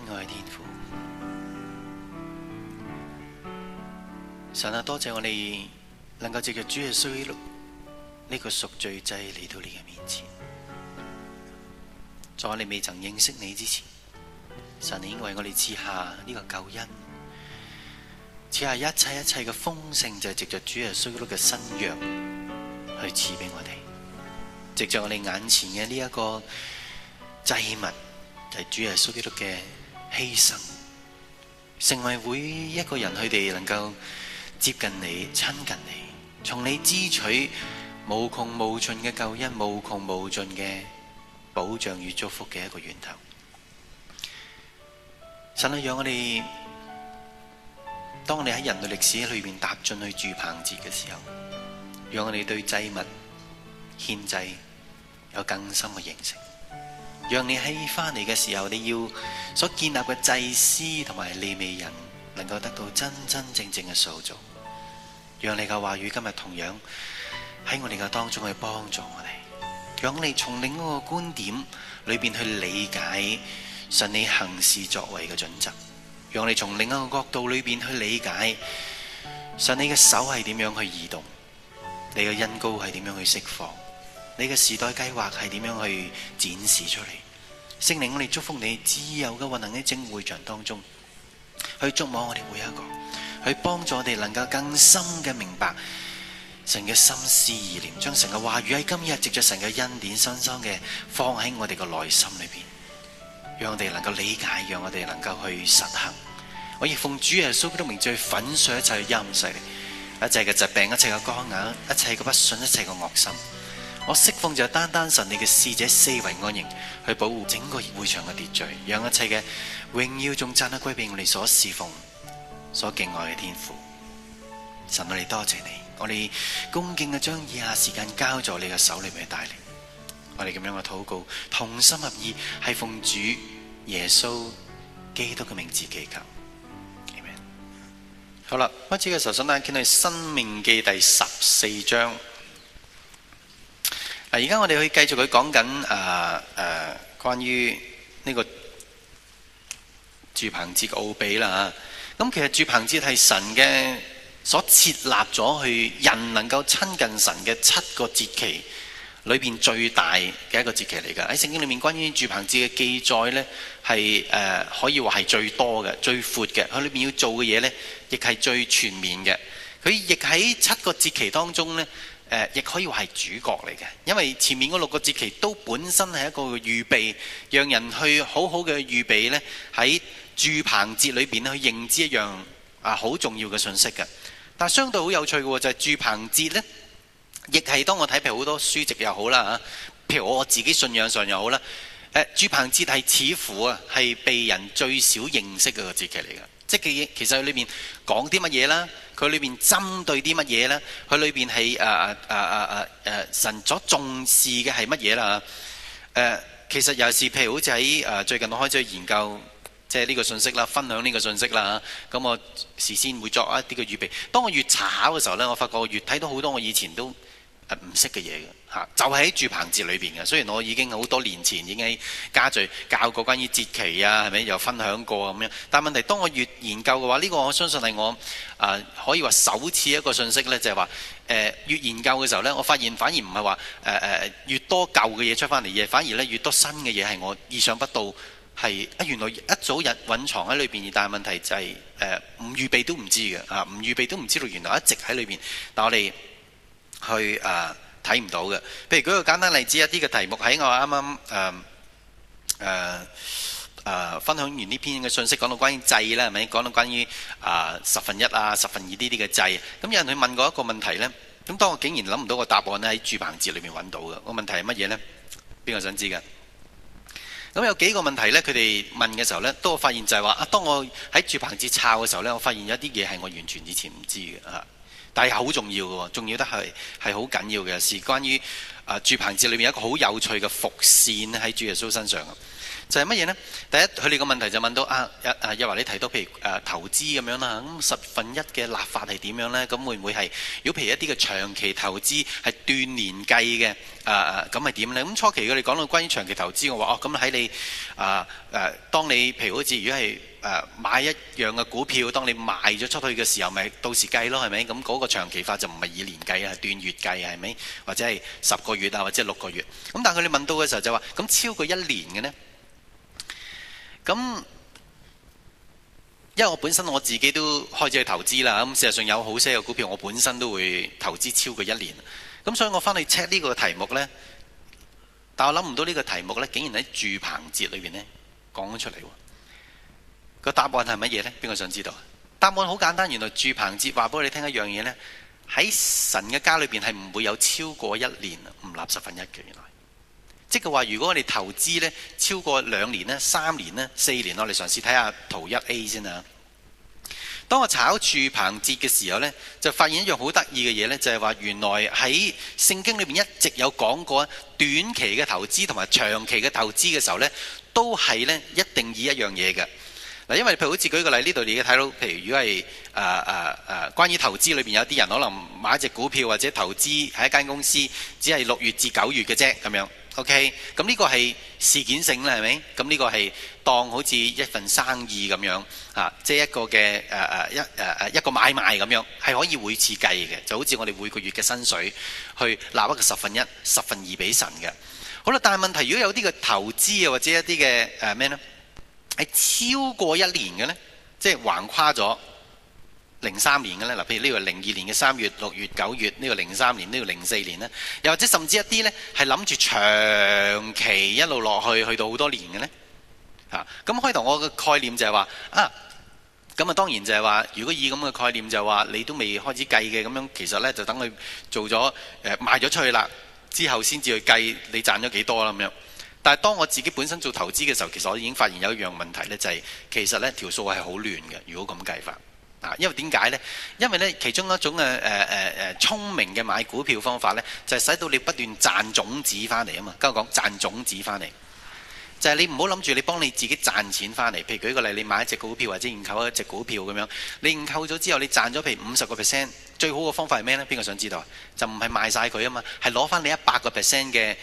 親愛嘅天父，神啊，多謝我哋能夠借着主耶穌基督呢個贖罪祭嚟到你嘅面前。在我哋未曾認識你之前，神啊，神已經為我哋賜下呢個救恩，賜下一切一切嘅豐盛，就係藉着主耶穌基督嘅新約去賜俾我哋，藉着我哋眼前嘅呢一個祭物，就係主耶穌基督嘅。犧牲，成為每一個人佢哋能夠接近你、親近你，從你支取無窮無盡嘅救恩、無窮無盡嘅保障與祝福嘅一個源頭。神啊，讓我哋，當我哋喺人類歷史裏面踏進去住棚節嘅時候，讓我哋對祭物獻祭有更深嘅認識。讓你喺翻嚟嘅時候，你要所建立嘅祭司同埋利未人，能夠得到真真正正嘅塑造。讓你嘅話語今日同樣喺我哋嘅當中去幫助我哋，讓你從另一個觀點裏邊去理解神你行事作為嘅準則，讓你從另一個角度裏邊去理解神你嘅手係點樣去移動，你嘅恩膏係點樣去釋放。你嘅時代計劃係點樣去展示出嚟？聖靈，我哋祝福你，自由嘅運行喺正會場當中，去觸摸我哋每一個，去幫助我哋能夠更深嘅明白神嘅心思意念，將神嘅話語喺今日藉着神嘅恩典深深嘅放喺我哋嘅內心裏邊，讓我哋能夠理解，讓我哋能夠去實行。我亦奉主耶穌基督名，最粉碎一切嘅陰勢力，一切嘅疾病，一切嘅光暗，一切嘅不信，一切嘅惡心。我釋放就係單單神你嘅使者四圍安營去保護整個會場嘅秩序，讓一切嘅榮耀仲讚得歸俾我哋所侍奉、所敬愛嘅天父。神我哋多謝你，我哋恭敬嘅將以下時間交在你嘅手裏面，俾你帶領。我哋咁樣嘅禱告，同心合意，係奉主耶穌基督嘅名字祈求。好啦，開始嘅時候想帶見去《生命記》第十四章。啊！而家我哋去繼續佢講緊誒誒，關於呢個住棚節嘅奧秘啦吓。咁其實住棚節係神嘅所設立咗去人能夠親近神嘅七個節期裏邊最大嘅一個節期嚟㗎。喺聖經裏面關於住棚節嘅記載咧，係誒、呃、可以話係最多嘅、最闊嘅。佢裏邊要做嘅嘢咧，亦係最全面嘅。佢亦喺七個節期當中咧，亦可以話係主角嚟嘅，因為前面嗰六個節期都本身係一個預備，讓人去好好嘅預備呢，喺住棚節裏邊去認知一樣啊好重要嘅信息嘅。但相對好有趣嘅就係、是、住棚節呢，亦係當我睇譬如好多書籍又好啦吓，譬如我自己信仰上又好啦，誒住棚節係似乎啊係被人最少認識嘅個節期嚟嘅，即係其實裏面講啲乜嘢啦。佢裏面針對啲乜嘢呢？佢裏面係誒誒誒神所重視嘅係乜嘢啦？誒、啊，其實又是譬如好似喺、啊、最近我開始去研究，即係呢個信息啦，分享呢個信息啦。咁我事先會作一啲嘅預備。當我越查考嘅時候呢，我發覺我越睇到好多我以前都唔識嘅嘢嘅。就喺、是、住棚節裏邊嘅。雖然我已經好多年前已經喺家聚教過關於節期啊，係咪又分享過咁樣？但問題當我越研究嘅話，呢、這個我相信係我啊、呃、可以話首次一個信息呢，就係話誒越研究嘅時候呢，我發現反而唔係話誒誒越多舊嘅嘢出翻嚟嘢，反而呢，越多新嘅嘢係我意想不到係啊，原來一早日隱藏喺裏邊，但問題就係誒唔預備都唔知嘅啊，唔預備都唔知道原來一直喺裏邊。但我哋去誒。呃睇唔到嘅，譬如舉個簡單例子，一啲嘅題目喺我啱啱誒誒誒分享完呢篇嘅信息，講到關於制啦，係咪？講到關於啊、呃、十分一啊十分二呢啲嘅制，咁有人去問過一個問題呢，咁當我竟然諗唔到個答案呢，喺住棚節裏面揾到嘅，那個問題係乜嘢呢？邊個想知㗎？咁有幾個問題呢，佢哋問嘅時候呢，都我發現就係話啊，當我喺住棚節抄嘅時候呢，我發現有啲嘢係我完全以前唔知嘅啊。但係好重要嘅，重要得係係好緊要嘅事。關於啊、呃、住棚節裏面有一個好有趣嘅伏線喺主耶穌身上。就係乜嘢呢？第一，佢哋個問題就問到啊，一啊，啊，啊，啊，亦話你提到譬如誒、啊、投資咁樣啦，咁十分一嘅立法係點樣呢？咁會唔會係如果譬如一啲嘅長期投資係斷年計嘅啊？咁係點呢？咁初期佢哋講到關於長期投資，嘅話哦咁喺、哦、你啊誒、啊，當你譬如好似如果係誒買一樣嘅股票，當你賣咗出去嘅時候，咪到時計咯，係咪咁嗰個長期法就唔係以年計啊，係斷月計啊，係咪或者係十個月啊，或者六個月咁？但係佢哋問到嘅時候就話咁超過一年嘅呢？咁，因為我本身我自己都開始去投資啦。咁事實上有好些嘅股票，我本身都會投資超過一年。咁所以我翻去 check 呢個題目呢，但我諗唔到呢個題目呢竟然喺住棚節裏面呢講咗出嚟。個答案係乜嘢呢？邊個想知道？答案好簡單，原來住棚節話俾你聽一樣嘢呢，喺神嘅家裏面係唔會有超過一年唔立十分一嘅。原來即係話，如果我哋投資呢超過兩年呢三年呢四年，我哋嘗試睇下圖一 A 先啊。當我炒住棚節嘅時候呢，就發現一樣好得意嘅嘢呢，就係話原來喺聖經裏面一直有講過短期嘅投資同埋長期嘅投資嘅時候呢，都係呢一定以一樣嘢嘅嗱。因為譬如好似舉個例，呢度你睇到，譬如如果係啊啊啊，關於投資裏面有啲人可能買一隻股票或者投資喺一間公司，只係六月至九月嘅啫咁樣 OK，咁呢個係事件性啦，係咪？咁呢個係當好似一份生意咁樣啊，即係一個嘅誒誒一誒誒一個買賣咁樣，係可以每次計嘅，就好似我哋每個月嘅薪水去納一個十分一、十分二俾神嘅。好啦，但係問題如果有啲嘅投資啊，或者一啲嘅誒咩呢？係超過一年嘅呢，即係橫跨咗。零三年嘅呢，嗱，譬如呢個零二年嘅三月、六月、九月，呢個零三年，呢個零四年呢，又或者甚至一啲呢，係諗住長期一路落去，去到好多年嘅呢。咁、啊、開頭我嘅概念就係話啊，咁啊當然就係話，如果以咁嘅概念就係話，你都未開始計嘅咁樣，其實呢，就等佢做咗誒、呃、賣咗出去啦，之後先至去計你賺咗幾多啦咁樣。但係當我自己本身做投資嘅時候，其實我已經發現有一樣問題呢，就係其實呢條數係好亂嘅。如果咁計法。因為點解呢？因為咧，其中一種嘅誒誒誒聰明嘅買股票方法呢，就係使到你不斷賺種子翻嚟啊嘛！跟我講賺種子翻嚟，就係你唔好諗住你幫你自己賺錢翻嚟。譬如舉個例，你買一隻股票或者認購一隻股票咁樣，你認購咗之後你賺咗譬如五十個 percent，最好嘅方法係咩呢？邊個想知道啊？就唔係賣晒佢啊嘛，係攞翻你一百個 percent 嘅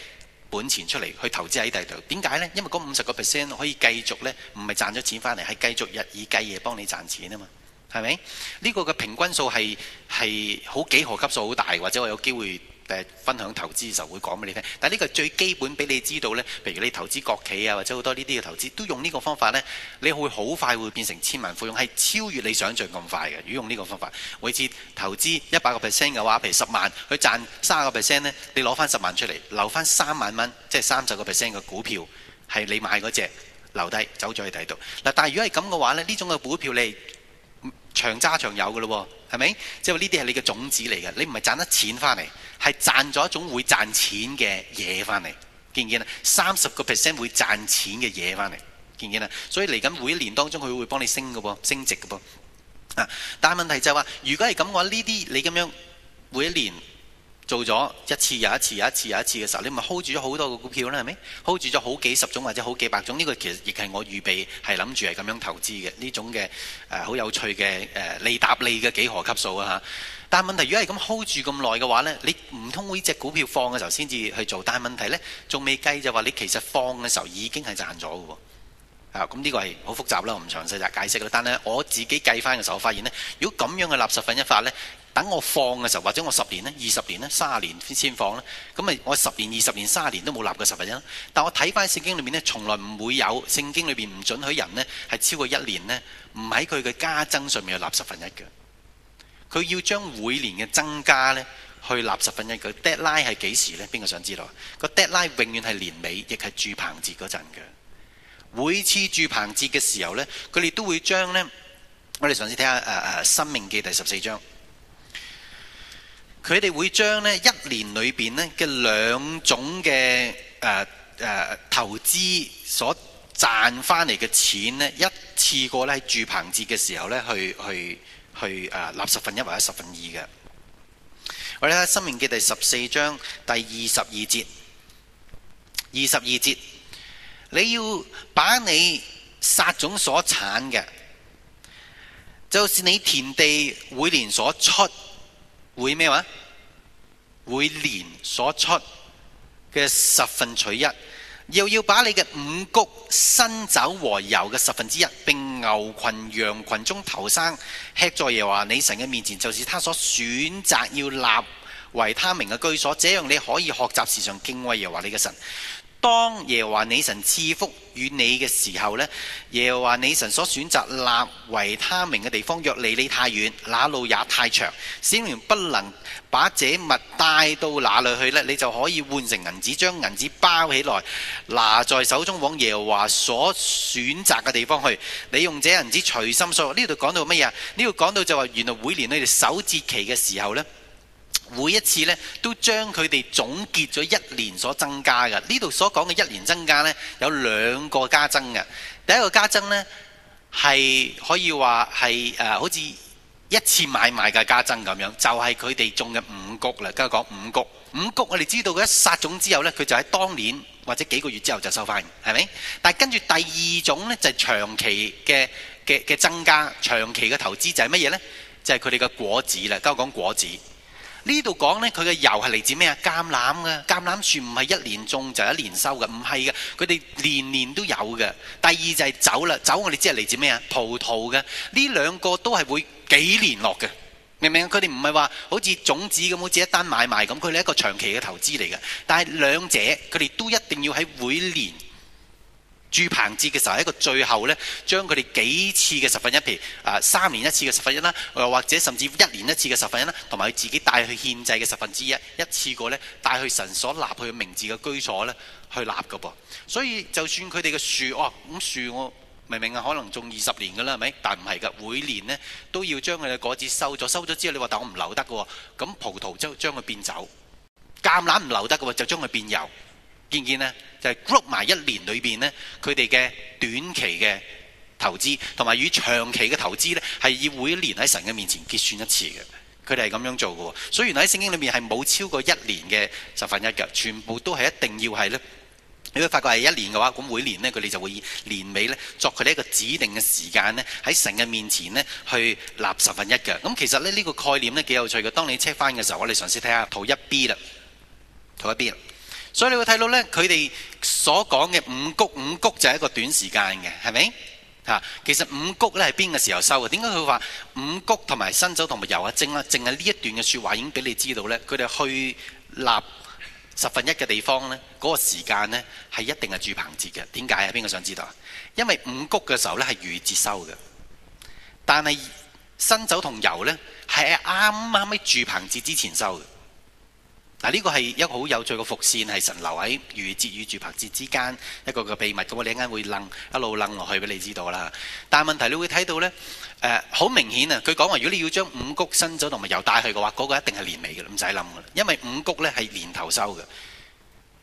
本錢出嚟去投資喺第度。點解呢？因為嗰五十個 percent 可以繼續呢，唔係賺咗錢翻嚟，係繼續日以繼夜幫你賺錢啊嘛。係咪呢個嘅平均數係係好幾何級數好大？或者我有機會誒、呃、分享投資嘅時候會講俾你聽。但係呢個最基本俾你知道呢，譬如你投資國企啊，或者好多呢啲嘅投資都用呢個方法呢，你會好快會變成千萬富翁，係超越你想象咁快嘅。如果用呢個方法，每次投資一百個 percent 嘅話，譬如十萬，佢賺三十個 percent 呢，你攞翻十萬出嚟，留翻三萬蚊，即係三十個 percent 嘅股票係你買嗰隻留低走咗去睇到嗱。但係如果係咁嘅話呢，呢種嘅股票你？長揸長有嘅咯，係咪？即係呢啲係你嘅種子嚟嘅，你唔係賺得錢翻嚟，係賺咗一種會賺錢嘅嘢翻嚟，見唔見啊？三十個 percent 會賺錢嘅嘢翻嚟，見唔見啊？所以嚟緊每一年當中，佢會幫你升嘅，升值嘅，噃！但係問題就係話，如果係咁嘅話，呢啲你咁樣每一年。做咗一,一,一次又一次、又一次又一次嘅時候，你咪 hold 住咗好多個股票呢，係咪？hold 住咗好幾十種或者好幾百種呢、呢個其實亦係我預備係諗住係咁樣投資嘅呢種嘅誒好有趣嘅誒、呃、利搭利嘅幾何級數啊嚇！但問題如果係咁 hold 住咁耐嘅話呢，你唔通呢隻股票放嘅時候先至去做？但係問題呢，仲未計就話你其實放嘅時候已經係賺咗嘅喎。咁呢個係好複雜啦，我唔詳細就解釋。但係我自己計翻嘅時候，我發現如果咁樣嘅垃圾分一法呢。等我放嘅時候，或者我十年呢、二十年呢、三十年先先放啦。咁咪我十年、二十年、三十年都冇立過十分一，但我睇翻聖經裏面呢，從來唔會有聖經裏面唔准許人呢係超過一年呢，唔喺佢嘅加增上面去立十分一嘅。佢要將每年嘅增加呢去立十分一嘅。Dead line 係幾時呢？邊個想知道？個 dead line 永遠係年尾，亦係住棚節嗰陣嘅。每次住棚節嘅時候呢，佢哋都會將呢——我哋上次睇下誒《生命記》第十四章。佢哋會將呢一年裏面呢嘅兩種嘅誒誒投資所賺翻嚟嘅錢呢一次過咧喺住棚節嘅時候呢去去去誒納、啊、十分一或者十分二嘅。我哋睇《申命記》第十四章第二十二節，二十二節你要把你撒種所產嘅，就算、是、你田地每年所出。會咩話？會年所出嘅十分取一，又要把你嘅五穀、新酒和油嘅十分之一，並牛群、羊群中頭生吃在耶和華你神嘅面前，就是他所選擇要立為他名嘅居所。這樣你可以學習時常敬畏耶和華你嘅神。當耶和華你神賜福與你嘅時候呢，耶和華你神所選擇立為他名嘅地方，若離你太遠，那路也太長，使民不能把這物帶到哪裡去呢，你就可以換成銀子，將銀子包起來拿在手中，往耶和華所選擇嘅地方去，你用這銀子隨心所欲。呢度講到乜嘢？呢度講到就話原來每年你哋守節期嘅時候呢。每一次咧，都將佢哋總結咗一年所增加嘅。呢度所講嘅一年增加呢，有兩個加增嘅。第一個加增呢，係可以話係誒，好似一次買賣嘅加增咁樣，就係佢哋種嘅五穀啦。而家我講五穀，五穀我哋知道佢一撒種之後呢，佢就喺當年或者幾個月之後就收返，係咪？但係跟住第二種呢，就係、係、長期嘅嘅增加，長期嘅投資就係乜嘢呢？就係佢哋嘅果子啦。而家我講果子。呢度講呢，佢嘅油係嚟自咩啊？橄欖嘅，橄欖樹唔係一年種就一年收嘅，唔係嘅，佢哋年年都有嘅。第二就係酒啦，酒我哋知係嚟自咩啊？葡萄嘅，呢兩個都係會幾年落嘅，明唔明？佢哋唔係話好似種子咁，好似一單買賣咁，佢哋係一個長期嘅投資嚟嘅。但係兩者佢哋都一定要喺每年。住棚節嘅時候一個最後呢，將佢哋幾次嘅十分一，譬如啊三年一次嘅十分一啦，又或者甚至一年一次嘅十分一啦，同埋佢自己帶去獻祭嘅十分之一，一次過呢，帶去神所立佢嘅名字嘅居所呢，去立嘅噃。所以就算佢哋嘅樹哦，咁樹我明明啊可能種二十年㗎啦，係咪？但唔係㗎，每年呢，都要將佢嘅果子收咗，收咗之後你話，但我唔留得嘅喎，咁葡萄就將佢變酒，橄欖唔留得嘅喎就將佢變油。見見呢，就係、是、group 埋一年裏邊呢，佢哋嘅短期嘅投資同埋與長期嘅投資呢，係以每年喺神嘅面前結算一次嘅，佢哋係咁樣做嘅。所以原來喺聖經裏面係冇超過一年嘅十分一嘅，全部都係一定要係呢。你會發覺係一年嘅話，咁每年呢，佢哋就會以年尾呢，作佢哋一個指定嘅時間呢，喺神嘅面前呢，去立十分一嘅。咁其實呢，呢、這個概念呢幾有趣嘅。當你 check 翻嘅時候，我哋嘗試睇下圖一 B 啦，圖一 B。所以你會睇到呢，佢哋所講嘅五穀，五穀就係一個短時間嘅，係咪？其實五穀呢係邊個時候收嘅？點解佢話五穀同埋新酒同埋油啊？正啦，淨係呢一段嘅說話已經俾你知道呢。佢哋去立十分一嘅地方呢，嗰、嗰個時間呢係一定係住棚節嘅。點解啊？邊個想知道啊？因為五穀嘅時候呢係預節收嘅，但係新酒同油呢係啱啱喺住棚節之前收。嗱，呢個係一個好有趣嘅伏線，係神留喺魚節與住棚節之間一個個秘密嘅，我哋一間會楞一路楞落去俾你知道啦。但係問題你會睇到呢，誒、呃、好明顯啊，佢講話如果你要將五谷新酒同埋油帶去嘅話，嗰、那個一定係年尾嘅，唔使諗嘅，因為五谷呢係年頭收嘅。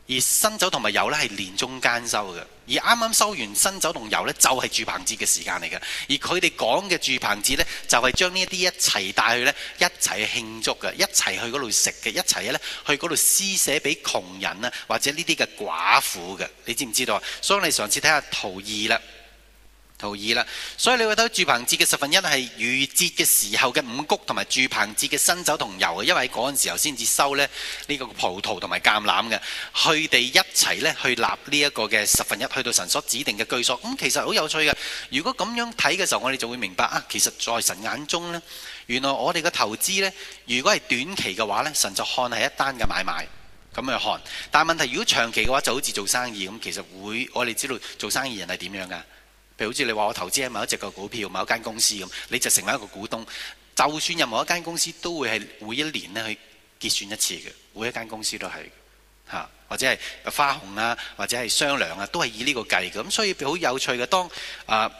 而新酒同埋油呢係年中間收嘅，而啱啱收完新酒同油呢，就係、是、住棚節嘅時間嚟嘅，而佢哋講嘅住棚節呢，就係將呢啲一齊帶去呢，一齊慶祝嘅，一齊去嗰度食嘅，一齊呢去嗰度施捨俾窮人啊或者呢啲嘅寡婦嘅，你知唔知道？所以我哋上次睇下圖二啦。同意啦，所以你睇到住棚節嘅十分一係雨節嘅時候嘅五谷，同埋住棚節嘅新酒同油，因為喺嗰陣時候先至收咧呢、這個葡萄同埋橄欖嘅，佢哋一齊呢去立呢一個嘅十分一，去到神所指定嘅居所。咁、嗯、其實好有趣嘅。如果咁樣睇嘅時候，我哋就會明白啊。其實，在神眼中呢，原來我哋嘅投資呢，如果係短期嘅話呢，神就看係一單嘅買賣咁樣看。但係問題如果長期嘅話，就好似做生意咁、嗯，其實會我哋知道做生意人係點樣噶。譬如好似你話我投資喺某一隻嘅股票、某一間公司咁，你就成為一個股東。就算任何一間公司都會係每一年咧去結算一次嘅，每一間公司都係嚇，或者係花紅啊，或者係商量啊，都係以呢個計嘅。咁所以好有趣嘅，當啊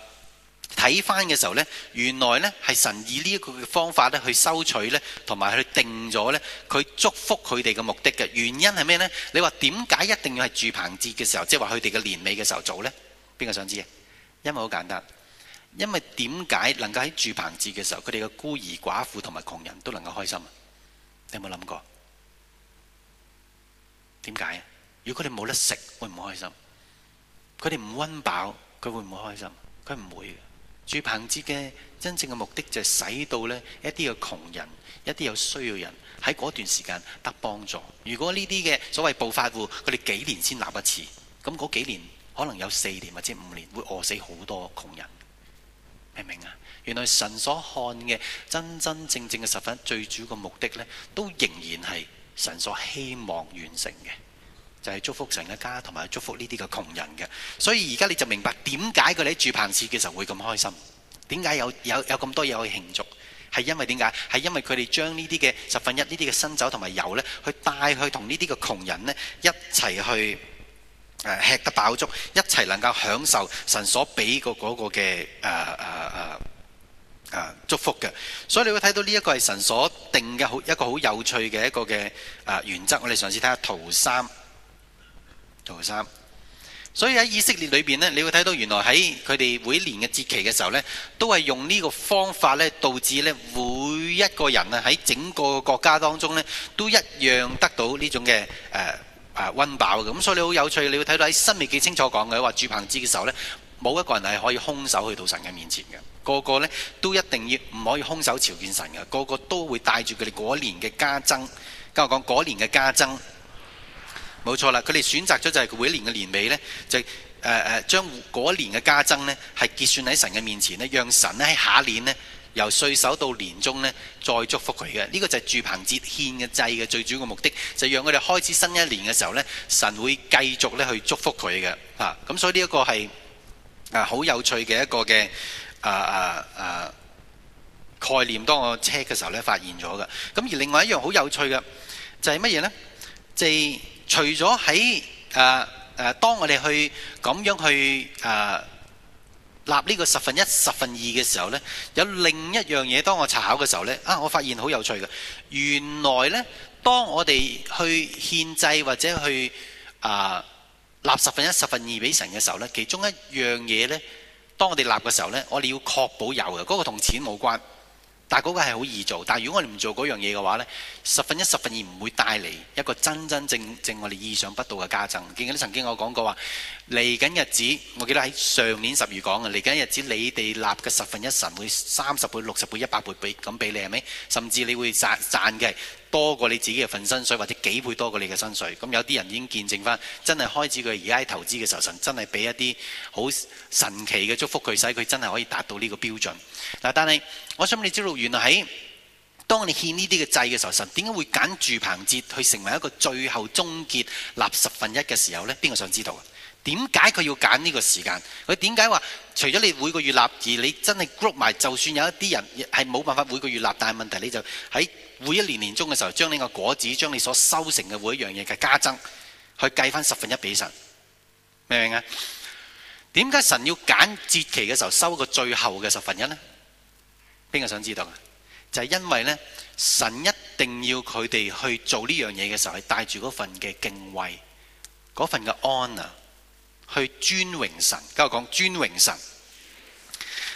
睇翻嘅時候呢，原來呢係神以呢一個嘅方法咧去收取呢，同埋去定咗呢佢祝福佢哋嘅目的嘅原因係咩呢？你話點解一定要係住棚節嘅時候，即係話佢哋嘅年尾嘅時候做呢？邊個想知啊？因為好簡單，因為點解能夠喺住棚節嘅時候，佢哋嘅孤兒寡婦同埋窮人都能夠開心？你有冇諗過？點解？如果佢哋冇得食，會唔開心？佢哋唔溫飽，佢會唔會開心？佢唔會嘅。住棚節嘅真正嘅目的就係使到呢一啲嘅窮人、一啲有需要人喺嗰段時間得幫助。如果呢啲嘅所謂暴發戶，佢哋幾年先立一次，咁嗰幾年。可能有四年或者五年，會餓死好多窮人，明唔明啊？原來神所看嘅真真正正嘅十分一最主要嘅目的呢都仍然係神所希望完成嘅，就係、是、祝福神嘅家，同埋祝福呢啲嘅窮人嘅。所以而家你就明白點解佢哋喺住棚節嘅時候會咁開心，點解有有有咁多嘢可以慶祝，係因為點解？係因為佢哋將呢啲嘅十分一呢啲嘅新酒同埋油呢，去帶去同呢啲嘅窮人呢一齊去。誒，吃得飽足，一齊能夠享受神所俾個嗰個嘅誒誒誒誒祝福嘅，所以你會睇到呢一個係神所定嘅好一個好有趣嘅一個嘅誒原則。我哋嘗試睇下圖三，圖三。所以喺以色列裏邊呢，你會睇到原來喺佢哋每年嘅節期嘅時候呢，都係用呢個方法呢，導致呢每一個人啊喺整個國家當中呢，都一樣得到呢種嘅誒。誒、啊，溫飽嘅咁，所以你好有趣，你會睇到喺申命記幾清楚講嘅話，住棚節嘅時候呢，冇一個人係可以空手去到神嘅面前嘅，個個呢都一定要唔可以空手朝見神嘅，個個都會帶住佢哋嗰年嘅加增，跟我講嗰年嘅加增，冇錯啦，佢哋選擇咗就係每一年嘅年尾呢，就誒誒將嗰年嘅加增呢係結算喺神嘅面前呢，讓神喺下年呢。由歲首到年中咧，再祝福佢嘅，呢、這個就係住棚節獻嘅祭嘅最主要嘅目的，就是、讓佢哋開始新一年嘅時候咧，神會繼續咧去祝福佢嘅。咁、啊、所以呢、啊、一個係啊好有趣嘅一個嘅啊啊啊概念。當我車嘅時候咧，發現咗嘅。咁、啊、而另外一樣好有趣嘅就係乜嘢咧？就係、是就是、除咗喺啊誒、啊，當我哋去咁樣去啊。立呢個十分一十分二嘅時候呢，有另一樣嘢。當我查考嘅時候呢，啊，我發現好有趣嘅。原來呢，當我哋去獻祭或者去啊立十分一十分二俾神嘅時候呢，其中一樣嘢呢，當我哋立嘅時候呢，我哋要確保有嘅嗰個同錢冇關，但係嗰個係好易做。但係如果我哋唔做嗰樣嘢嘅話呢，十分一十分二唔會帶嚟一個真真正正我哋意想不到嘅加增。見到你曾經我講過話。嚟緊日子，我記得喺上年十月講嘅嚟緊日子，你哋立嘅十分一，神會三十倍、六十倍、一百倍俾咁俾你係咪？甚至你會賺嘅多過你自己嘅份薪水，或者幾倍多過你嘅薪水。咁有啲人已經見證翻，真係開始佢而家投資嘅時候，神真係俾一啲好神奇嘅祝福佢，使佢真係可以達到呢個標準。嗱，但係我想你知道，原來喺當你獻呢啲嘅祭嘅時候，神點解會揀住棚節去成為一個最後終結立十分一嘅時候呢？邊個想知道？點解佢要揀呢個時間？佢點解話除咗你每個月立，而你真係 group 埋，就算有一啲人係冇辦法每個月立，但係問題你就喺每一年年終嘅時候，將你個果子，將你所收成嘅每一樣嘢嘅加增，去計翻十分一俾神，明唔明啊？點解神要揀節期嘅時候收個最後嘅十分一咧？邊個想知道啊？就係因為咧，神一定要佢哋去做呢樣嘢嘅時候，係帶住嗰份嘅敬畏，嗰份嘅 honour。去尊榮神，跟我講尊榮神。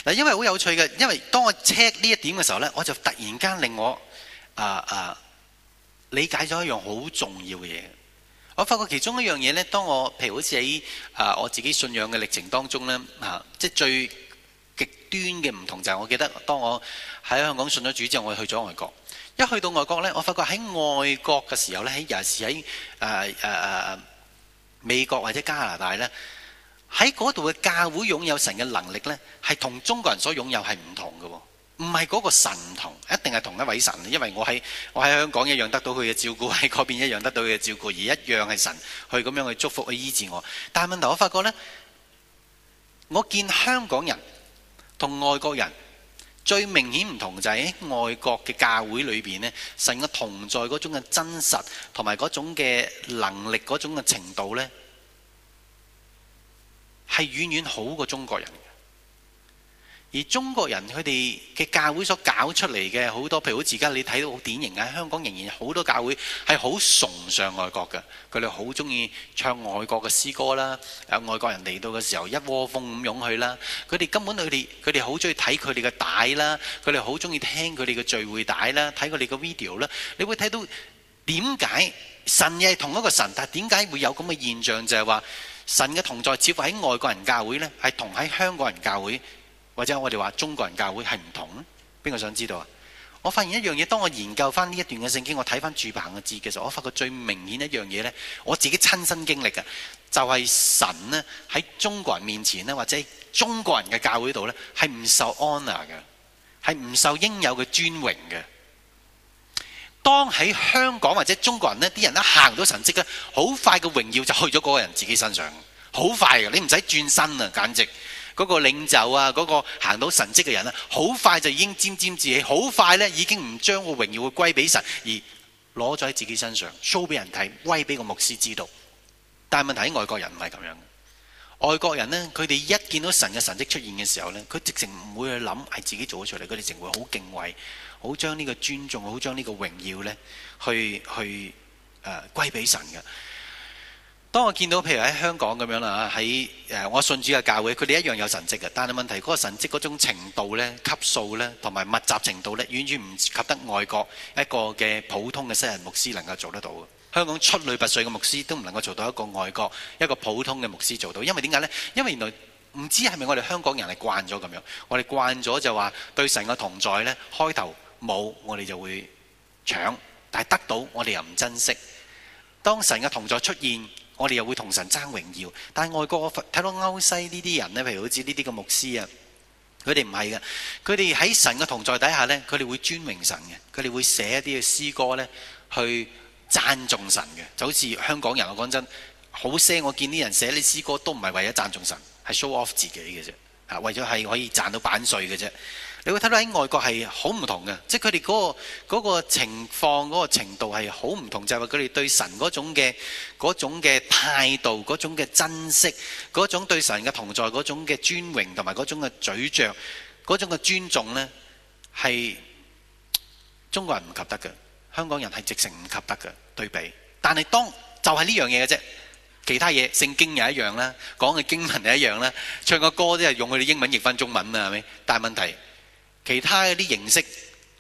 嗱，因為好有趣嘅，因為當我 check 呢一點嘅時候呢，我就突然間令我啊啊理解咗一樣好重要嘅嘢。我發覺其中一樣嘢呢，當我譬如好似喺啊我自己信仰嘅歷程當中呢，吓、啊、即係最極端嘅唔同就係、是，我記得當我喺香港信咗主之後，我去咗外國。一去到外國呢，我發覺喺外國嘅時候呢，喺尤其是喺誒誒誒。啊啊美國或者加拿大呢，喺嗰度嘅教會擁有神嘅能力呢，係同中國人所擁有係唔同嘅，唔係嗰個神唔同，一定係同一位神。因為我喺我喺香港一樣得到佢嘅照顧，喺嗰邊一樣得到佢嘅照顧，而一樣係神去咁樣去祝福去醫治我。但係問題我發覺呢，我見香港人同外國人。最明顯唔同就喺外國嘅教會裏面，咧，神嘅同在嗰種嘅真實同埋嗰種嘅能力，嗰種嘅程度呢，係遠遠好過中國人。而中國人佢哋嘅教會所搞出嚟嘅好多，譬如好似而家你睇到好典型嘅香港仍然好多教會係好崇尚外國嘅。佢哋好中意唱外國嘅詩歌啦，誒，外國人嚟到嘅時候一窩蜂咁湧去啦。佢哋根本佢哋佢哋好中意睇佢哋嘅帶啦，佢哋好中意聽佢哋嘅聚會帶啦，睇佢哋嘅 video 啦。你會睇到點解神係同一個神，但係點解會有咁嘅現象，就係話神嘅同在似乎喺外國人教會呢，係同喺香港人教會。或者我哋話中國人教會係唔同邊個想知道啊？我發現一樣嘢，當我研究翻呢一段嘅聖經，我睇翻住棚嘅字嘅時候，我發覺最明顯一樣嘢呢，我自己親身經歷嘅就係、是、神呢喺中國人面前呢，或者中國人嘅教會度呢，係唔受 honor 嘅，係唔受應有嘅尊榮嘅。當喺香港或者中國人呢，啲人一行到神蹟呢，好快嘅榮耀就去咗嗰個人自己身上，好快嘅，你唔使轉身啊，簡直。嗰、那個領袖啊，嗰、那個行到神蹟嘅人啊，好快就已經沾沾自喜，好快咧已經唔將個榮耀歸俾神，而攞咗喺自己身上，show 俾人睇，威俾個牧師知道。但係問題外國人唔係咁樣嘅，外國人呢，佢哋一見到神嘅神蹟出現嘅時候呢，佢直情唔會去諗係自己做咗出嚟，佢哋直情會好敬畏，好將呢個尊重，好將呢個榮耀呢去去誒歸俾神嘅。當我見到譬如喺香港咁樣啦，喺誒我信主嘅教會，佢哋一樣有神跡嘅，但係問題嗰個神跡嗰種程度呢，級數呢，同埋密集程度呢，遠遠唔及得外國一個嘅普通嘅西人牧師能夠做得到嘅。香港出類拔萃嘅牧師都唔能夠做到一個外國一個普通嘅牧師做到，因為點解呢？因為原來唔知係咪我哋香港人係慣咗咁樣，我哋慣咗就話對神嘅同在呢，開頭冇我哋就會搶，但係得到我哋又唔珍惜。當神嘅同在出現，我哋又會同神爭榮耀，但係外國睇到歐西呢啲人呢，譬如好似呢啲嘅牧師啊，佢哋唔係嘅，佢哋喺神嘅同在底下呢，佢哋會尊榮神嘅，佢哋會寫一啲嘅詩歌呢，去讚頌神嘅，就好似香港人我講真，好聲我見啲人寫啲詩歌都唔係為咗讚頌神，係 show off 自己嘅啫，啊，為咗係可以賺到版稅嘅啫。你會睇到喺外國係好唔同嘅，即係佢哋嗰個、嗰個情況嗰、嗰個程度係好唔同，就係佢哋對神嗰種嘅嗰種嘅態度，嗰種嘅珍惜，嗰種對神嘅同在，嗰種嘅尊榮，同埋嗰種嘅咀嚼，嗰種嘅尊重呢係中國人唔及得嘅，香港人係直成唔及得嘅對比。但係當就係呢樣嘢嘅啫，其他嘢聖經也一樣啦，講嘅經文也一樣啦，唱個歌都係用佢哋英文譯翻中文啦，係咪？但係問題。其他嗰啲形式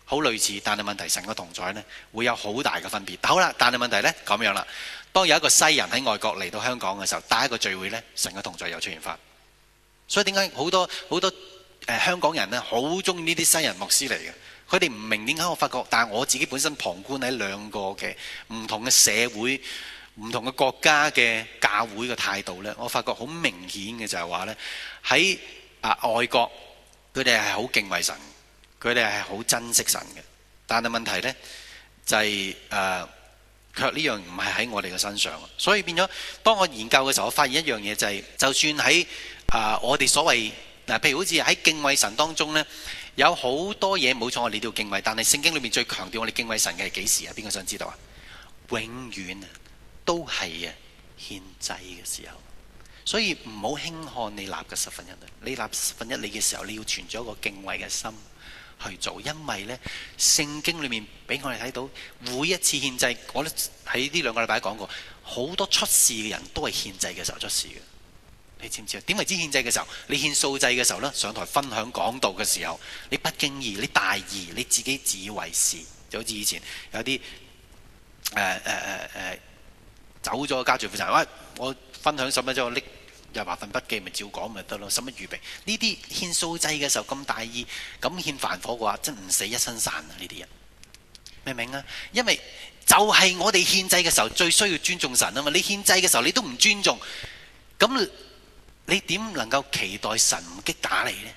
好類似，但係問題神嘅同在呢會有好大嘅分別。好啦，但係問題呢，咁樣啦。當有一個西人喺外國嚟到香港嘅時候，第一個聚會呢，神嘅同在又出現翻。所以點解好多好多誒、呃、香港人呢好中意呢啲西人牧師嚟嘅？佢哋唔明點解我發覺，但係我自己本身旁觀喺兩個嘅唔同嘅社會、唔同嘅國家嘅教會嘅態度呢，我發覺好明顯嘅就係話呢，喺啊、呃、外國佢哋係好敬畏神。佢哋係好珍惜神嘅，但係問題呢就係、是、誒、呃，卻呢樣唔係喺我哋嘅身上。所以變咗，當我研究嘅時候，我發現一樣嘢就係、是，就算喺啊、呃，我哋所謂嗱，譬如好似喺敬畏神當中呢，有好多嘢冇錯，我哋要敬畏。但係聖經裏面最強調我哋敬畏神嘅係幾時啊？邊個想知道啊？永遠啊，都係啊，獻祭嘅時候。所以唔好輕看你立嘅十分一啊！你立十分一你嘅時候，你要存咗一個敬畏嘅心。去做，因為呢，聖經裏面俾我哋睇到，每一次獻祭，我喺呢兩個禮拜講過，好多出事嘅人都係獻祭嘅時候出事嘅。你知唔知啊？點為之獻祭嘅時候？你獻素祭嘅時候呢？上台分享講道嘅時候，你不經意，你大意，你自己自以為是，就好似以前有啲誒誒誒走咗家財負責。喂、哎，我分享十蚊之又話份筆記，咪照講咪得咯，使乜預備？呢啲獻素祭嘅時候咁大意，咁獻燔火嘅話，真唔死一身散啊！呢啲人明唔明啊？因為就係我哋獻祭嘅時候最需要尊重神啊嘛！你獻祭嘅時候你都唔尊重，咁你點能夠期待神唔擊打你呢？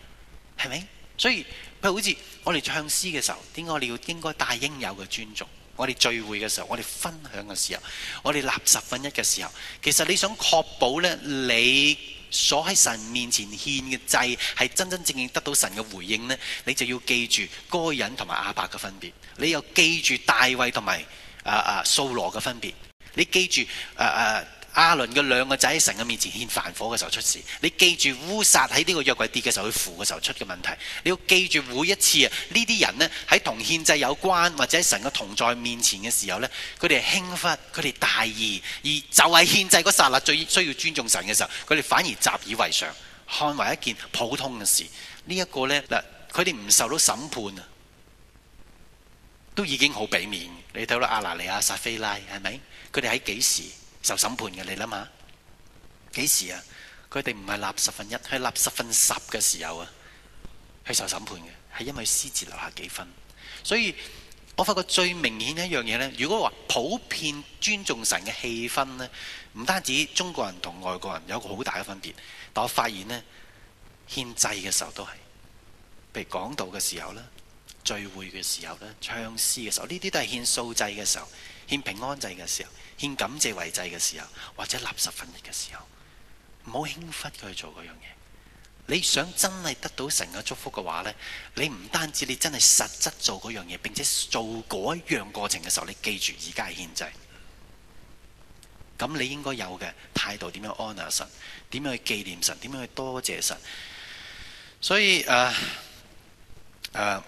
係咪？所以譬如好似我哋唱詩嘅時候，點解我哋要應該帶應有嘅尊重？我哋聚會嘅時候，我哋分享嘅時候，我哋納十分一嘅時候，其實你想確保咧，你所喺神面前獻嘅祭係真真正正得到神嘅回應呢，你就要記住該人同埋亞伯嘅分別，你又記住大衛同埋啊啊掃羅嘅分別，你記住誒誒。啊啊阿倫嘅兩個仔，喺神嘅面前獻燔火嘅時候出事。你記住烏撒喺呢個約櫃跌嘅時候，去扶嘅時候出嘅問題。你要記住每一次啊，呢啲人呢喺同獻祭有關或者喺神嘅同在面前嘅時候呢，佢哋係輕忽，佢哋大意，而就係獻祭嗰剎那最需要尊重神嘅時候，佢哋反而習以為常，看為一件普通嘅事。呢、這、一個呢，嗱，佢哋唔受到審判啊，都已經好俾面。你睇到亞拿尼亞、撒非拉係咪？佢哋喺幾時？受審判嘅你諗下，幾時啊？佢哋唔係立十分一，係立十分十嘅時候啊，係受審判嘅，係因為私自留下幾分。所以我發覺最明顯一樣嘢呢，如果話普遍尊重神嘅氣氛呢，唔單止中國人同外國人有個好大嘅分別，但我發現呢，獻祭嘅時候都係，譬如講道嘅時候啦，聚會嘅時候啦，唱詩嘅時候，呢啲都係獻素祭嘅時候，獻平安祭嘅時候。獻感謝為祭嘅時候，或者垃圾分滅嘅時候，唔好輕忽佢去做嗰樣嘢。你想真係得到神嘅祝福嘅話呢，你唔單止你真係實質做嗰樣嘢，並且做嗰一樣過程嘅時候，你記住，而家係獻祭。咁你應該有嘅態度點樣 honour 神，點樣去紀念神，點樣去多謝神。所以誒，誒、啊。啊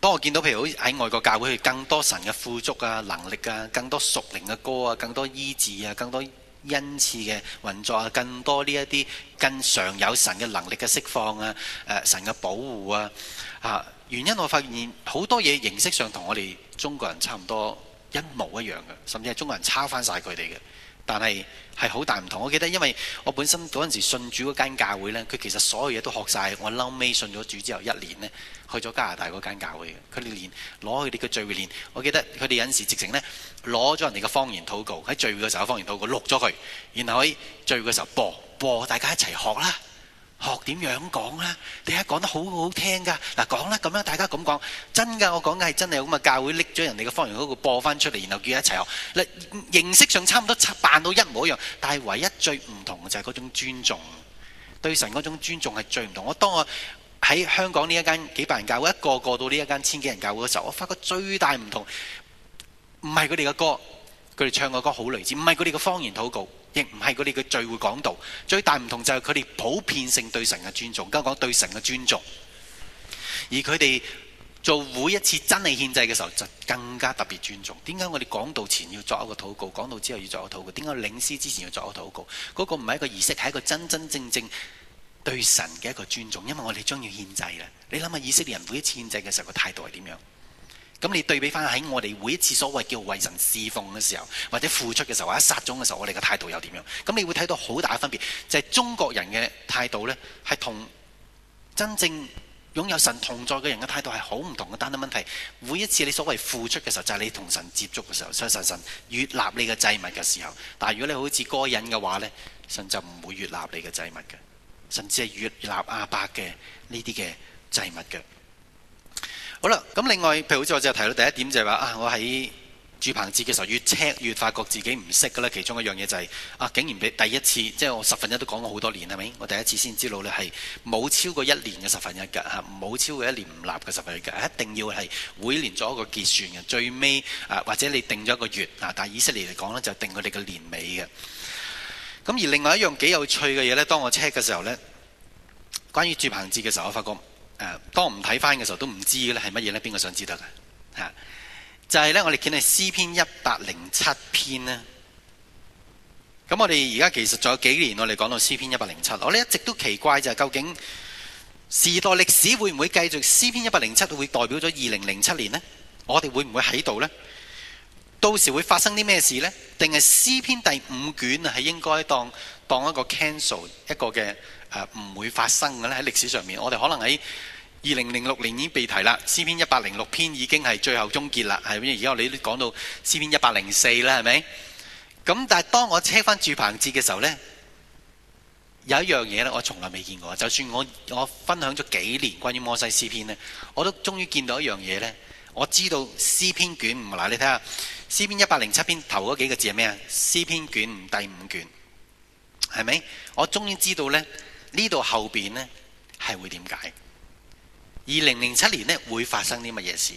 當我見到譬如喺外國教會，佢更多神嘅富足啊，能力啊，更多屬靈嘅歌啊，更多醫治啊，更多恩賜嘅運作啊，更多呢一啲更常有神嘅能力嘅釋放啊，誒、呃、神嘅保護啊，啊，原因我發現好多嘢形式上同我哋中國人差唔多一模一樣嘅，甚至係中國人抄翻晒佢哋嘅。但係係好大唔同，我記得，因為我本身嗰陣時信主嗰間教會呢，佢其實所有嘢都學晒。我嬲尾信咗主之後一年呢去咗加拿大嗰間教會，佢哋連攞佢哋嘅聚會練，我記得佢哋有陣時直情呢攞咗人哋嘅方言禱告，喺聚會嘅時候方言禱告錄咗佢，然後喺聚會嘅時候播播，大家一齊學啦。學點樣講啦？你睇，講得好好聽噶，嗱講啦，咁樣大家咁講，真噶，我講嘅係真係有咁嘅教會拎咗人哋嘅方言嗰個播翻出嚟，然後叫一齊學，嗱，形式上差唔多，扮到一模一樣，但係唯一最唔同嘅就係嗰種尊重，對神嗰種尊重係最唔同。我當我喺香港呢一間幾百人教會，一個個到呢一間千幾人教會嘅時候，我發覺最大唔同唔係佢哋嘅歌，佢哋唱嘅歌好類似，唔係佢哋嘅方言禱告。亦唔係佢哋嘅聚會講道，最大唔同就係佢哋普遍性對神嘅尊重。就係講對神嘅尊重，而佢哋做每一次真係獻祭嘅時候，就更加特別尊重。點解我哋講道前要作一個禱告，講道之後要作一個禱告？點解領司之前要作一個禱告？嗰個唔係一個儀式，係一個真真正正對神嘅一個尊重。因為我哋將要獻祭啦，你諗下以色列人每一次獻祭嘅時候個態度係點樣？咁你對比返喺我哋每一次所謂叫為神侍奉嘅時候，或者付出嘅時候，或者殺種嘅時候，我哋嘅態度又點樣？咁你會睇到好大嘅分別，就係、是、中國人嘅態度呢，係同真正擁有神同在嘅人嘅態度係好唔同嘅。單單問題，每一次你所謂付出嘅時候，就係、是、你同神接觸嘅時候，所以神神悅納你嘅祭物嘅時候，但如果你好似該隱嘅話呢，神就唔會悅納你嘅祭物嘅，甚至係悅納亞伯嘅呢啲嘅祭物嘅。好啦，咁另外，譬如好似我就提到第一點就係、是、話啊，我喺住棚節嘅時候越 check 越發覺自己唔識㗎啦，其中一樣嘢就係、是、啊，竟然你第一次即係我十分一都講過好多年係咪？我第一次先知道咧係冇超過一年嘅十分一噶嚇，冇、啊、超過一年唔立嘅十分一噶、啊，一定要係每年做一個結算嘅，最尾啊或者你定咗一個月、啊、但係以色列嚟講咧就定佢哋嘅年尾嘅。咁而另外一樣幾有趣嘅嘢咧，當我 check 嘅時候咧，關於住棚節嘅時候，我發覺。誒，當唔睇翻嘅時候都唔知呢係乜嘢呢？邊個想知道嘅？嚇，就係呢，我哋見係詩篇一百零七篇呢。咁我哋而家其實仲有幾年，我哋講到詩篇一百零七。我哋一直都奇怪就係究竟時代歷史會唔會繼續？詩篇一百零七會代表咗二零零七年呢？我哋會唔會喺度呢？到時會發生啲咩事呢？定係詩篇第五卷係應該當當一個 cancel 一個嘅誒，唔會發生嘅咧？喺歷史上面，我哋可能喺二零零六年已經被提啦。詩篇一百零六篇已經係最後終結啦。係咪？而家我哋都講到詩篇一百零四啦，係咪？咁但係當我車返住棚節嘅時候呢，有一樣嘢咧，我從來未見過。就算我我分享咗幾年關於摩西詩篇呢，我都終於見到一樣嘢呢。我知道詩篇卷唔，嗱，你睇下詩篇一百零七篇頭嗰幾個字係咩啊？詩篇卷第五卷，係咪？我終於知道呢面呢度後邊呢係會點解？二零零七年呢會發生啲乜嘢事，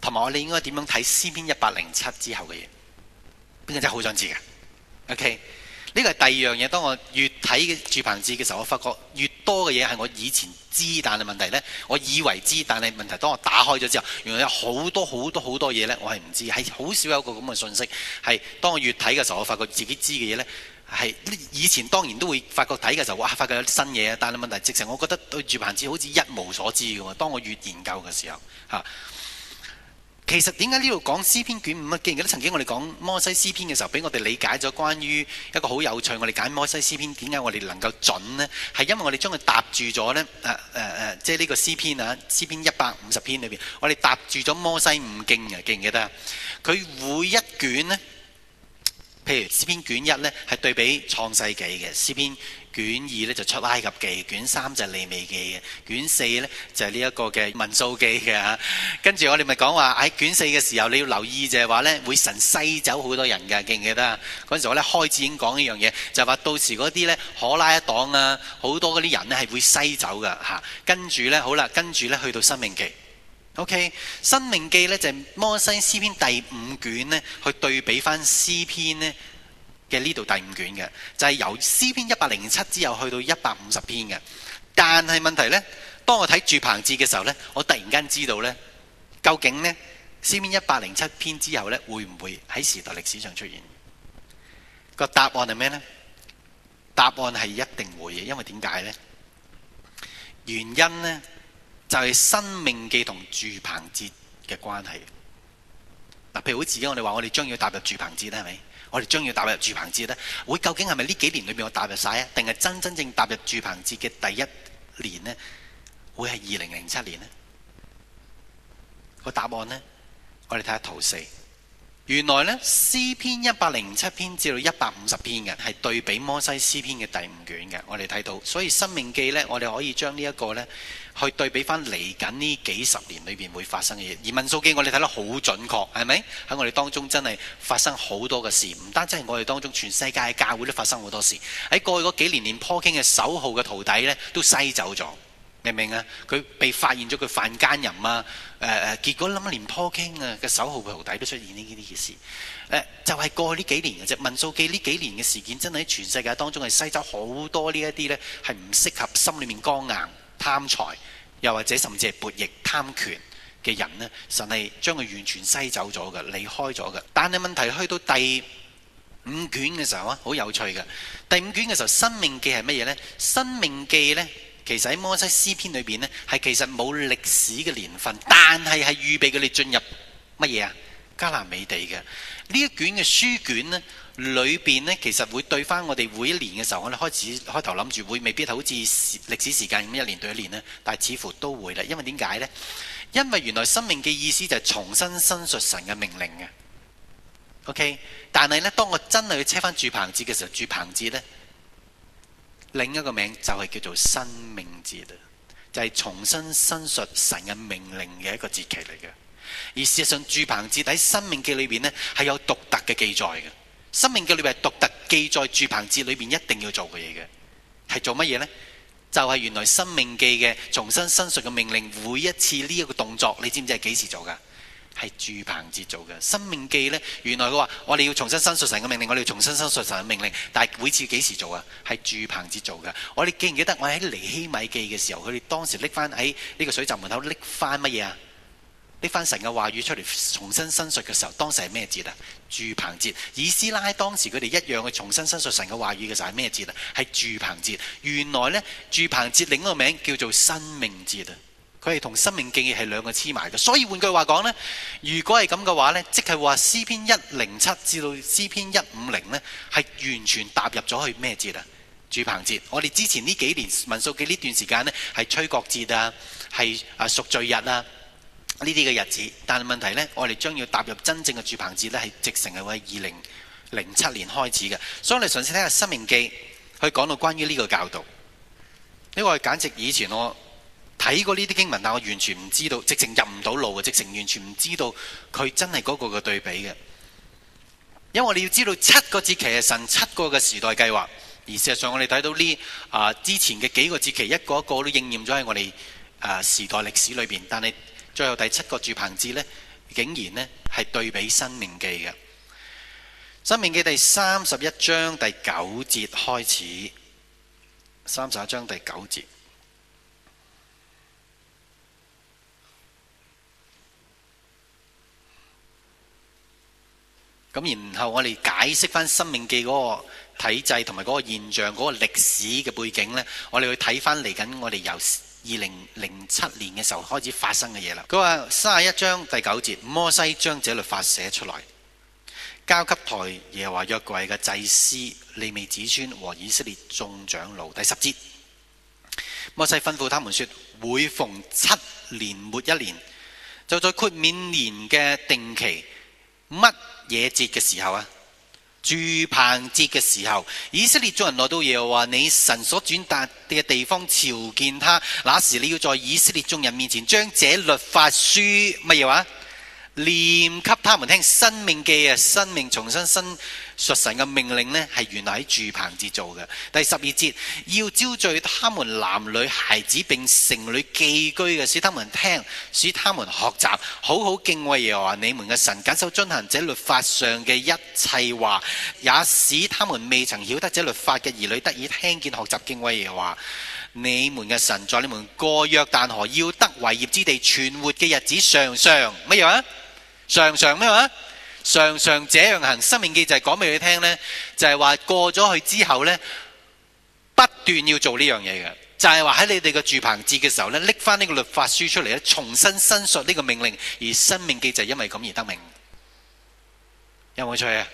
同埋我哋應該點樣睇詩篇一百零七之後嘅嘢？邊個真係好想知嘅？OK。呢個係第二樣嘢，當我越睇住棚節嘅時候，我發覺越多嘅嘢係我以前知，但係問題呢，我以為知，但係問題當我打開咗之後，原來有好多好多好多嘢呢，我係唔知，係好少有個咁嘅信息。係當我越睇嘅時候，我發覺自己知嘅嘢呢，係以前當然都會發覺睇嘅時候，哇！發覺有啲新嘢，但係問題是，直情我覺得對住棚節好似一無所知咁啊！當我越研究嘅時候，嚇。其實點解呢度講詩篇卷五，記唔記得曾經我哋講摩西詩篇嘅時候，俾我哋理解咗關於一個好有趣。我哋揀摩西詩篇，點解我哋能夠準呢？係因為我哋將佢搭住咗呢，誒誒誒，即係呢個詩篇啊，詩篇一百五十篇裏邊，我哋搭住咗摩西五經嘅，記唔記得啊？佢每一卷呢，譬如詩篇卷一呢，係對比創世紀嘅詩篇。卷二咧就出埃及記，卷三就利未記嘅，卷四咧就係呢一個嘅民數記嘅。跟、啊、住我哋咪講話喺卷四嘅時候，你要留意就係話咧會神篩走好多人㗎。記唔記得啊？嗰陣時候我咧開始已經講呢樣嘢，就話、是、到時嗰啲咧可拉一黨啊，多啊好多嗰啲人咧係會篩走噶吓。跟住咧好啦，跟住咧去到生命記。OK，生命記咧就是、摩西詩篇第五卷咧去對比翻詩篇咧。嘅呢度第五卷嘅，就係由詩篇一百零七之後去到一百五十篇嘅，但係問題呢，當我睇住棚節嘅時候呢，我突然間知道呢，究竟呢詩篇一百零七篇之後呢，會唔會喺時代歷史上出現？個答案係咩呢？答案係一定會嘅，因為點解呢？原因呢，就係生命記同住棚節嘅關係。嗱，譬如好似，我哋話我哋將要踏入住棚節啦，係咪？我哋將要踏入住棚節咧，會究竟係咪呢幾年裏面我踏入晒？定係真真正踏入住棚節嘅第一年呢？會係二零零七年呢？個答案呢，我哋睇下圖四。原來呢詩篇一百零七篇至到一百五十篇嘅係對比摩西詩篇嘅第五卷嘅，我哋睇到，所以生命記呢，我哋可以將呢一個呢去對比翻嚟緊呢幾十年裏邊會發生嘅嘢。而民數記我哋睇得好準確，係咪喺我哋當中真係發生好多嘅事？唔單止係我哋當中，全世界嘅教會都發生好多事喺過去嗰幾年，連普京嘅首號嘅徒弟呢，都篩走咗。明明啊？佢被發現咗，佢犯奸淫啊！誒、呃、誒，結果諗諗廉坡 King 啊，個守號徒弟都出現呢啲嘅事。誒、呃，就係、是、過去呢幾年嘅啫。《民數記》呢幾年嘅事件，真係喺全世界當中係篩走好多一呢一啲咧，係唔適合心裏面剛硬、貪財又或者甚至係叛逆貪權嘅人呢，神係將佢完全篩走咗嘅，離開咗嘅。但係問題去到第五卷嘅時候啊，好有趣嘅。第五卷嘅時候，《申命記》係乜嘢呢？申命記》呢？其實喺摩西詩篇裏邊呢，係其實冇歷史嘅年份，但係係預備佢哋進入乜嘢啊？迦南美地嘅呢一卷嘅書卷呢，裏邊呢其實會對翻我哋每一年嘅時候，我哋開始開頭諗住會未必係好似歷史時間咁一年對一年呢，但係似乎都會啦，因為點解呢？因為原來生命嘅意思就係重新申述神嘅命令嘅。OK，但係呢，當我真係去車翻住棚節嘅時候，住棚節呢。另一個名就係叫做生命節啦，就係、是、重新申述神嘅命令嘅一個節期嚟嘅。而事實上，住棚節喺《生命記》裏邊咧係有獨特嘅記載嘅，《生命記》裏邊係獨特記載住棚節裏邊一定要做嘅嘢嘅，係做乜嘢呢？就係、是、原來《生命記》嘅重新申述嘅命令，每一次呢一個動作，你知唔知係幾時做噶？係住棚節做嘅，生命記呢，原來佢話我哋要重新申述神嘅命令，我哋要重新申述神嘅命令。但係每次幾時做啊？係住棚節做嘅。我哋記唔記得我喺尼希米記嘅時候，佢哋當時拎翻喺呢個水站門口拎翻乜嘢啊？拎翻神嘅話語出嚟，重新申述嘅時候，當時係咩節啊？住棚節。以斯拉當時佢哋一樣去重新申述神嘅話語嘅時候係咩節啊？係住棚節。原來呢，住棚節另一個名叫做生命節啊。佢係同《生命記》係兩個黐埋嘅，所以換句話講呢，如果係咁嘅話呢，即係話《詩篇》一零七至到《詩篇》一五零呢，係完全踏入咗去咩節啊？住棚節。我哋之前呢幾年民數記呢段時間呢，係吹角節啊，係啊贖罪日啊呢啲嘅日子。但係問題呢，我哋將要踏入真正嘅住棚節呢，係直情係喺二零零七年開始嘅。所以我哋嘗試睇下《生命記》去講到關於呢個教導，呢個係簡直以前我。睇過呢啲經文，但我完全唔知道，直情入唔到路啊！直情完全唔知道佢真係嗰個嘅對比嘅，因為你要知道七個節期係神七個嘅時代計劃，而事實上我哋睇到呢啊、呃、之前嘅幾個節期一個一個都應驗咗喺我哋啊、呃、時代歷史裏邊，但係最後第七個住棚節呢，竟然呢係對比申命記嘅申命記第三十一章第九節開始，三十一章第九節。咁，然後我哋解釋翻《申命記》嗰個體制同埋嗰個現象、嗰個歷史嘅背景呢，我哋去睇翻嚟緊我哋由二零零七年嘅時候開始發生嘅嘢啦。佢話三十一章第九節，摩西將這律法寫出來，交給台耶和華約櫃嘅祭司利未子孫和以色列眾長老。第十節，摩西吩咐他們說，每逢七年末一年，就在豁免年嘅定期乜？野節嘅時候啊，住棚節嘅時候，以色列眾人來到耶和華，你神所轉達嘅地方，朝見他。那時你要在以色列眾人面前將這律法書乜嘢話？念給他們聽，申命記啊，申命重新申述神嘅命令呢，係原來喺住棚節做嘅。第十二節，要招聚他們男女孩子並城裡寄居嘅，使他們聽，使他們學習，好好敬畏耶和華你們嘅神，謹守遵行這律法上嘅一切話，也使他們未曾曉得這律法嘅兒女得以聽見學習敬畏耶和華你們嘅神，在你們過約旦河要得為業之地存活嘅日子常常，上上乜嘢啊？常常咩話？常常這樣行，申命記就係講俾佢聽呢，就係話過咗去之後呢，不斷要做呢樣嘢嘅，就係話喺你哋嘅住棚節嘅時候呢，拎翻呢個律法書出嚟咧，重新申述呢個命令，而申命記就係因為咁而得名。有冇趣啊？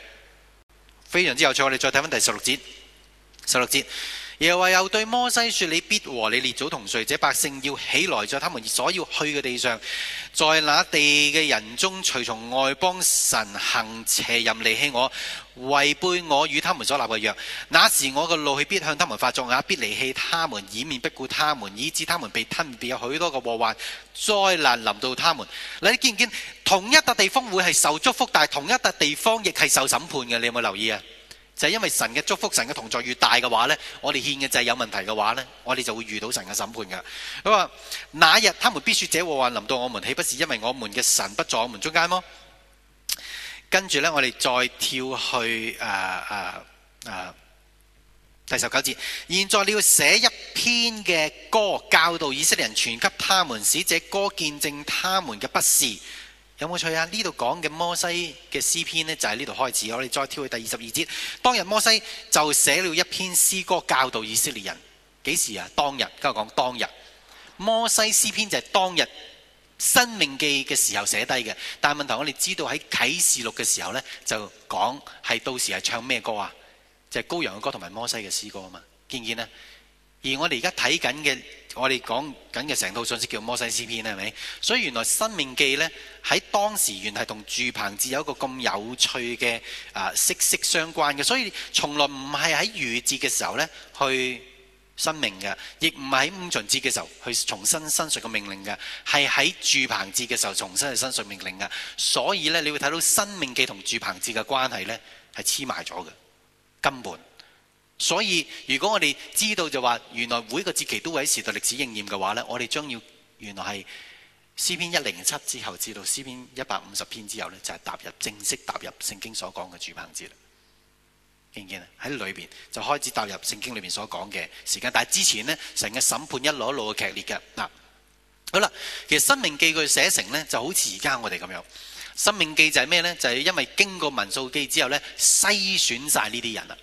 非常之有趣，我哋再睇翻第十六節，十六節。耶和華又對摩西說：你必和你列祖同睡，這百姓要起來，在他們所要去嘅地上，在那地嘅人中隨從外邦神行邪淫，離棄我，違背我與他們所立嘅約。那時我嘅怒氣必向他們發作，也必離棄他們，掩面不顧他們，以致他們被吞，有許多嘅禍患、災難臨到他們。你見唔見同一個地方會係受祝福，但係同一個地方亦係受審判嘅？你有冇留意啊？就係、是、因為神嘅祝福、神嘅同在越大嘅話呢，我哋獻嘅祭有問題嘅話呢，我哋就會遇到神嘅審判嘅。佢話，那日他們必說，者會說：這禍患臨到我們，豈不是因為我們嘅神不在我們中間麼？跟住呢，我哋再跳去誒誒誒第十九節。現在你要寫一篇嘅歌，教導以色列人，傳給他們，使這歌見證他們嘅不是。有冇趣啊？呢度講嘅摩西嘅詩篇呢，就係呢度開始。我哋再挑去第二十二節。當日摩西就寫了一篇詩歌，教導以色列人。幾時啊？當日，今日講當日摩西詩篇就係當日《申命記》嘅時候寫低嘅。但係問題，我哋知道喺《啟示錄》嘅時候呢，就講係到時係唱咩歌啊？就係羔羊嘅歌同埋摩西嘅詩歌啊嘛。見唔見呢？而我哋而家睇緊嘅。我哋講緊嘅成套信息叫摩西書篇，係咪？所以原來《申命記》呢，喺當時原係同住棚字有一個咁有趣嘅啊息息相關嘅，所以從來唔係喺預節嘅時候呢去申命嘅，亦唔係喺五旬節嘅時候去重新申述個命令嘅，係喺住棚節嘅時候重新去申述命令嘅。所以呢，你會睇到《申命記》同住棚字嘅關係呢，係黐埋咗嘅，根本。所以，如果我哋知道就話，原來每一個節期都會喺時代歷史應驗嘅話呢，我哋將要原來係詩篇一零七之後，至到詩篇一百五十篇之後呢，就係踏入正式踏入聖經所講嘅住棚節啦。見唔見啊？喺裏邊就開始踏入聖經裏面所講嘅時間，但係之前呢，成個審判一路一路嘅劇烈嘅嗱。好啦，其實生命記佢寫成呢就好似而家我哋咁樣。生命記就係咩呢？就係因為經過民數記之後呢，篩選晒呢啲人啦。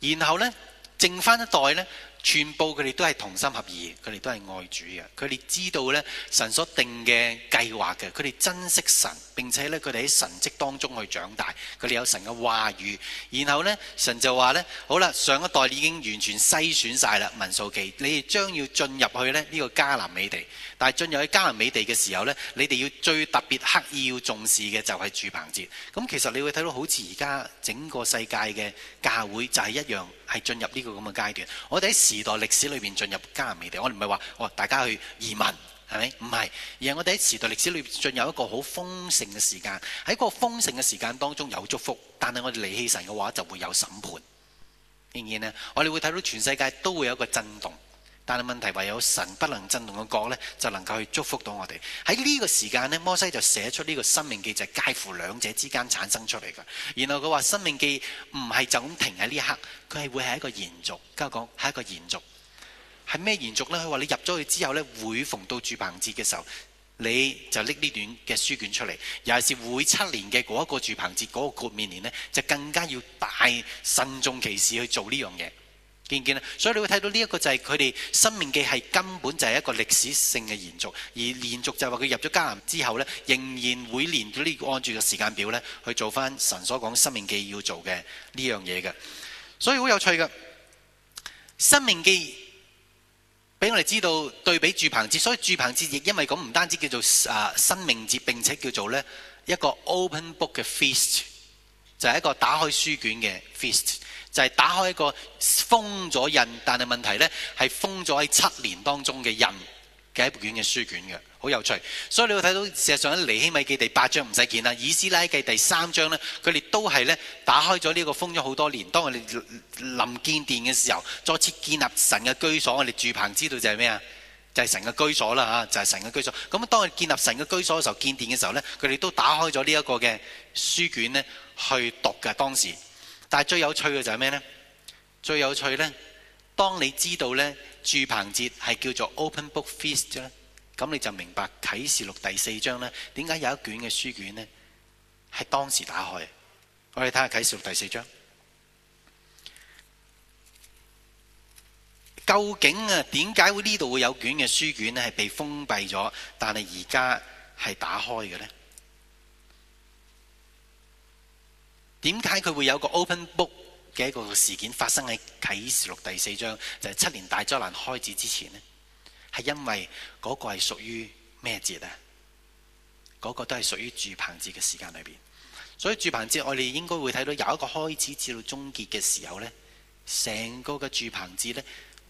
然後呢，剩翻一代呢，全部佢哋都係同心合意，佢哋都係愛主嘅。佢哋知道呢，神所定嘅計劃嘅，佢哋珍惜神，並且呢，佢哋喺神蹟當中去長大。佢哋有神嘅話語。然後呢，神就話呢：「好啦，上一代已經完全篩選晒啦，民數記，你哋將要進入去呢，呢個加南美地。但係進入去迦南美地嘅時候呢，你哋要最特別刻意要重視嘅就係住棚節。咁其實你會睇到好似而家整個世界嘅教會就係一樣，係進入呢個咁嘅階段。我哋喺時代歷史裏面進入迦南美地，我哋唔係話哦大家去移民，係咪？唔係，而係我哋喺時代歷史裏面進入一個好豐盛嘅時間。喺個豐盛嘅時間當中有祝福，但係我哋離棄神嘅話就會有審判。仍然呢，我哋會睇到全世界都會有一個震動。但係問題唯有神不能震動嘅角咧，就能夠去祝福到我哋。喺呢個時間呢，摩西就寫出呢個生命記就係介乎兩者之間產生出嚟嘅。然後佢話生命記唔係就咁停喺呢一刻，佢係會係一個延續。跟住講係一個延續，係咩延續呢？佢話你入咗去之後呢，會逢到住棚節嘅時候，你就拎呢段嘅書卷出嚟，尤其是每七年嘅嗰一個住棚節嗰個豁免年呢，就更加要大慎重其事去做呢樣嘢。見唔見？所以你會睇到呢一個就係佢哋生命記係根本就係一個歷史性嘅延續，而連續就係話佢入咗迦南之後咧，仍然會連到呢個按住嘅時間表咧去做翻神所講生命記要做嘅呢樣嘢嘅。所以好有趣嘅，生命記俾我哋知道對比住棚節，所以住棚節亦因為咁唔單止叫做啊生命節，並且叫做咧一個 open book 嘅 feast，就係一個打開書卷嘅 feast。就係、是、打開一個封咗印，但係問題呢係封咗喺七年當中嘅印嘅一本卷嘅書卷嘅，好有趣。所以你會睇到事實上呢，尼希米記第八章唔使見啦，以斯拉記第，第三章呢，佢哋都係呢，打開咗呢個封咗好多年。當我哋臨建殿嘅時候，再次建立神嘅居所，我哋住棚知道就係咩啊？就係、是、神嘅居所啦，吓就係神嘅居所。咁、就是、當佢建立神嘅居所嘅時候，建殿嘅時候呢，佢哋都打開咗呢一個嘅書卷呢去讀嘅當時。但最有趣嘅就係咩呢？最有趣呢，當你知道呢，住棚節係叫做 Open Book Feast，咁你就明白啟示錄第四章呢，點解有一卷嘅書卷呢係當時打開嘅？我哋睇下啟示錄第四章，究竟啊，點解會呢度會有卷嘅書卷呢？係被封閉咗，但係而家係打開嘅呢。點解佢會有個 open book 嘅一個事件發生喺啟示錄第四章？就係、是、七年大災難開始之前呢，係因為嗰個係屬於咩節呢？嗰、嗰個都係屬於住棚節嘅時間裏邊。所以住棚節我哋應該會睇到有一個開始至到終結嘅時候呢，成個嘅住棚節呢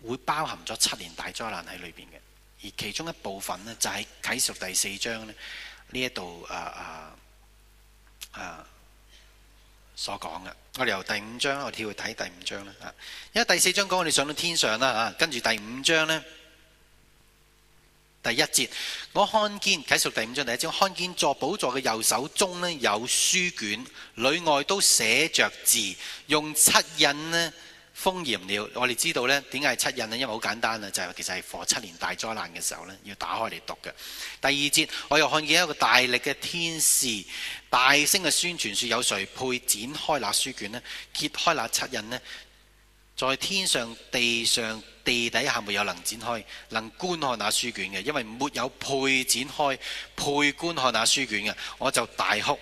會包含咗七年大災難喺裏邊嘅。而其中一部分呢，就喺、是、啟示錄第四章呢，呢一度啊啊啊！啊啊所講嘅，我哋由第五章我跳去睇第五章啦嚇，因為第四章講我哋上到天上啦嚇，跟住第五章呢，第一節，我看見，繼續第五章第一節，看見坐寶座嘅右手中呢，有書卷，裏外都寫着字，用七印咧，封嚴了，我哋知道呢，點解係七印呢？因為好簡單啦，就係其實係逢七年大災難嘅時候呢，要打開嚟讀嘅。第二節，我又看見一個大力嘅天使，大聲嘅宣傳説：有誰配展開那書卷呢？揭開那七印呢？在天上、地上、地底下沒有能展開、能觀看那書卷嘅，因為沒有配展開、配觀看那書卷嘅，我就大哭。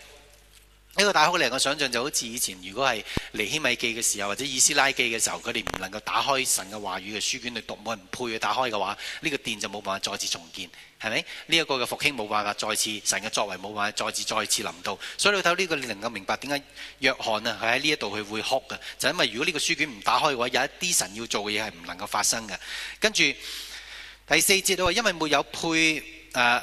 呢、這個大哭令我想象就好似以前，如果係尼希米記嘅時候，或者以斯拉記嘅時候，佢哋唔能夠打開神嘅話語嘅書卷嚟讀，冇人配去打開嘅話，呢、這個殿就冇辦法再次重建，係咪？呢、這、一個嘅復興冇辦法再次，神嘅作為冇辦法再次再次臨到。所以你睇呢個你能夠明白點解約翰啊佢喺呢一度佢會哭嘅，就因為如果呢個書卷唔打開嘅話，有一啲神要做嘅嘢係唔能夠發生嘅。跟住第四節都話因為沒有配誒誒誒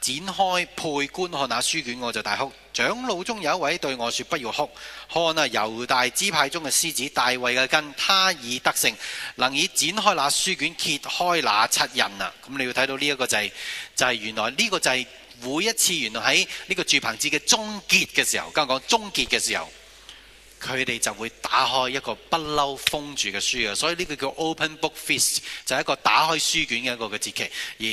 展開配觀看下書卷，我就大哭。長老中有一位對我說，不要哭，看啊，猶大支派中嘅獅子大衛嘅根，他已得勝，能以展開那書卷，揭開那七印啊！咁、嗯、你要睇到呢一個就係、是、就係、是、原來呢、這個就係每一次原來喺呢個住棚節嘅終結嘅時候，剛講終結嘅時候，佢哋就會打開一個不嬲封住嘅書啊！所以呢個叫 Open Book Feast 就係一個打開書卷嘅一個嘅節期。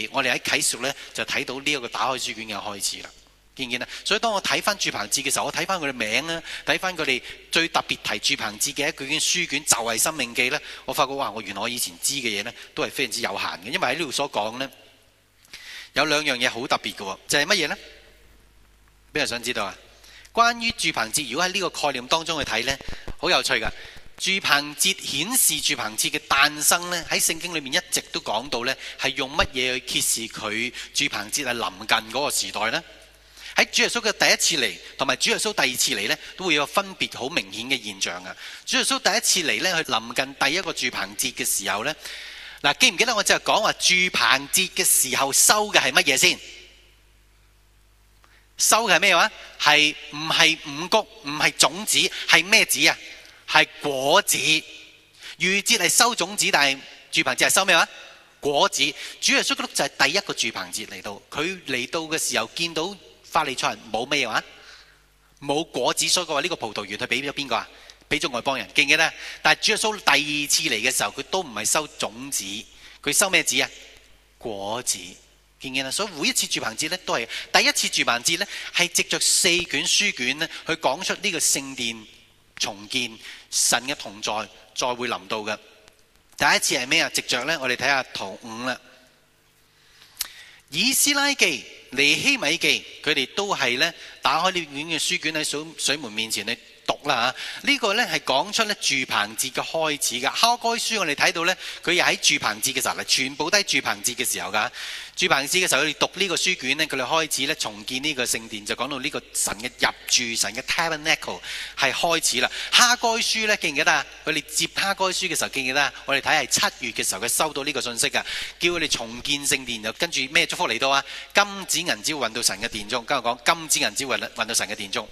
而我哋喺啟述呢，就睇到呢一個打開書卷嘅開始啦。見唔見啊？所以當我睇翻住棚節嘅時候，我睇翻佢嘅名咧，睇翻佢哋最特別提住棚節嘅一句書卷就係、是《生命記》咧。我發覺哇！我原來我以前知嘅嘢咧，都係非常之有限嘅。因為喺呢度所講咧，有兩樣嘢好特別嘅，就係乜嘢呢？邊個想知道啊？關於住棚節，如果喺呢個概念當中去睇咧，好有趣噶。住棚節顯示住棚節嘅誕生咧，喺聖經裏面一直都講到咧，係用乜嘢去揭示佢住棚節係臨近嗰個時代咧？喺主耶穌嘅第一次嚟，同埋主耶穌第二次嚟呢，都會有分別好明顯嘅現象啊！主耶穌第一次嚟呢，佢臨近第一個住棚節嘅時候呢，嗱，記唔記得我就係講話住棚節嘅時候收嘅係乜嘢先？收嘅係咩話？係唔係五穀？唔係種子？係咩子啊？係果子。預節係收種子，但係住棚節係收咩話？果子。主耶穌嗰度就係第一個住棚節嚟到，佢嚟到嘅時候見到。法利賽人冇咩話，冇果子。所以佢話，呢個葡萄園佢俾咗邊個啊？俾咗外邦人。記唔記得？但係主耶穌第二次嚟嘅時候，佢都唔係收種子，佢收咩子啊？果子。記唔記得？所以每一次住棚節咧都係第一次住棚節咧係藉着四卷書卷咧去講出呢個聖殿重建神嘅同在再會臨到嘅。第一次係咩啊？藉着咧我哋睇下圖五啦，《以斯拉記》。尼希米記，佢哋都係呢打開呢卷嘅書卷喺水水門面前嚟讀啦，吓。呢個呢係講出咧住棚節嘅開始㗎。哈該書我哋睇到呢，佢又喺住棚節嘅時候嚟，全部都係住棚節嘅時候㗎。住棚節嘅時候，佢哋讀呢個書卷呢，佢哋開始呢重建呢個聖殿，就講到呢個神嘅入住，神嘅 tabernacle 係開始啦。哈該書呢，記唔記得啊？佢哋接哈該書嘅時候，記唔記得啊？我哋睇係七月嘅時候，佢收到呢個信息嘅，叫佢哋重建聖殿，就跟住咩祝福嚟到啊？金子銀子揾到神嘅殿中，今日講金子銀子揾揾到神嘅殿中。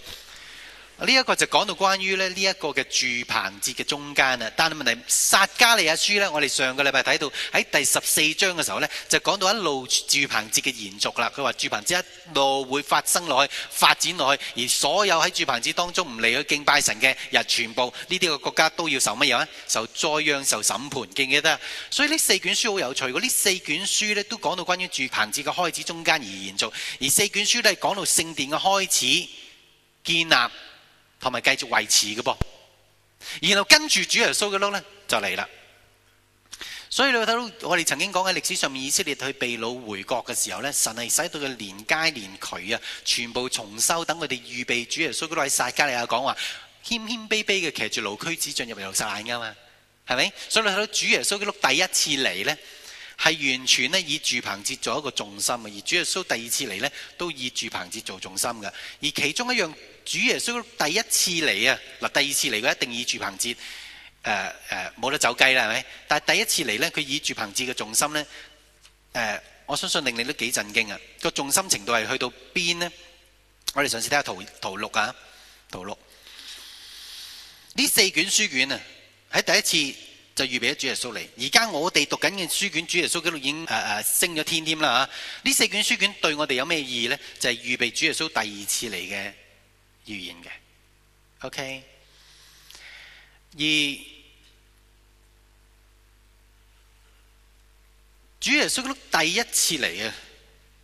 呢、這、一個就講到關於呢一個嘅住棚節嘅中間啦，但係問題撒迦利亞書呢，我哋上個禮拜睇到喺第十四章嘅時候呢，就講到一路住棚節嘅延續啦。佢話住棚節一路會發生落去、發展落去，而所有喺住棚節當中唔嚟去敬拜神嘅人，全部呢啲個國家都要受乜嘢啊？受災殃、受審判，記唔記得啊？所以呢四卷書好有趣，呢四卷書呢，都講到關於住棚節嘅開始、中間而延續，而四卷書呢，講到聖殿嘅開始建立。同埋繼續維持嘅噃，然後跟住主耶穌嘅轆咧就嚟啦。所以你會睇到我哋曾經講嘅歷史上面，以色列去被擄回國嘅時候咧，神係使到嘅連街連渠啊，全部重修，等佢哋預備主耶穌，嗰度喺撒迦利亞講話，謙謙卑卑嘅騎住驢駒子進入猶太眼噶嘛，係咪？所以你睇到主耶穌嘅轆第一次嚟咧，係完全咧以住棚節做一個重心，而主耶穌第二次嚟咧，都以住棚節做重心嘅。而其中一樣。主耶穌第一次嚟啊，嗱第二次嚟佢一定以住棚節，誒誒，冇得走雞啦，係咪？但係第一次嚟咧，佢以住棚節嘅重心咧，誒、呃，我相信令你都幾震驚啊！個重心程度係去到邊呢？我哋上次睇下圖圖，圖六啊，圖六呢四卷書卷啊，喺第一次就預備咗主耶穌嚟。而家我哋讀緊嘅書卷，主耶穌基督已經誒誒、呃呃、升咗天添啦啊！呢四卷書卷對我哋有咩意義咧？就係、是、預備主耶穌第二次嚟嘅。OK，而主耶穌第一次嚟啊，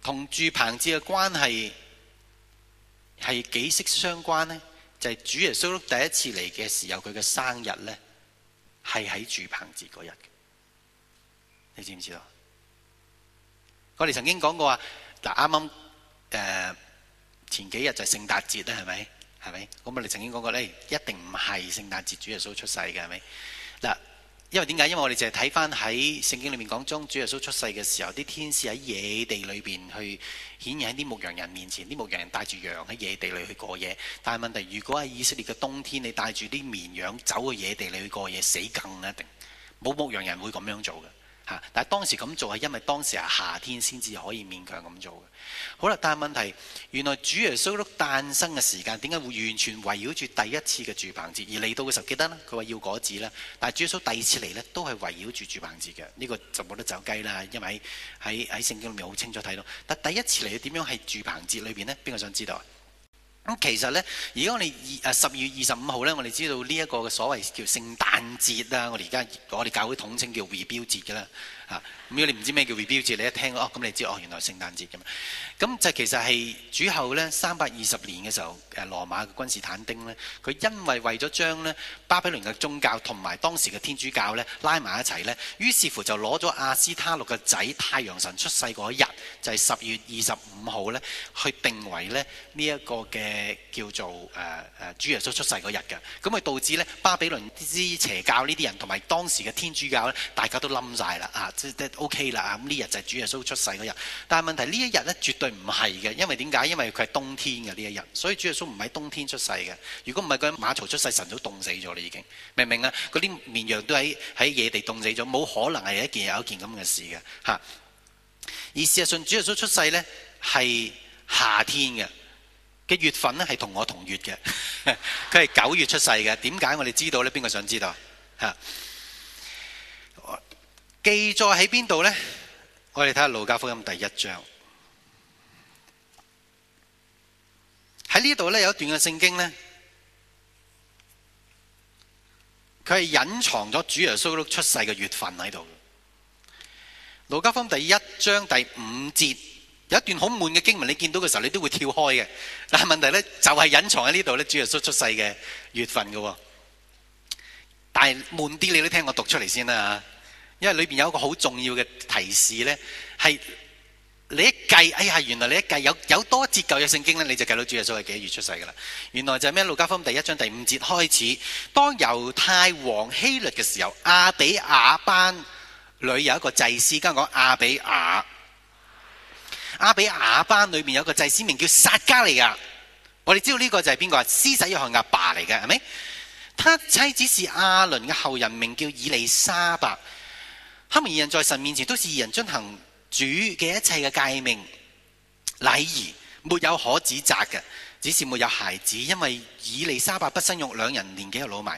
同住棚節嘅關係係幾息息相關呢？就係、是、主耶穌第一次嚟嘅時候，佢嘅生日咧係喺住棚節嗰日嘅，你知唔知道？我哋曾經講過啊，嗱啱啱、呃、前幾日就是聖誕節啦，係咪？係咪？我哋曾經講過、哎、一定唔係聖誕節主耶穌出世，嘅係咪？嗱，因為點解？因為我哋淨係睇翻喺聖經裏面講中，主耶穌出世嘅時候，啲天使喺野地裏面去顯現喺啲牧羊人面前，啲牧羊人帶住羊喺野地裏去過夜。但係問題是，如果喺以色列嘅冬天，你帶住啲綿羊走去野地裏去過夜，死更一定。冇牧羊人會咁樣做嘅。但係當時咁做係因為當時係夏天先至可以勉強咁做嘅。好啦，但係問題原來主耶穌誕生嘅時間點解會完全圍繞住第一次嘅住棚節而嚟到嘅時候記得呢，佢話要果子啦。但係主耶穌第二次嚟呢，都係圍繞住住棚節嘅，呢、呢個就冇得走雞啦。因為喺喺喺聖經裏面好清楚睇到，但第一次嚟點樣係住棚節裏邊呢？邊個想知道啊？咁其實咧，如果你二誒十二月二十五號咧，我哋知道呢一個嘅所謂叫聖誕節啦。我哋而家我哋教會統稱叫 rebuild 節嘅啦，嚇。咁如果你唔知咩叫 rebuild 節，你一聽哦，咁你知哦，原來聖誕節咁啊。咁就其實係主後咧三百二十年嘅時候，誒、啊、羅馬嘅君士坦丁咧，佢因為為咗將咧巴比倫嘅宗教同埋當時嘅天主教咧拉埋一齊咧，於是乎就攞咗亞斯他錄嘅仔太陽神出世嗰一日，就係、是、十月二十五號咧，去定為咧呢一，這個嘅叫做誒誒主耶穌出世嗰日嘅。咁咪導致咧巴比倫之邪教呢啲人同埋當時嘅天主教咧，大家都冧晒啦啊，即係 OK 啦啊，咁呢日就係主耶穌出世嗰日。但係問題是這一天呢一日咧，絕對。唔係嘅，因為點解？因為佢係冬天嘅呢一日，所以主耶穌唔係冬天出世嘅。如果唔係佢喺馬槽出世，神早凍死咗啦已經，明唔明啊？嗰啲綿羊都喺喺野地凍死咗，冇可能係一件又一件咁嘅事嘅吓。而事實上，主耶穌出世咧係夏天嘅，嘅月份咧係同我同月嘅，佢係九月出世嘅。點解我哋知道咧？邊個想知道啊？吓，記載喺邊度咧？我哋睇下路加福音第一章。喺呢度咧有一段嘅聖經咧，佢係隱藏咗主耶穌出世嘅月份喺度。路加福音第一章第五節有一段好悶嘅經文，你見到嘅時候你都會跳開嘅。但係問題咧就係隱藏喺呢度咧，主耶穌出世嘅月份嘅。但係悶啲，你都聽我讀出嚟先啦吓，因為裏邊有一個好重要嘅提示咧係。你一計，哎呀，原來你一計有有多節舊約聖經咧，你就計到主耶穌係幾個月出世噶啦。原來就係、是、咩路加福音第一章第五節開始。當猶太王希律嘅時候，亞比雅班裏有一個祭司，家講亞比雅。亞比雅班裏面有一個祭司名叫撒迦利亞。我哋知道呢個就係邊個啊？施洗約翰阿爸嚟嘅，係咪？他妻子是亞倫嘅後人，名叫以利沙伯。他們二人在神面前都是二人進行。主嘅一切嘅誡命禮儀沒有可指責嘅，只是沒有孩子，因為以利沙伯不生育，兩人年紀又老邁。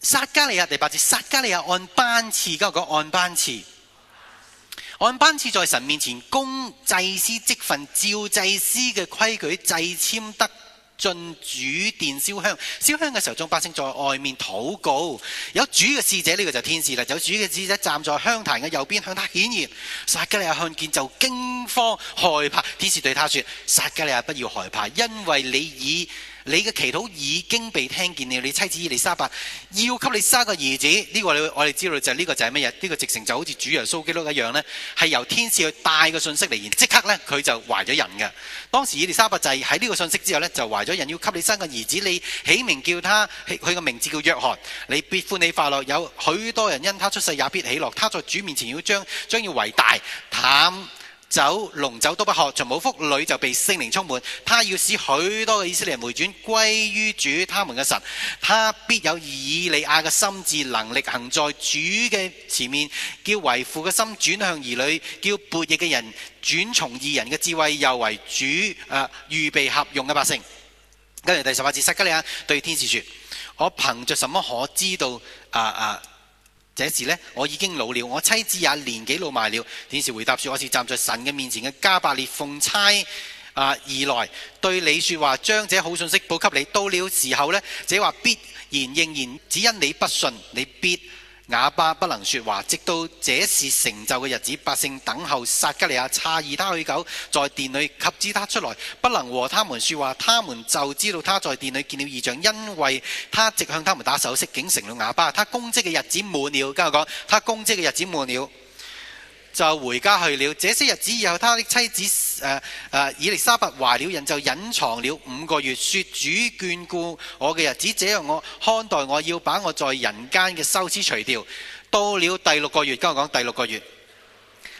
撒加利亞第八節，撒加利亞按班次，今日講按班次，按班次在神面前供祭司職份，照祭司嘅規矩祭簽得，進主殿燒香，燒香嘅時候，眾百姓在外面禱告。有主嘅使者呢、這個就天使啦，有主嘅使者站在香壇嘅右邊，向他顯現。撒迦利亞看見就驚慌害怕，天使對他說：撒迦利亞不要害怕，因為你已你嘅祈禱已經被聽見了，你妻子伊利莎白要給你生個兒子，呢、這個我我哋知道就呢、是這個就係乜嘢？呢、這個直情就好似主耶穌基督一樣呢係由天使去帶個信息嚟，即刻呢，佢就懷咗孕嘅。當時伊利莎白就喺呢個信息之後呢，就懷咗孕，要給你生個兒子，你起名叫他，佢個名字叫約翰，你必歡喜快樂，有許多人因他出世也必喜樂，他在主面前要將將要為大，淡酒龍酒都不喝，就冇福。女就被聖靈充滿，他要使許多嘅以色列人回轉歸於主，他們嘅神。他必有以利亞嘅心智能力行在主嘅前面，叫為父嘅心轉向兒女，叫悖逆嘅人轉從義人嘅智慧，又為主誒預、啊、備合用嘅百姓。跟住第十八節，撒迦利亞對天使說：我憑着什麼可知道啊啊？啊這時呢，我已經老了，我妻子也年紀老埋了。天使回答說：我是站在神嘅面前嘅加百列，奉差啊而來對你說話，將這好信息報給你。到了時候呢，這話必然應驗，只因你不信，你必。啞巴不能說話，直到這事成就嘅日子，百姓等候撒迦利亞詫異他久，在殿裏及至他出來，不能和他們說話，他們就知道他在殿裏見了異象，因為他直向他們打手勢，竟成了啞巴。他供職嘅日子滿了，跟我講他供職嘅日子滿了。就回家去了。這些日子以後，他的妻子誒誒、啊啊、以利沙伯懷了孕，人就隱藏了五個月，説主眷顧我嘅日子，這樣我看待我要把我在人間嘅羞恥除掉。到了第六個月，跟我講第六個月。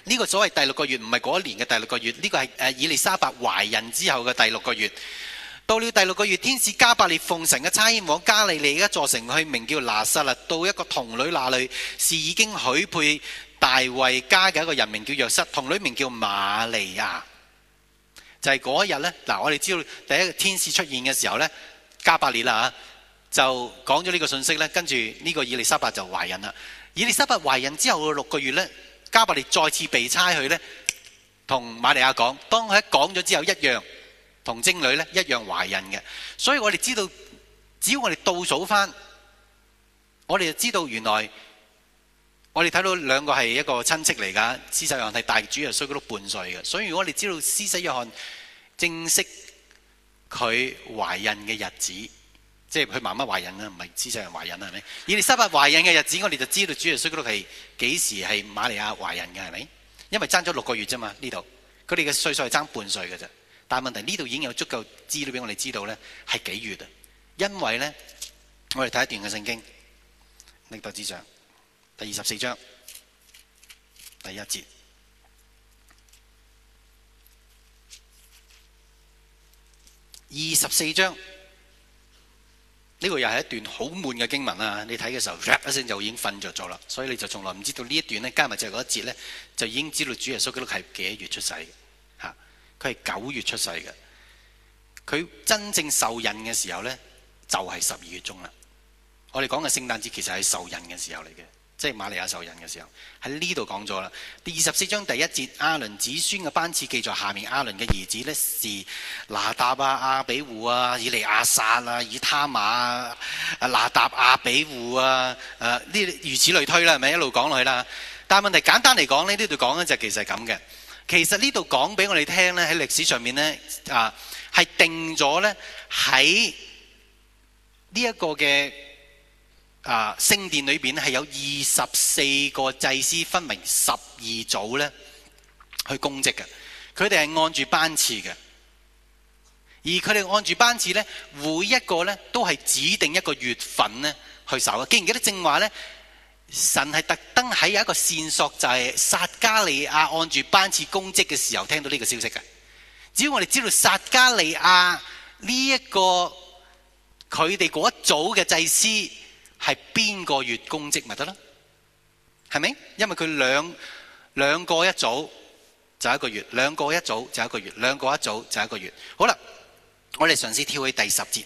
呢、這個所謂第六個月唔係嗰一年嘅第六個月，呢個係、這個、以利沙伯懷孕之後嘅第六個月。到了第六個月，天使加百列奉神嘅差遣往加利利一座城去，名叫拿撒勒，到一個童女那裏，是已經許配。大衛家嘅一個人名叫約瑟，童女名叫瑪利亞。就係、是、嗰一日呢，嗱，我哋知道第一個天使出現嘅時候呢，加百列啦吓，就講咗呢個信息呢，跟住呢個以利沙伯就懷孕啦。以利沙伯懷孕之後嘅六個月呢，加百列再次被差去呢，同瑪利亞講，當佢一講咗之後，一樣同貞女呢一樣懷孕嘅。所以我哋知道，只要我哋倒數返，我哋就知道原來。我哋睇到兩個係一個親戚嚟噶，施洗約翰係大主耶穌基督半歲嘅，所以如果我哋知道施洗約翰正式佢懷孕嘅日子，即係佢媽媽懷孕啊，唔係施洗約翰懷孕啊，係咪？而你三日懷孕嘅日子，我哋就知道主耶穌基督係幾時係瑪利亞懷孕嘅，係咪？因為爭咗六個月啫嘛，呢度佢哋嘅歲數係爭半歲㗎啫。但係問題，呢度已經有足夠資料俾我哋知道咧，係幾月啊？因為咧，我哋睇一段嘅聖經，歷代志上。第二十四章第一節。二十四章呢個又係一段好悶嘅經文啊。你睇嘅時候，rap 一聲就已經瞓着咗啦。所以你就從來唔知道呢一段咧，加埋就嗰一節咧，就已經知道主耶穌基督係幾月出世嘅吓。佢係九月出世嘅。佢真正受孕嘅時候咧，就係十二月中啦。我哋講嘅聖誕節其實係受孕嘅時候嚟嘅。即係瑪利亞受人嘅時候，喺呢度講咗啦。第二十四章第一節，亞倫子孫嘅班次記在下面。亞倫嘅兒子呢，是拿達啊、亞比戶啊、以利亞撒啊、以他馬啊、拿達、亞比戶啊，誒呢、啊啊、如此類推啦，係咪一路講落去啦？但係問題簡單嚟講呢，呢度講呢就其實係咁嘅。其實呢度講俾我哋聽呢，喺歷史上面呢，啊係定咗呢，喺呢一個嘅。啊！聖殿裏邊咧係有二十四個祭司分明，分為十二組咧，去供職嘅。佢哋係按住班次嘅，而佢哋按住班次咧，每一個咧都係指定一個月份咧去守的。記唔記得正話咧？神係特登喺有一個線索，就係、是、撒迦利亞按住班次供職嘅時候，聽到呢個消息嘅。只要我哋知道撒迦利亞呢一個佢哋嗰一組嘅祭司。係邊個月供職咪得啦？係咪？因為佢兩兩個一組就一個月，兩個一組就一個月，兩個一組就一個月。好啦，我哋嘗試跳去第十節，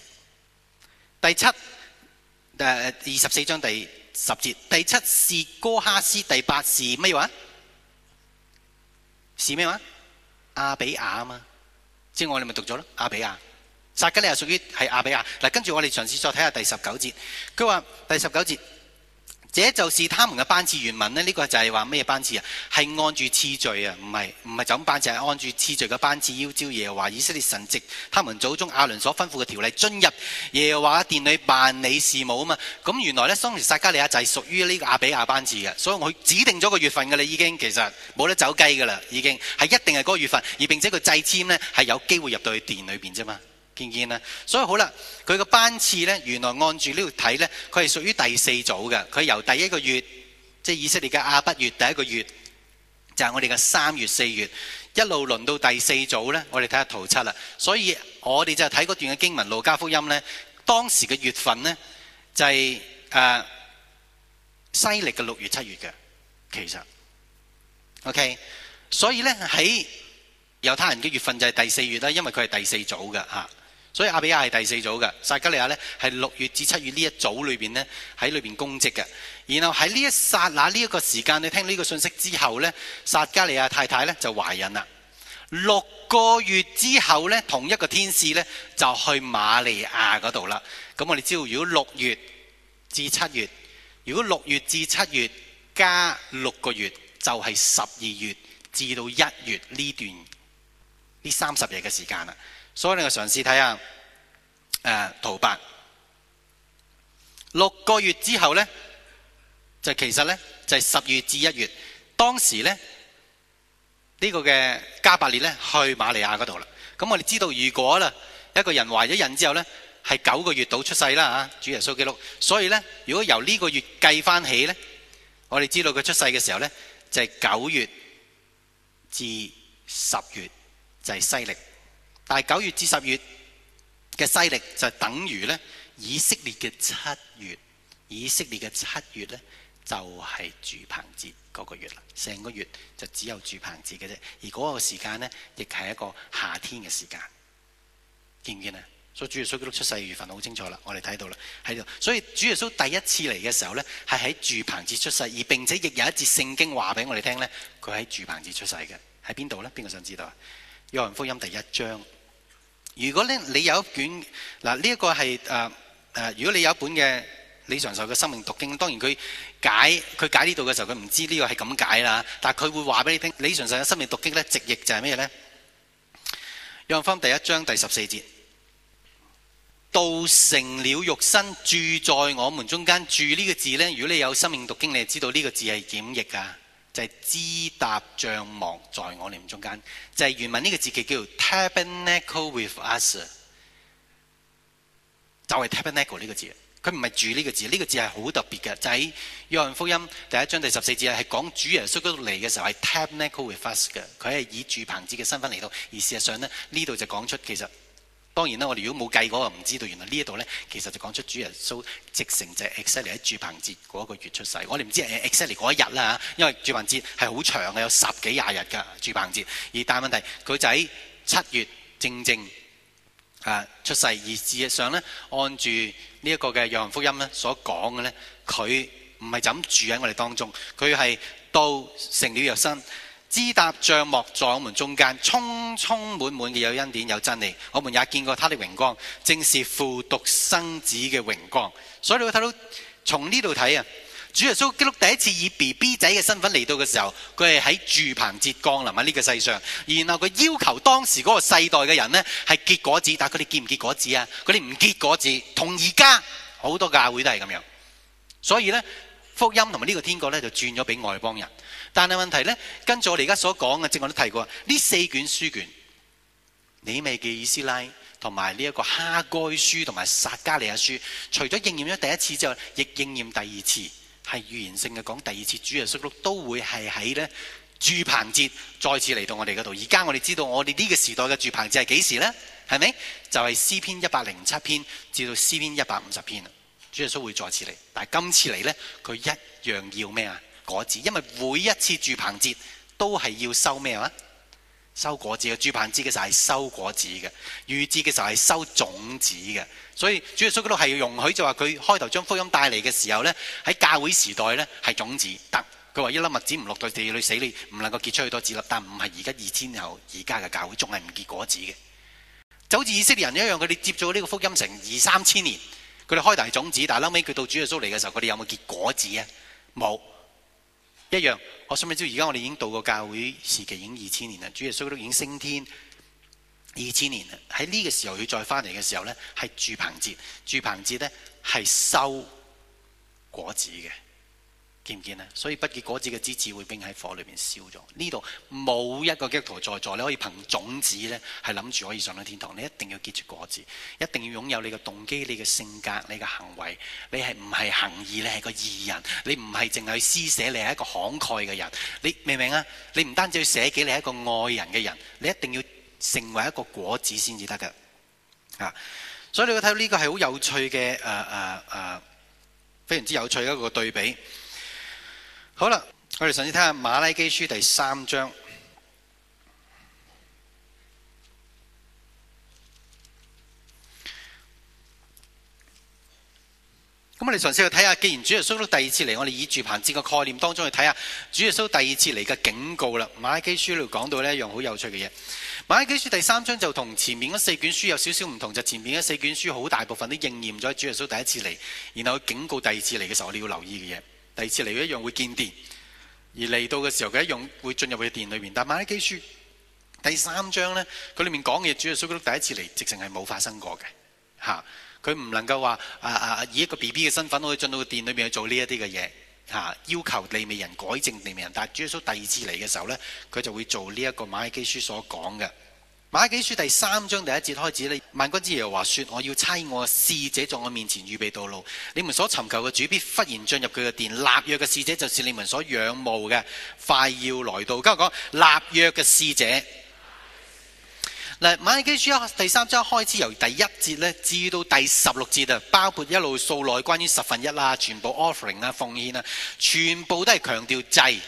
第七誒，二十四章第十節，第七是哥哈斯，第八是咩話？是咩話？阿比雅嘛？即係我哋咪讀咗咯，阿比亞。撒迦利亞屬於係亞比雅嗱，跟住我哋嘗試，試再睇下第十九節。佢話第十九節，這就是他們嘅班次原文咧。呢、呢個就係話咩班次啊？係按住次序啊，唔係唔係就咁班次，次係按住次序嘅班次，要照耶和華以色列神藉他們祖宗亞倫所吩咐嘅條例，進入耶和華殿裏辦理事務啊。嘛，咁原來呢，當時撒迦利亞就係屬於呢個亞比雅班次嘅，所以佢指定咗個月份噶啦，已經其實冇得走雞噶啦，已經係一定係嗰個月份，而並且佢祭簽呢，係有機會入到去殿裏邊啫嘛。見見啦，所以好啦，佢個班次呢，原來按住呢度睇呢，佢係屬於第四組嘅。佢由第一個月，即係以色列嘅亞筆月，第一個月就係我哋嘅三月、四月，一路輪到第四組呢，我哋睇下圖七啦。所以我哋就睇嗰段嘅經文《路加福音》呢，當時嘅月份呢，就係誒西曆嘅六月、七月嘅，其實 OK。所以呢，喺猶太人嘅月份就係第四月啦，因為佢係第四組嘅嚇。所以阿比亞係第四組嘅，撒加利亞呢，係六月至七月呢一組裏邊呢，喺裏邊供職嘅。然後喺呢一剎那呢一個時間，你聽到呢個信息之後呢，撒加利亞太太呢就懷孕啦。六個月之後呢，同一個天使呢就去馬利亞嗰度啦。咁我哋知道，如果六月至七月，如果六月至七月加六個月，就係十二月至到一月呢段呢三十日嘅時間啦。所以你哋就嘗試睇下，誒、啊、圖八六個月之後呢，就其實呢，就係、是、十月至一月。當時呢，呢、這個嘅加百列呢，去馬利亞嗰度啦。咁我哋知道，如果啦一個人懷咗孕之後呢，係九個月到出世啦，主耶穌基督。所以呢，如果由呢個月計返起呢，我哋知道佢出世嘅時候呢，就係、是、九月至十月就係、是、西歷。但係九月至十月嘅勢力就等於咧，以色列嘅七月。以色列嘅七月咧就係住棚節嗰個月啦。成個月就只有住棚節嘅啫。而嗰個時間咧亦係一個夏天嘅時間，見唔見啊？所以主耶穌基督出世嘅月份好清楚啦，我哋睇到啦喺度。所以主耶穌第一次嚟嘅時候咧，係喺住棚節出世，而並且亦有一節聖經話俾我哋聽咧，佢喺住棚節出世嘅。喺邊度咧？邊個想知道啊？約翰福音第一章。如果呢你有一卷嗱，呢一個係誒誒，如果你有一本嘅李常受嘅《生命讀經》，當然佢解佢解呢度嘅時候，佢唔知呢個係咁解啦。但係佢會話俾你聽，李常受嘅《生命讀經》咧直譯就係咩咧？讓翻第一章第十四節，道成了肉身，住在我們中間。住呢個字咧，如果你有《生命讀經》，你就知道呢個字係檢譯㗎？就係、是、支搭帳幕在我哋中間，就係、是、原文呢個字叫 tabernacle with us，就係 tabernacle 呢個字，佢唔係住呢個字，呢、這個字係好特別嘅，就喺約翰福音第一章第十四節咧，係講主耶穌都嚟嘅時候係 tabernacle with us 嘅，佢係以住棚節嘅身份嚟到，而事實上呢呢度就講出其實。當然啦，我哋如果冇計過就唔知道，原來呢一度呢，其實就講出主耶穌直成就 exactly 喺住棚節嗰一個月出世。我哋唔知 exactly 嗰一日啦，因為住棚節係好長嘅，有十幾廿日㗎住棚節。而但係問題，佢就喺七月正正出世，而事實上呢，按住呢一個嘅約翰福音咧所講嘅呢，佢唔係就噉住喺我哋當中，佢係道成了肉身。支搭帳幕在我們中間，充充滿滿嘅有恩典有真理。我們也見過他的榮光，正是父獨生子嘅榮光。所以你會睇到從呢度睇啊，主耶穌基督第一次以 B B 仔嘅身份嚟到嘅時候，佢係喺住棚節降臨喺呢個世上。然後佢要求當時嗰個世代嘅人呢係結果子，但係佢哋結唔結果子啊！佢哋唔結果子，同而家好多教會都係咁樣。所以呢，福音同埋呢個天國呢，就轉咗俾外邦人。但係問題呢，跟住我哋而家所講嘅，正我都提過，呢四卷書卷，尼米記、以斯拉同埋呢一個哈該書同埋撒加利亞書，除咗應驗咗第一次之外，亦應驗第二次，係預言性嘅講。第二次主耶穌都會係喺呢，住棚節再次嚟到我哋嗰度。而家我哋知道我哋呢個時代嘅住棚節係幾時呢？係咪就係、是、詩篇一百零七篇至到詩篇一百五十篇啊？主耶穌會再次嚟，但今次嚟呢，佢一樣要咩啊？果子，因為每一次住棚節都係要收咩話？收果子嘅住棚節嘅時候係收果子嘅，預知嘅時候係收種子嘅。所以主耶穌度係要容許就話佢開頭將福音帶嚟嘅時候呢，喺教會時代呢，係種子得。佢話一粒麥子唔落到地裏死你唔能夠結出去多子粒。但唔係而家二千年後而家嘅教會仲係唔結果子嘅。就好似以色列人一樣，佢哋接咗呢個福音成二三千年，佢哋開頭係種子，但後尾佢到主耶穌嚟嘅時候，佢哋有冇結果子啊？冇。一樣，我想唔知而家我哋已經到過教會時期，已經二千年啦。主耶穌都已經升天二千年啦。喺呢個時候佢再返嚟嘅時候呢，係住棚節。住棚節呢，係收果子嘅。見唔見咧？所以不結果子嘅枝子會冰喺火裏面燒咗。呢度冇一個基督徒在座，你可以憑種子呢，係諗住可以上到天堂。你一定要結住果子，一定要擁有你嘅動機、你嘅性格、你嘅行為。你係唔係行義？你係個義人？你唔係淨係施捨？你係一個慷慨嘅人？你明唔明啊？你唔單止要捨己，你係一個愛人嘅人。你一定要成為一個果子先至得㗎。啊！所以你睇到呢個係好有趣嘅，誒誒誒，非常之有趣嘅一個對比。好啦，我哋上次睇下《馬拉基書》第三章。咁我哋上次去睇下，既然主耶穌都第二次嚟，我哋以住棚節嘅概念當中去睇下，看看主耶穌第二次嚟嘅警告啦，《馬拉基書》裏講到呢一樣好有趣嘅嘢，《馬拉基書》第三章就同前面嗰四卷書有少少唔同，就是，前面嗰四卷書好大部分都應驗咗主耶穌第一次嚟，然後去警告第二次嚟嘅時候，我哋要留意嘅嘢。第二次嚟，佢一樣會見電，而嚟到嘅時候，佢一樣會進入佢嘅電裏邊。但馬拉基書第三章呢，佢裏面講嘅主耶穌第一次嚟，直情係冇發生過嘅。嚇，佢唔能夠話啊、啊以一個 B B 嘅身份可以進到個電裏面去做呢一啲嘅嘢。嚇，要求利未人改正利未人。但主耶穌第二次嚟嘅時候呢，佢就會做呢一個馬拉基書所講嘅。瑪拉基書第三章第一節開始咧，萬軍之耶和華說：我要差我嘅使者在我面前預備道路。你們所尋求嘅主必忽然進入佢嘅殿。立約嘅使者就是你們所仰慕嘅，快要來到。今日講立約嘅使者。嗱，瑪拉基書第三章開始由第一節咧，至到第十六節啊，包括一路數內關於十分一啦，全部 offering 啊，奉獻啊，全部都係強調祭、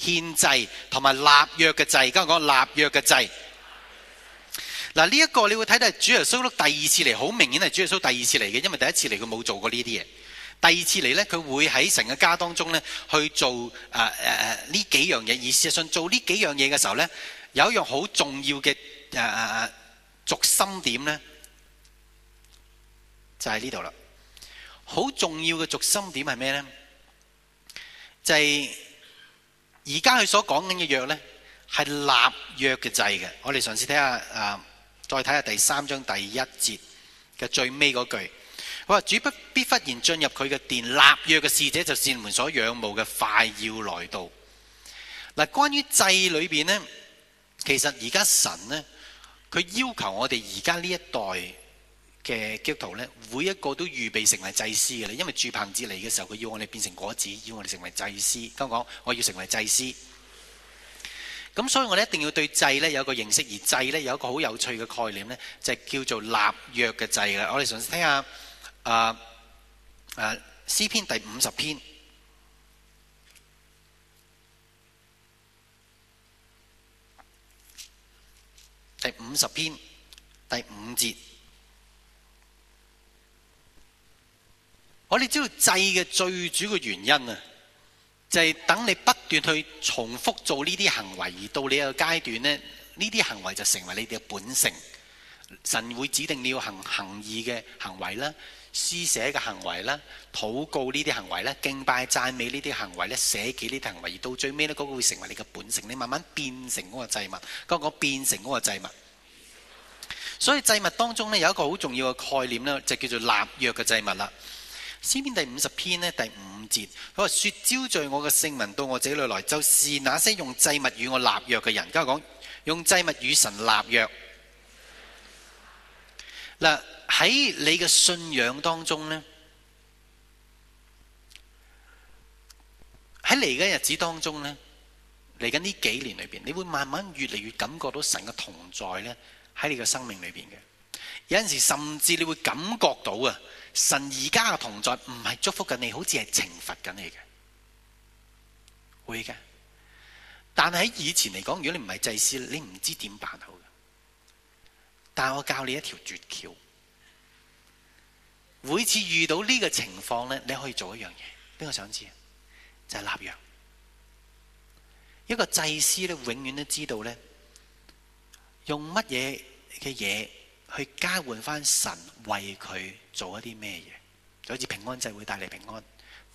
獻祭同埋立約嘅祭。今日講立約嘅祭。嗱呢一個你會睇到係主耶穌第二次嚟，好明顯係主耶穌第二次嚟嘅，因為第一次嚟佢冇做過呢啲嘢，第二次嚟呢，佢會喺成個家當中呢去做啊誒呢幾樣嘢，而事實上做呢幾樣嘢嘅時候呢，有一樣好重要嘅誒誒軸心點呢，就喺呢度啦。好重要嘅軸心點係咩呢？就係而家佢所講緊嘅約呢，係立約嘅制嘅，我哋嘗試睇下誒。呃再睇下第三章第一節嘅最尾嗰句，主不必忽然進入佢嘅殿，立約嘅使者就善門所仰慕嘅快要來到。嗱，關於祭裏邊咧，其實而家神咧，佢要求我哋而家呢一代嘅基督徒咧，每一個都預備成為祭司嘅啦。因為住棚子嚟嘅時候，佢要我哋變成果子，要我哋成為祭司。咁講，我要成為祭司。咁所以，我哋一定要對祭呢有個認識，而祭呢有一個好有，有趣嘅概念呢就係、是、叫做立約嘅祭。我哋想時聽下，誒誒詩篇第五十篇，第五十篇第五節，我哋知道祭嘅最主要嘅原因啊。就係、是、等你不斷去重複做呢啲行為，而到你一個階段呢，呢啲行為就成為你哋嘅本性。神會指定你要行行義嘅行為啦、施捨嘅行為啦、禱告呢啲行為咧、敬拜讚美呢啲行為咧、捨己呢啲行為，而到最尾呢，嗰、那個會成為你嘅本性。你慢慢變成嗰個祭物，個、那個變成嗰個祭物。所以祭物當中呢，有一個好重要嘅概念呢，就叫做立約嘅祭物啦。詩篇第五十篇咧，第五節，佢話說，招聚我嘅聖民到我這裏來，就是那些用祭物與我立約嘅人。家下講用祭物與神立約。嗱，喺你嘅信仰當中呢，喺嚟緊日子當中呢，嚟緊呢幾年裏邊，你會慢慢越嚟越感覺到神嘅同在呢，喺你嘅生命裏邊嘅。有陣時甚至你會感覺到啊。神而家嘅同在唔係祝福緊你，好像是懲罰你好似係懲罰緊你嘅，會嘅。但係以前嚟講，如果你唔係祭司，你唔知點辦好嘅。但係我教你一條訣竅，每次遇到呢個情況咧，你可以做一樣嘢。邊個想知道？就係、是、納羊。一個祭司咧，永遠都知道咧，用乜嘢嘅嘢去交換返神為佢。做一啲咩嘢？就好似平安祭會帶嚟平安，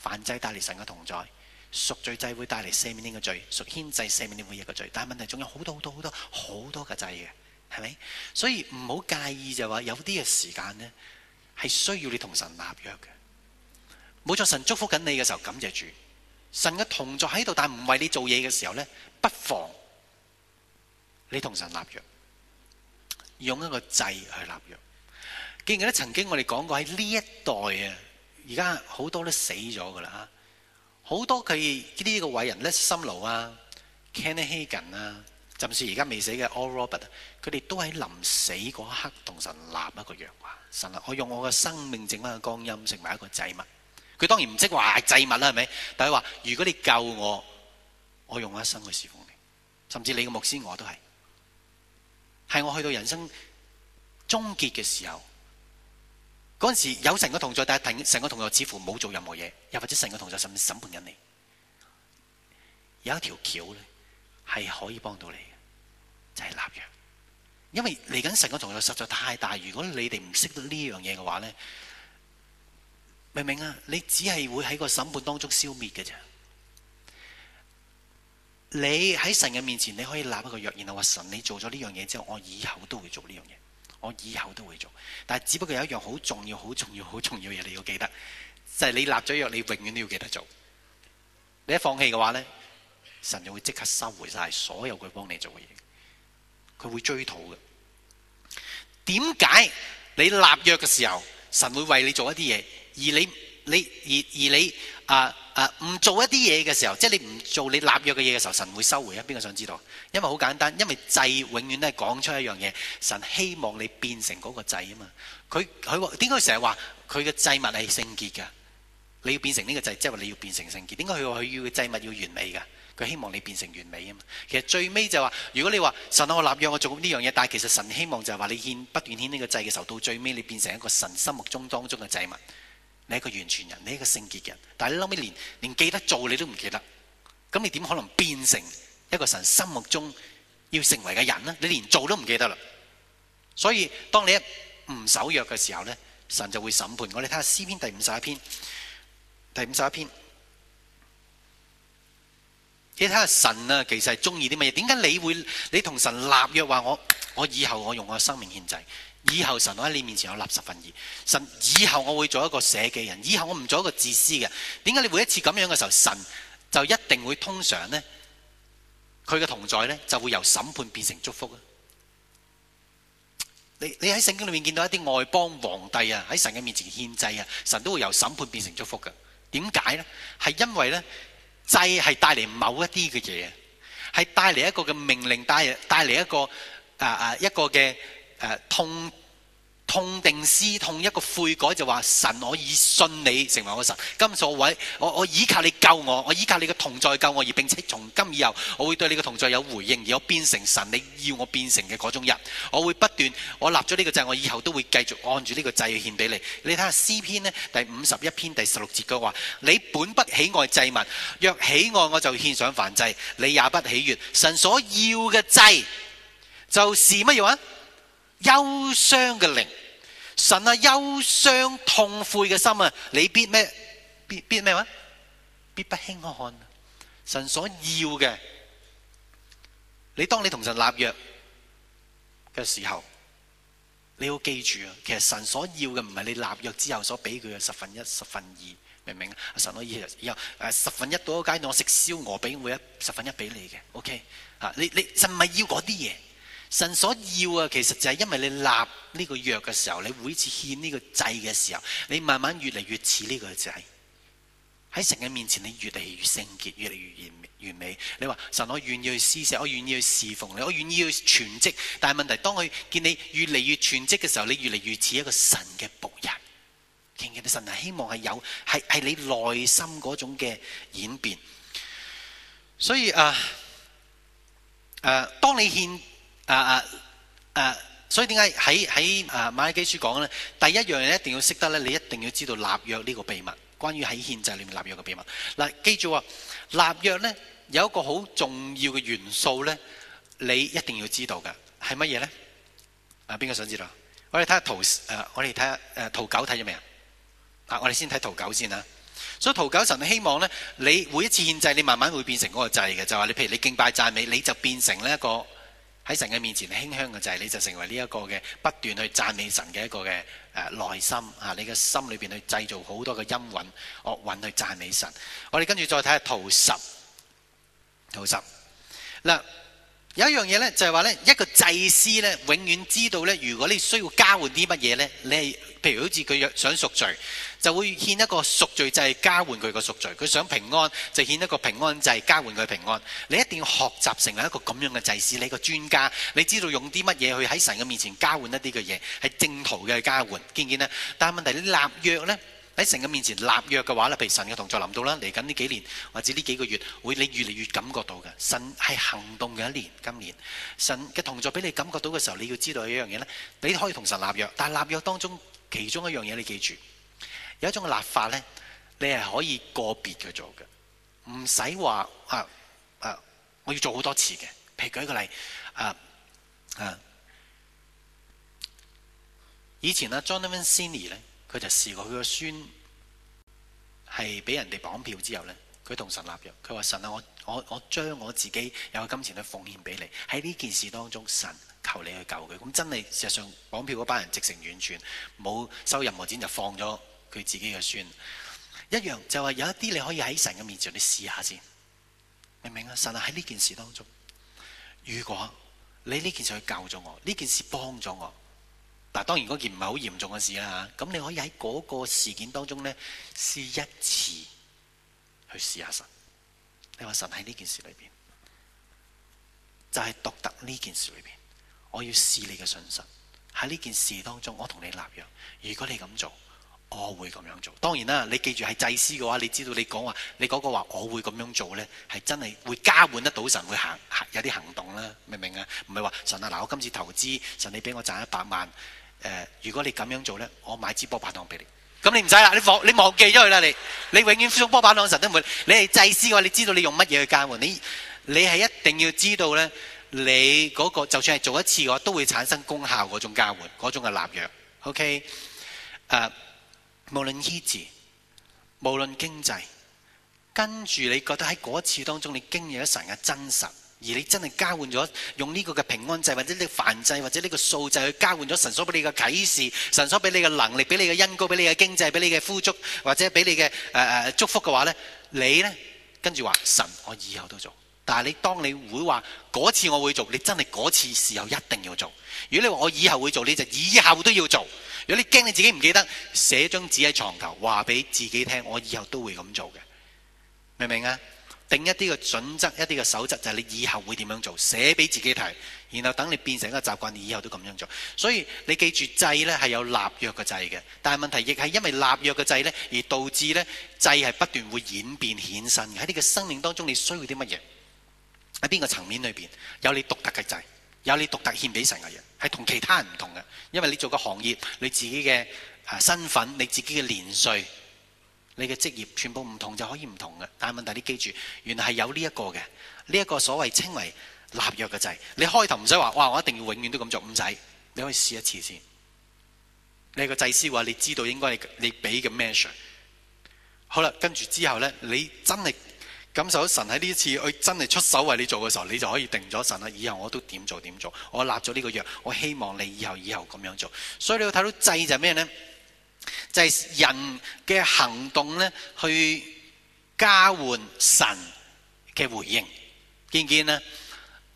燔祭帶嚟神嘅同在，贖罪祭會帶嚟赦免呢個罪，贖愆祭赦免呢悔意嘅罪。但係問題，仲有好多好多好多好多嘅祭嘅，係咪？所以唔好介意就話，有啲嘅時間咧係需要你同神立約嘅。冇錯，神祝福緊你嘅時候感謝主。神嘅同在喺度，但唔為你做嘢嘅時候咧，不妨你同神立約，用一個祭去立約。記唔記得曾經我哋講過喺呢一代啊，而家好多都死咗噶啦，好多佢呢個偉人，Lester Sumrall、Kenneth Hagin 啊，甚至而家未死嘅 All Robert，佢哋都喺臨死嗰刻同神立一個約話：神啊，我用我嘅生命剩翻嘅光陰，成為一個祭物。佢當然唔識話係祭物啦，係咪？但係話如果你救我，我用一生去侍奉你，甚至你嘅牧師我都係，係我去到人生終結嘅時候。嗰陣時有神嘅同在，但係同神嘅同在，似乎冇做任何嘢，又或者神嘅同在甚至審判緊你。有一條橋咧，係可以幫到你嘅，就係立約。因為嚟緊神嘅同在實在太大，如果你哋唔識得呢樣嘢嘅話咧，明唔明啊？你只係會喺個審判當中消滅嘅啫。你喺神嘅面前，你可以立一個約，然後話神，你做咗呢樣嘢之後，我以後都會做呢樣嘢。我以後都會做，但係只不過有一樣好重要、好重要、好重要嘅嘢，你要記得，就係你立咗約，你永遠都要記得做。你一放棄嘅話咧，神就會即刻收回晒所有佢幫你做嘅嘢，佢會追討嘅。點解你立約嘅時候，神會為你做一啲嘢，而你？你而而你啊啊唔做一啲嘢嘅時候，即係你唔做你立約嘅嘢嘅時候，神會收回啊！邊個想知道？因為好簡單，因為祭永遠都係講出一樣嘢，神希望你變成嗰個祭啊嘛。佢佢點解成日話佢嘅祭物係聖潔嘅？你要變成呢個祭，即係話你要變成聖潔。點解佢話佢要嘅祭物要完美嘅？佢希望你變成完美啊嘛。其實最尾就話，如果你話神啊，我立約我做呢樣嘢，但係其實神希望就係話你獻不斷獻呢個祭嘅時候，到最尾你變成一個神心目中當中嘅祭物。你係一個完全人，你係一個聖潔嘅人，但係你後屘連連記得做你都唔記得，咁你點可能變成一個神心目中要成為嘅人呢？你連做都唔記得啦。所以當你一唔守約嘅時候咧，神就會審判。我哋睇下詩篇第五十一篇，第五十一篇，你睇下神啊，其實係中意啲乜嘢？點解你會你同神立約話我我以後我用我嘅生命獻祭？以後神喺你面前有立十分義，神，以後我會做一個捨己人，以後我唔做一個自私嘅。點解你每一次咁樣嘅時候，神就一定會通常呢？佢嘅同在呢，就會由審判變成祝福啊！你你喺聖經裏面見到一啲外邦皇帝啊，喺神嘅面前獻祭啊，神都會由審判變成祝福噶。點解呢？係因為呢，祭係帶嚟某一啲嘅嘢，係帶嚟一個嘅命令，帶帶嚟一個、啊啊、一個嘅。痛痛定思痛，一個悔改就話：神，我已信你成為我神。今數位，我我倚靠你救我，我倚靠你嘅同在救我，而並且從今以後，我會對你嘅同在有回應，而我變成神你要我變成嘅嗰種人。我會不斷，我立咗呢個祭，我以後都會繼續按住呢個祭去獻俾你。你睇下詩篇呢第五十一篇第十六節嘅話：你本不喜愛祭物，若喜愛我就獻上燔祭，你也不喜悅。神所要嘅祭就是乜嘢話？憂傷嘅靈，神啊，憂傷痛悔嘅心啊，你必咩？必，必咩？必不輕看。神所要嘅，你當你同神立約嘅時候，你要記住啊。其實神所要嘅唔係你立約之後所俾佢嘅十分一、十分二，明唔明啊？神可以後以後誒，十分一嗰個階段，我食燒鵝髀，我會十分一俾你嘅，OK？吓，你你神咪要嗰啲嘢？神所要啊，其實就係因為你立呢個約嘅時候，你每次獻呢個祭嘅時候，你慢慢越嚟越似呢個祭。喺神嘅面前，你越嚟越聖潔，越嚟越完完美。你話神，我願意去施捨，我願意去侍奉你，我願意去全職。但係問題，當佢見你越嚟越全職嘅時候，你越嚟越似一個神嘅僕人。其實，神係希望係有，係係你內心嗰種嘅演變。所以啊，誒、啊，當你獻。啊啊，所以點解喺喺啊馬拉基書講咧？第一樣嘢一定要識得咧，你一定要知道立約呢個秘密，關於喺獻祭裏面立約嘅秘密嗱、啊。記住啊，立約咧有一個好重要嘅元素咧，你一定要知道嘅係乜嘢咧？啊，邊個想知道？我哋睇下圖誒，我哋睇下誒圖九睇咗未啊？啊、我哋、啊、先睇圖九先啦。所以圖九神希望咧，你每一次獻祭，你慢慢會變成嗰個祭嘅，就話你譬如你敬拜讚美，你就變成呢一個。喺神嘅面前馨香嘅就係、是，你就成為呢一個嘅不斷去讚美神嘅一個嘅誒內心吓，你嘅心裏邊去製造好多嘅音韻、樂韻去讚美神。我哋跟住再睇下圖十，圖十嗱。有一樣嘢呢，就係話呢一個祭司呢，永遠知道呢，如果你需要交換啲乜嘢呢，你係譬如好似佢想贖罪，就會獻一個贖罪祭交換佢個贖罪；佢想平安，就獻一個平安祭交換佢平安。你一定要學習成為一個咁樣嘅祭司，你個專家，你知道用啲乜嘢去喺神嘅面前交換一啲嘅嘢，係正途嘅交換。見唔見啊？但係問題立約呢。喺神嘅面前立約嘅話咧，譬如神嘅同在臨到啦。嚟緊呢幾年或者呢幾個月，會你越嚟越感覺到嘅。神係行動嘅一年，今年神嘅同在俾你感覺到嘅時候，你要知道一樣嘢咧，你可以同神立約，但係立約當中其中一樣嘢你記住，有一種立法咧，你係可以個別去做嘅，唔使話啊啊，我要做好多次嘅。譬如舉個例啊啊，以前啊 Jonathan Sinney 咧。佢就試過，佢個孫係俾人哋綁票之後咧，佢同神立約，佢話神啊，我我我將我自己有嘅金錢去奉獻俾你，喺呢件事當中，神求你去救佢。咁真係，實際上綁票嗰班人直情完全冇收任何錢就放咗佢自己嘅孫。一樣就話有一啲你可以喺神嘅面前，你試下先，明唔明啊？神啊，喺呢件事當中，如果你呢件事去救咗我，呢件事幫咗我。嗱，當然嗰件唔係好嚴重嘅事啦嚇，咁你可以喺嗰個事件當中呢，試一次去試下神，你話神喺呢件事裏邊，就係獨特呢件事裏邊，我要試你嘅信心喺呢件事當中，我同你立約，如果你咁做，我會咁樣做。當然啦，你記住係祭司嘅話，你知道你講話你嗰個話，我會咁樣做呢，係真係會加滿得到神會行有啲行動啦，明唔明啊？唔係話神啊，嗱，我今次投資，神你俾我賺一百萬。誒、呃，如果你咁樣做咧，我買支波板糖俾你，咁你唔使啦，你忘你忘記咗佢啦，你你永遠送波板糖，神都唔會。你係祭司嘅話，你知道你用乜嘢去交換？你你係一定要知道咧，你嗰、那個就算係做一次嘅話，都會產生功效嗰種交換，嗰種嘅立約。OK，誒、呃，無論醫治，無論經濟，跟住你覺得喺嗰一次當中，你經歷咗神嘅真實。而你真係交換咗，用呢個嘅平安祭或者呢個燔祭或者呢個素祭去交換咗神所俾你嘅啟示，神所俾你嘅能力，俾你嘅恩膏，俾你嘅經濟，俾你嘅富足，或者俾你嘅誒、呃、祝福嘅話呢，你呢，跟住話神，我以後都做。但係你當你會話嗰次我會做，你真係嗰次時候一定要做。如果你話我以後會做，你就以後都要做。如果你驚你自己唔記得，寫張紙喺床頭話俾自己聽，我以後都會咁做嘅，明唔明啊？定一啲嘅準則，一啲嘅守則，就係你以後會點樣做，寫俾自己睇，然後等你變成一個習慣，你以後都咁樣做。所以你記住，祭呢係有立約嘅祭嘅，但係問題亦係因為立約嘅祭呢，而導致呢，祭係不斷會演變衍生嘅。喺你嘅生命當中，你需要啲乜嘢？喺邊個層面裏面？有你獨特嘅祭，有你獨特獻俾神嘅嘢，係同其他人唔同嘅。因為你做個行業，你自己嘅身份，你自己嘅年歲。你嘅職業全部唔同，就可以唔同嘅。但係問題你記住，原來係有呢一個嘅，呢、這、一個所謂稱為立約嘅制。你開頭唔使話，哇！我一定要永遠都咁做唔使，你可以試一次先。你個祭司嘅話，你知道應該你你俾嘅咩嘢？好啦，跟住之後呢，你真係感受到神喺呢一次，佢真係出手為你做嘅時候，你就可以定咗神啦。以後我都點做點做，我立咗呢個約，我希望你以後以後咁樣做。所以你要睇到制就係咩呢？就係、是、人嘅行動呢，去加換神嘅回應，見唔見呢？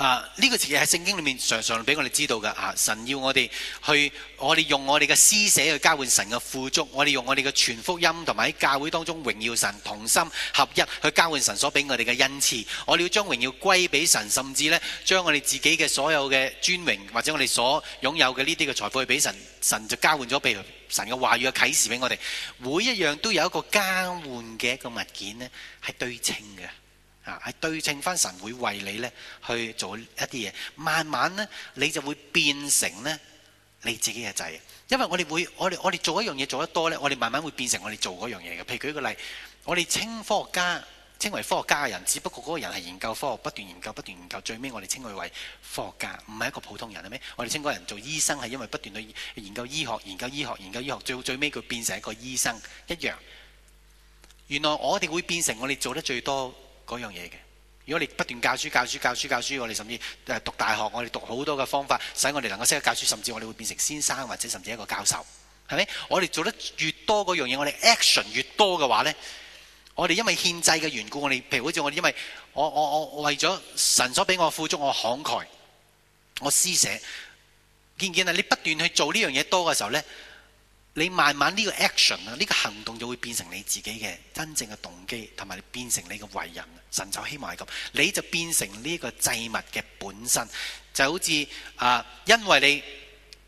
啊！呢個其實喺聖經裏面常常俾我哋知道嘅。啊，神要我哋去，我哋用我哋嘅施捨去交換神嘅富足；我哋用我哋嘅全福音同埋喺教會當中榮耀神，同心合一去交換神所俾我哋嘅恩賜。我哋要將榮耀歸俾神，甚至呢將我哋自己嘅所有嘅尊榮或者我哋所擁有嘅呢啲嘅財富去俾神，神就交換咗俾神嘅話語嘅啟示俾我哋。每一樣都有一個交換嘅一個物件呢係對稱嘅。啊，係對稱翻神會為你咧去做一啲嘢，慢慢咧你就會變成咧你自己嘅仔。因為我哋會，我哋我哋做一樣嘢做得多咧，我哋慢慢會變成我哋做嗰樣嘢嘅。譬如舉個例，我哋稱科學家稱為科學家嘅人，只不過嗰個人係研究科學，不斷研究不斷研究，最尾我哋稱佢為科學家，唔係一個普通人係咩？我哋稱嗰人做醫生係因為不斷去研究醫學、研究醫學、研究醫學，最最尾佢變成一個醫生一樣。原來我哋會變成我哋做得最多嗰樣嘢嘅，如果你不斷教書教書教書教書，教書，我哋甚至誒讀大學，我哋讀好多嘅方法，使我哋能夠識得教書，甚至我哋會變成先生或者甚至一個教授，係咪？我哋做得越多嗰樣嘢，我哋 action 越多嘅話呢，我哋因為獻祭嘅緣故，我哋譬如好似我哋因為我我我，我為咗神所俾我富足，我慷慨，我施捨，漸漸啊，你不斷去做呢樣嘢多嘅時候呢。你慢慢呢個 action 啊，呢個行動就會變成你自己嘅真正嘅動機，同埋你變成你嘅為人。神就希望係咁，你就變成呢個祭物嘅本身，就好似啊、呃，因為你、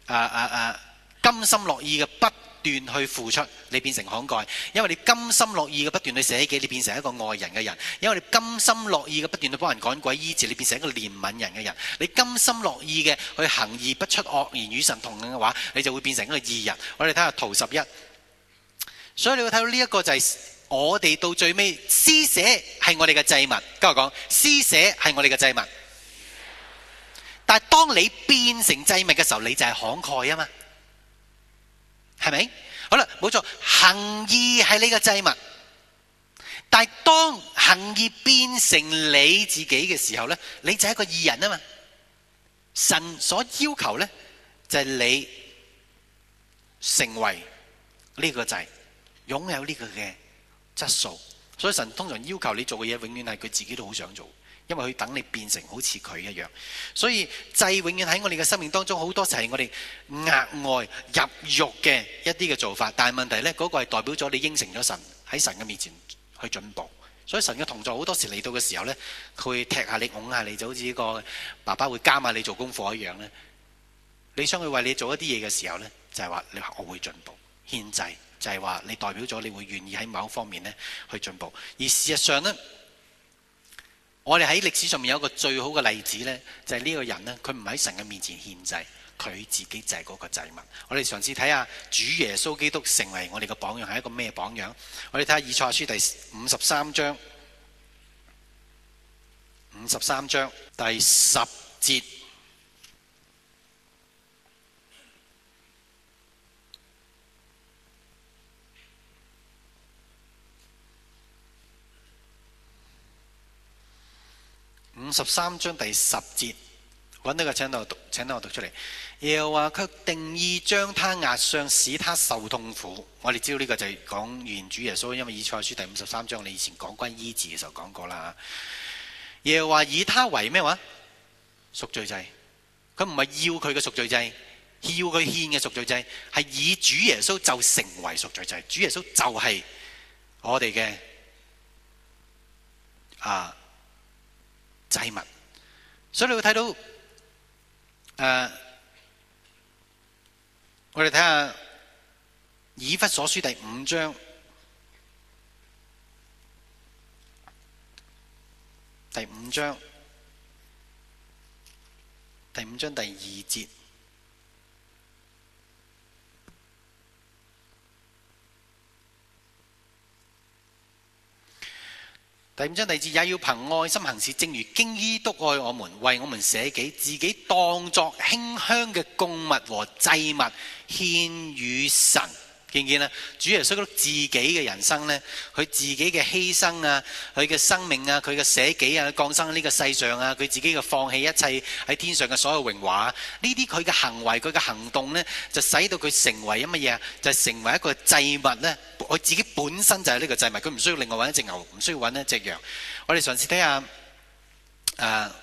呃、啊啊啊，甘心樂意嘅不。斷去付出，你變成慷慨；因為你甘心樂意嘅不斷去捨己，你變成一個愛人嘅人；因為你甘心樂意嘅不斷去幫人趕鬼醫治，以你變成一個憐憫人嘅人；你甘心樂意嘅去行義不出惡言與神同嘅話，你就會變成一個義人。我哋睇下圖十一，所以你會睇到呢一個就係我哋到最尾施捨係我哋嘅祭物。跟住講施捨係我哋嘅祭物，但係當你變成祭物嘅時候，你就係慷慨啊嘛。係咪？好啦，冇錯，行義係你個祭物，但係當行義變成你自己嘅時候咧，你就係一個義人啊嘛。神所要求咧，就係、是、你成為呢個祭，擁有呢個嘅質素。所以神通常要求你做嘅嘢，永遠係佢自己都好想做。因為佢等你變成好似佢一樣，所以祭永遠喺我哋嘅生命當中好多時係我哋額外入獄嘅一啲嘅做法。但係問題呢，嗰、嗰個係代表咗你應承咗神喺神嘅面前去進步。所以神嘅同在好多時嚟到嘅時候呢，佢踢下你、拱下你，你，就好似個爸爸會加埋你做功課一樣呢，你想佢為你做一啲嘢嘅時候呢，就係話你，我會進步。獻祭就係話你代表咗你會願意喺某一方面呢去進步。而事實上呢。我哋喺歷史上面有一個最好嘅例子呢，就係呢個人呢，佢唔喺神嘅面前獻祭，佢自己就係嗰個祭物。我哋嘗試睇下主耶穌基督成為我哋嘅榜樣係一個咩榜樣？我哋睇下以賽書第五十三章，五十三章第十節。五十三章第十節，搵呢個請到我讀，請到我讀出嚟。又話卻定意將他壓傷，使他受痛苦。我哋知道呢個就係講完主耶穌，因為以賽書第五十三章，你以前講關於醫治嘅時候講過啦。又話以他為咩話贖罪祭？佢唔係要佢嘅贖罪祭，要佢獻嘅贖罪祭，係以主耶穌就成為贖罪祭。主耶穌就係我哋嘅啊。所以你會睇到，誒、啊，我哋睇下以弗所書第五章，第五章，第五章第二節。第五章第二節，也要憑愛心行事，正如基督愛我們，為我們捨己，自己當作馨香嘅供物和祭物獻與神。見見啦，主耶穌自己嘅人生呢，佢自己嘅犧牲啊，佢嘅生命啊，佢嘅捨己啊，降生呢個世上啊，佢自己嘅放棄一切喺天上嘅所有榮華，呢啲佢嘅行為，佢嘅行動呢，就使到佢成為咗乜嘢啊？就成為一個祭物呢。佢自己本身就係呢個祭物，佢唔需要另外揾一隻牛，唔需要揾一隻羊。我哋嘗試睇下誒啊、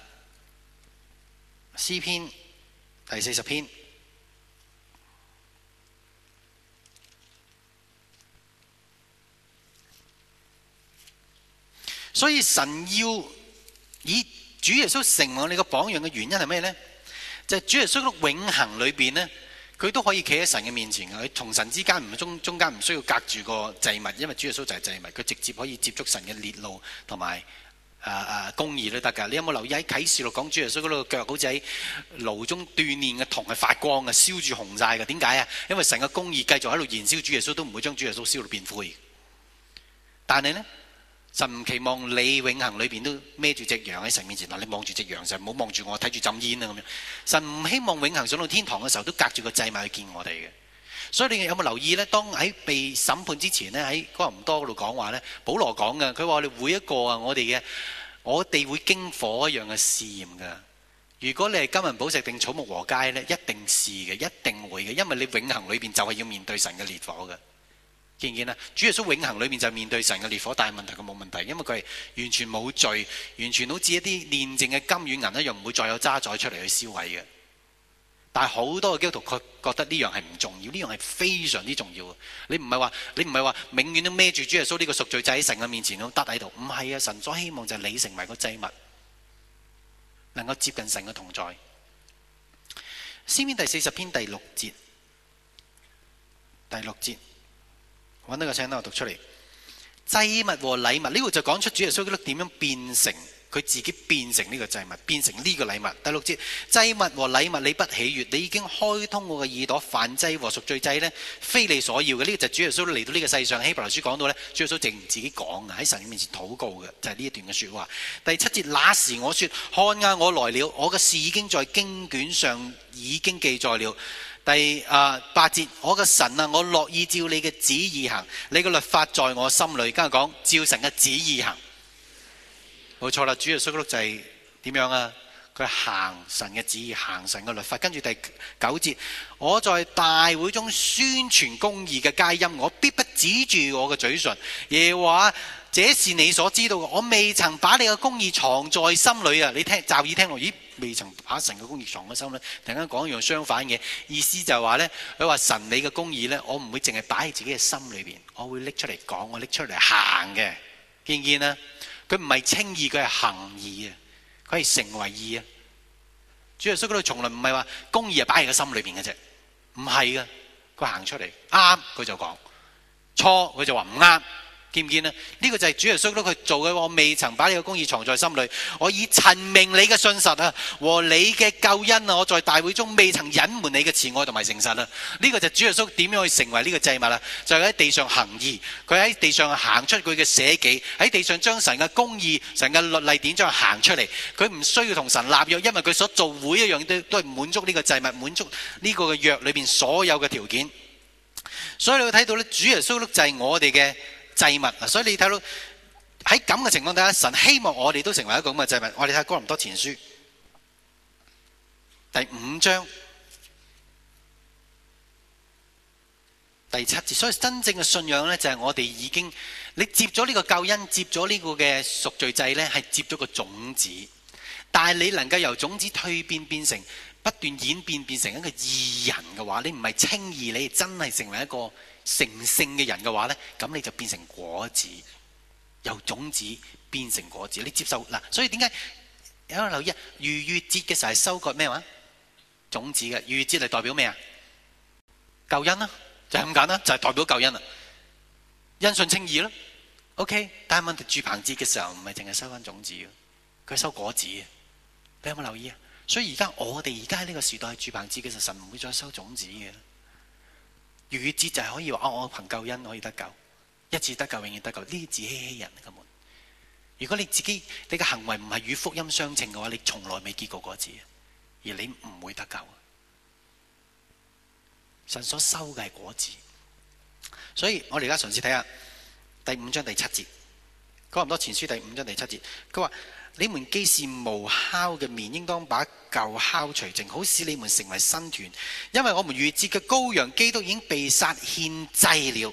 詩篇第四十篇。所以神要以主耶穌成為你個榜樣嘅原因係咩呢？就係、是、主耶穌喺永恒裏邊呢，佢都可以企喺神嘅面前嘅。佢同神之間唔中中間唔需要隔住個祭物，因為主耶穌就係祭物，佢直接可以接觸神嘅烈怒同埋誒誒公義都得㗎。你有冇留意喺啟示錄講主耶穌嗰度腳好似喺爐中鍛煉嘅銅，係發光嘅，燒住紅晒嘅？點解啊？因為神嘅公義繼續喺度燃燒，主耶穌都唔會將主耶穌燒到變灰。但係呢。神唔期望你永恆裏邊都孭住隻羊喺神面前。嗱，你望住隻羊，神唔好望住我，睇住浸煙啊咁樣。神唔希望永恆上到天堂嘅時候都隔住個祭物去見我哋嘅。所以你有冇留意咧？當喺被審判之前咧，喺哥林多嗰度講話咧，保羅講嘅，佢話我哋每一個啊，我哋嘅，我哋會經火一樣嘅試驗㗎。如果你係金銀寶石定草木禾秸咧，一定係嘅，一定會嘅，因為你永恆裏邊就係要面對神嘅烈火嘅。見見啊，主耶穌永恒裏面就面對神嘅烈火，但係問題佢冇問題，因為佢係完全冇罪，完全好似一啲煉淨嘅金與銀一樣，唔會再有渣滓出嚟，去燒毀嘅。但係好多嘅基督徒佢覺得呢樣係唔重要，呢樣係非常之重要。你唔係話你唔係話永遠都孭住主耶穌呢個贖罪就喺神嘅面前咯，得喺度。唔係啊，神所希望就係你成為個祭物，能夠接近神嘅同在。詩篇第四十篇第六節，第六節。搵到個聲等我讀出嚟。祭物和禮物呢、這個就講出主耶穌基督點樣變成佢自己變成呢個祭物，變成呢個禮物。第六節，祭物和禮物你不喜悦，你已經開通我嘅耳朵，犯祭和贖罪祭呢，非你所要嘅。呢、這個就係主耶穌嚟到呢個世上，希伯來書講到呢，主耶穌基督自己講嘅，喺神面前禱告嘅，就係呢一段嘅說話。第七節，那時我說，看呀，我來了，我嘅事已經在經卷上已經記載了。第啊八節，我嘅神啊，我樂意照你嘅旨意行，你嘅律法在我心裏，今日講照神嘅旨意行，冇錯啦。主耶穌嘅就係、是、點樣啊？佢行神嘅旨意，行神嘅律法。跟住第九節，我在大會中宣傳公義嘅佳音，我必不止住我嘅嘴唇，耶和華這是你所知道嘅，我未曾把你嘅公義藏在心裏啊！你聽，驟耳聽我。咦？未曾把神嘅公義藏喺心裏，突然間講一樣相反嘅意思就係話咧佢話神你嘅公義咧，我唔會淨係擺喺自己嘅心裏邊，我會拎出嚟講，我拎出嚟行嘅。見唔見啦，佢唔係稱義，佢係行義啊，佢係成為義啊。主耶穌佢哋從來唔係話公義係擺喺個心裏邊嘅啫，唔係噶，佢行出嚟啱佢就講，錯佢就話唔啱。見唔見啊？呢、這個就係主耶穌碌佢做嘅。我未曾把呢個公義藏在心裏，我已陳明你嘅信實啊，和你嘅救恩啊，我在大會中未曾隱瞞你嘅慈愛同埋誠實啊。呢、這個就係主耶穌點樣去成為呢個祭物啦？就喺、是、地上行義，佢喺地上行出佢嘅捨己，喺地上將神嘅公義、神嘅律例點將佢行出嚟。佢唔需要同神立約，因為佢所做會一樣都都係滿足呢個祭物，滿足呢個嘅約裏邊所有嘅條件。所以你會睇到咧，主耶穌碌就係我哋嘅。祭物，所以你睇到喺咁嘅情況底下，神希望我哋都成為一個咁嘅祭物。我哋睇哥林多前書第五章第七節，所以真正嘅信仰呢，就係我哋已經你接咗呢個救恩，接咗呢個嘅贖罪祭呢，係接咗個種子。但係你能夠由種子蛻變變成不斷演變變成一個義人嘅話，你唔係輕易，你真係成為一個。成聖嘅人嘅話咧，咁你就變成果子，由種子變成果子。你接受嗱，所以點解有冇留意？逾越節嘅時候係收割咩話？種子嘅逾越節係代表咩啊？救恩啦，就係、是、咁簡單，就係、是、代表救恩啦。因信稱義啦，OK。但係問題，住棚節嘅時候唔係淨係收翻種子，佢收果子嘅。你有冇留意啊？所以而家我哋而家喺呢個時代住棚節嘅時候，神唔會再收種子嘅。語字就係可以話，哦、啊，我憑救恩可以得救，一次得救，永遠得救，呢啲自欺欺人根本。如果你自己你嘅行為唔係與福音相稱嘅話，你從來未結過果子，而你唔會得救的。神所收嘅係果子，所以我哋而家嘗試睇下第五章第七節，講哥林多前書第五章第七節，佢話。你們既是無酵嘅面，應當把舊酵除淨，好使你們成為新團。因為我們逾越節嘅羔羊基督已經被殺獻祭了，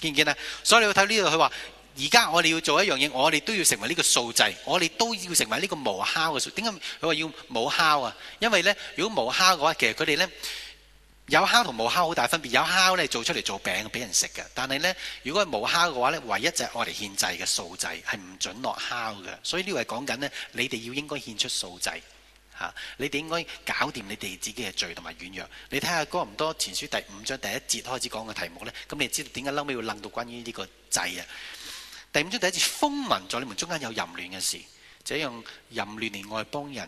見唔見啊？所以你要睇呢度，佢話：而家我哋要做一樣嘢，我哋都要成為呢個素祭，我哋都要成為呢個無酵嘅素。點解佢話要無酵啊？因為呢，如果無酵嘅話，其實佢哋呢。有烤同冇烤好大分別，有烤咧做出嚟做餅俾人食嘅，但係咧如果係冇烤嘅話咧，唯一就係我哋獻祭嘅素祭係唔準落烤嘅。所以呢位講緊咧，你哋要應該獻出素祭嚇，你哋應該搞掂你哋自己嘅罪同埋軟弱。你睇下哥林多前書第五章第一節開始講嘅題目咧，咁你就知道點解後尾要諗到關於呢個祭啊？第五章第一節，風聞在你們中間有淫亂嘅事，這、就是、用淫亂連外邦人。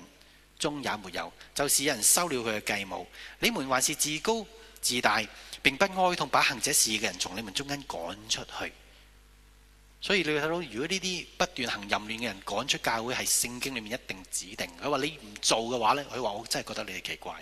中也沒有，就是有人收了佢嘅繼母，你們還是自高自大，並不哀痛把行者事嘅人從你們中間趕出去。所以你會睇到，如果呢啲不斷行淫亂嘅人趕出教會，係聖經裏面一定指定佢話，你唔做嘅話，呢，佢話，我真係覺得你哋奇怪。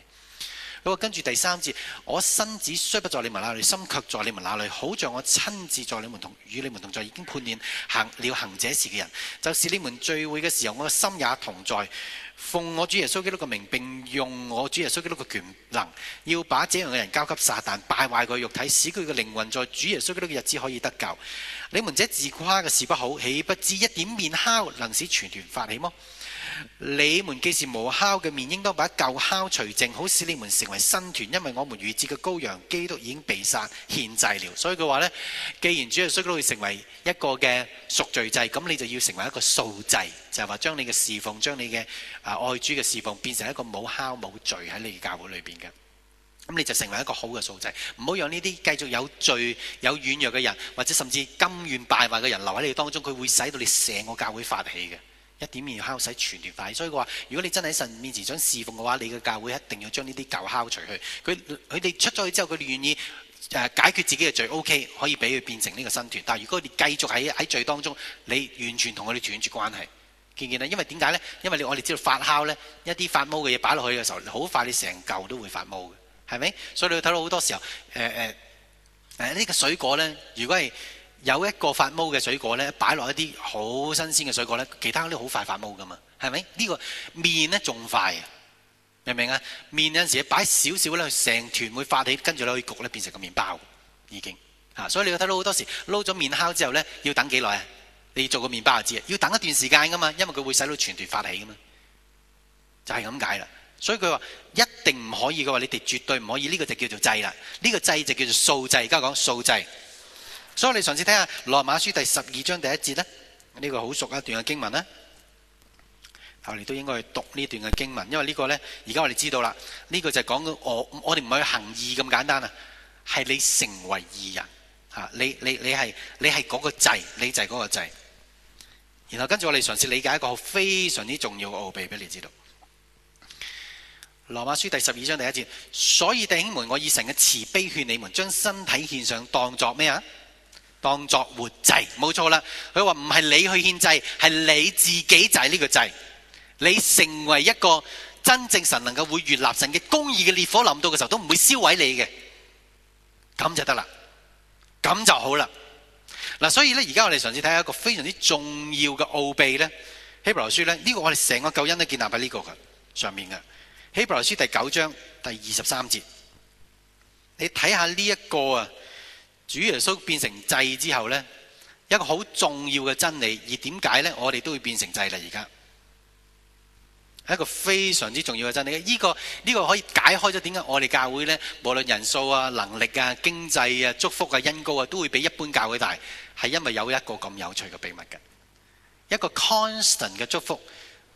佢話，跟住第三節，我身子雖不在你們那裏，心却在你們那裏，好像我親自在你們同與你們同在，已經判斷行了行者事嘅人。就是你們聚會嘅時候，我的心也同在。奉我主耶穌基督嘅名，並用我主耶穌基督嘅權能，要把這樣嘅人交給撒旦，敗壞佢肉體，使佢嘅靈魂在主耶穌基督嘅日子可以得救。你們這自誇嘅事不好，豈不知一點麵酵能使全團發起麼？你們既是無酵嘅麵，應該把舊酵除淨，好使你們成為新團。因為我們逾越嘅羔羊基督已經被殺獻祭了，所以嘅話呢，既然主耶穌都會成為一個嘅贖罪祭，咁你就要成為一個素祭。」就係、是、話將你嘅侍奉，將你嘅啊愛主嘅侍奉變成一個冇酵冇罪喺你嘅教會裏邊嘅，咁你就成為一個好嘅素祭，唔好讓呢啲繼續有罪有軟弱嘅人，或者甚至甘願敗壞嘅人留喺你當中，佢會使到你成個教會發起嘅。一點麵酵死全團塊，所以話如果你真係喺神面前想侍奉嘅話，你嘅教會一定要將呢啲舊酵除去。佢佢哋出咗去之後，佢哋願意誒解決自己嘅罪，OK，可以俾佢變成呢個新團。但係如果你繼續喺喺罪當中，你完全同佢哋斷絕關係。見唔見咧？因為點解呢？因為你我哋知道發酵呢，一啲發毛嘅嘢擺落去嘅時候，好快你成嚿都會發毛嘅，係咪？所以你會睇到好多時候，誒誒誒呢個水果呢，如果係。有一個發毛嘅水果咧，擺落一啲好新鮮嘅水果咧，其他嗰啲好快發毛噶嘛，係咪？這個、呢個麵咧仲快，明唔明啊？麵有陣時擺少少咧，成團會發起，跟住你可以焗咧，變成個麵包。已經嚇、啊，所以你會睇到好多時撈咗麵酵之後咧，要等幾耐啊？你做個麵包就知啊，要等一段時間噶嘛，因為佢會使到全團發起噶嘛，就係咁解啦。所以佢話一定唔可以嘅話，你哋絕對唔可以。呢、這個就叫做祭啦，呢、這個祭就叫做素祭。而家講素祭。所以我哋嘗試睇下《羅馬書》第十二章第一節呢，呢個好熟一段嘅經文啦。我哋都應該去讀呢段嘅經文，因為呢個呢，而家我哋知道啦。呢個就係講我我哋唔係行義咁簡單啊，係你成為義人吓，你你你係你係嗰個祭，你就係嗰個祭。然後跟住我哋嘗試理解一個非常之重要嘅奧秘俾你知道，《羅馬書》第十二章第一節，所以弟兄們，我以神嘅慈悲勸你們，將身體獻上，當作咩啊？.當作活祭，冇錯啦。佢話唔係你去獻祭，係你自己祭呢個祭。你成為一個真正神能夠會悅納神嘅公義嘅烈火臨到嘅時候，都唔會燒毀你嘅。咁就得啦，咁就好啦。嗱、啊，所以咧，而家我哋上次睇下一個非常之重要嘅奧秘咧，《希伯來書》呢咧，呢個我哋成個救恩都建立喺呢個上面嘅，《希伯來書》第九章第二十三節，你睇下呢一個啊。主耶穌變成祭之後呢一個好重要嘅真理。而點解呢？我哋都會變成祭啦？而家係一個非常之重要嘅真理。依、這個呢、這個可以解開咗點解我哋教會呢？無論人數啊、能力啊、經濟啊、祝福啊、恩膏啊，都會比一般教會大，係因為有一個咁有趣嘅秘密嘅，一個 constant 嘅祝福。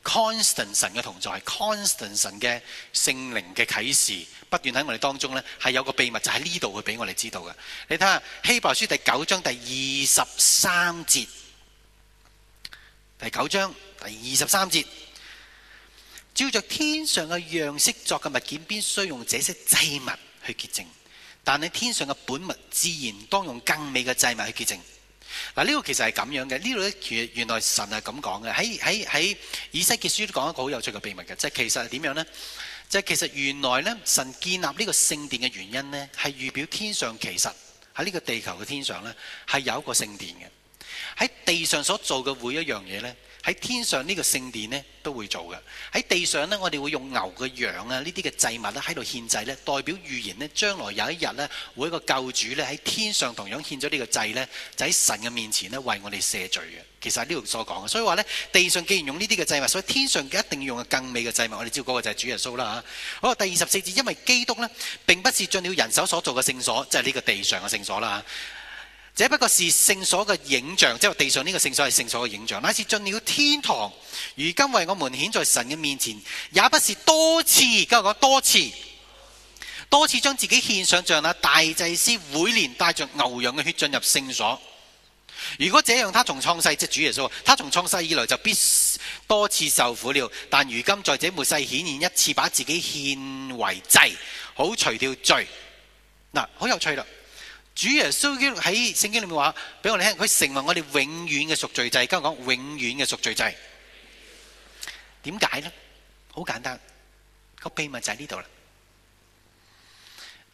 constant 神嘅同在，constant 神嘅聖靈嘅啟示不斷喺我哋當中。呢，係有個秘密就喺呢度，會俾我哋知道嘅。你睇下希伯來書第九章第二十三節，第九章第二十三節，照着天上嘅樣式作嘅物件，必須用這些祭物去潔淨；但係天上嘅本物，自然當用更美嘅祭物去潔淨。嗱、這、呢個其實係咁樣嘅，呢度咧原原來神係咁講嘅，喺喺喺以西結書都講一個好有趣嘅秘密嘅，即係其實係點樣呢？即係其實原來呢，神建立呢個聖殿嘅原因呢，係預表天上，其實喺呢個地球嘅天上呢，係有一個聖殿嘅，喺地上所做嘅每一樣嘢呢，喺天上呢個聖殿呢都會做嘅，喺地上呢，我哋會用牛嘅羊啊呢啲嘅祭物咧喺度獻祭呢，代表預言呢，將來有一日呢，會一個救主呢喺天上同樣獻咗呢個祭呢，就喺神嘅面前呢為我哋赦罪嘅。其實呢度所講嘅，所以話呢，地上既然用呢啲嘅祭物，所以天上一定要用更美嘅祭物。我哋知道嗰個就係主耶穌啦嚇。好，第二十四節，因為基督呢並不是進了人手所做嘅聖所，就係呢個地上嘅聖所啦。這不過是聖所嘅影像，即係地上呢個聖所係聖所嘅影像。乃是進了天堂，如今為我們顯在神嘅面前，也不是多次，家講多次，多次將自己獻上，像那大祭司每年帶着牛羊嘅血進入聖所。如果這樣，他從創世即主耶穌，他從創世以來就必多次受苦了。但如今在這末世，顯現一次把自己獻為祭，好除掉罪。嗱、啊，好有趣啦！主耶穌喺聖經裏面話，俾我哋聽，佢成為我哋永遠嘅贖罪祭。今日講永遠嘅贖罪祭，點解呢？好簡單，個秘密就喺呢度啦。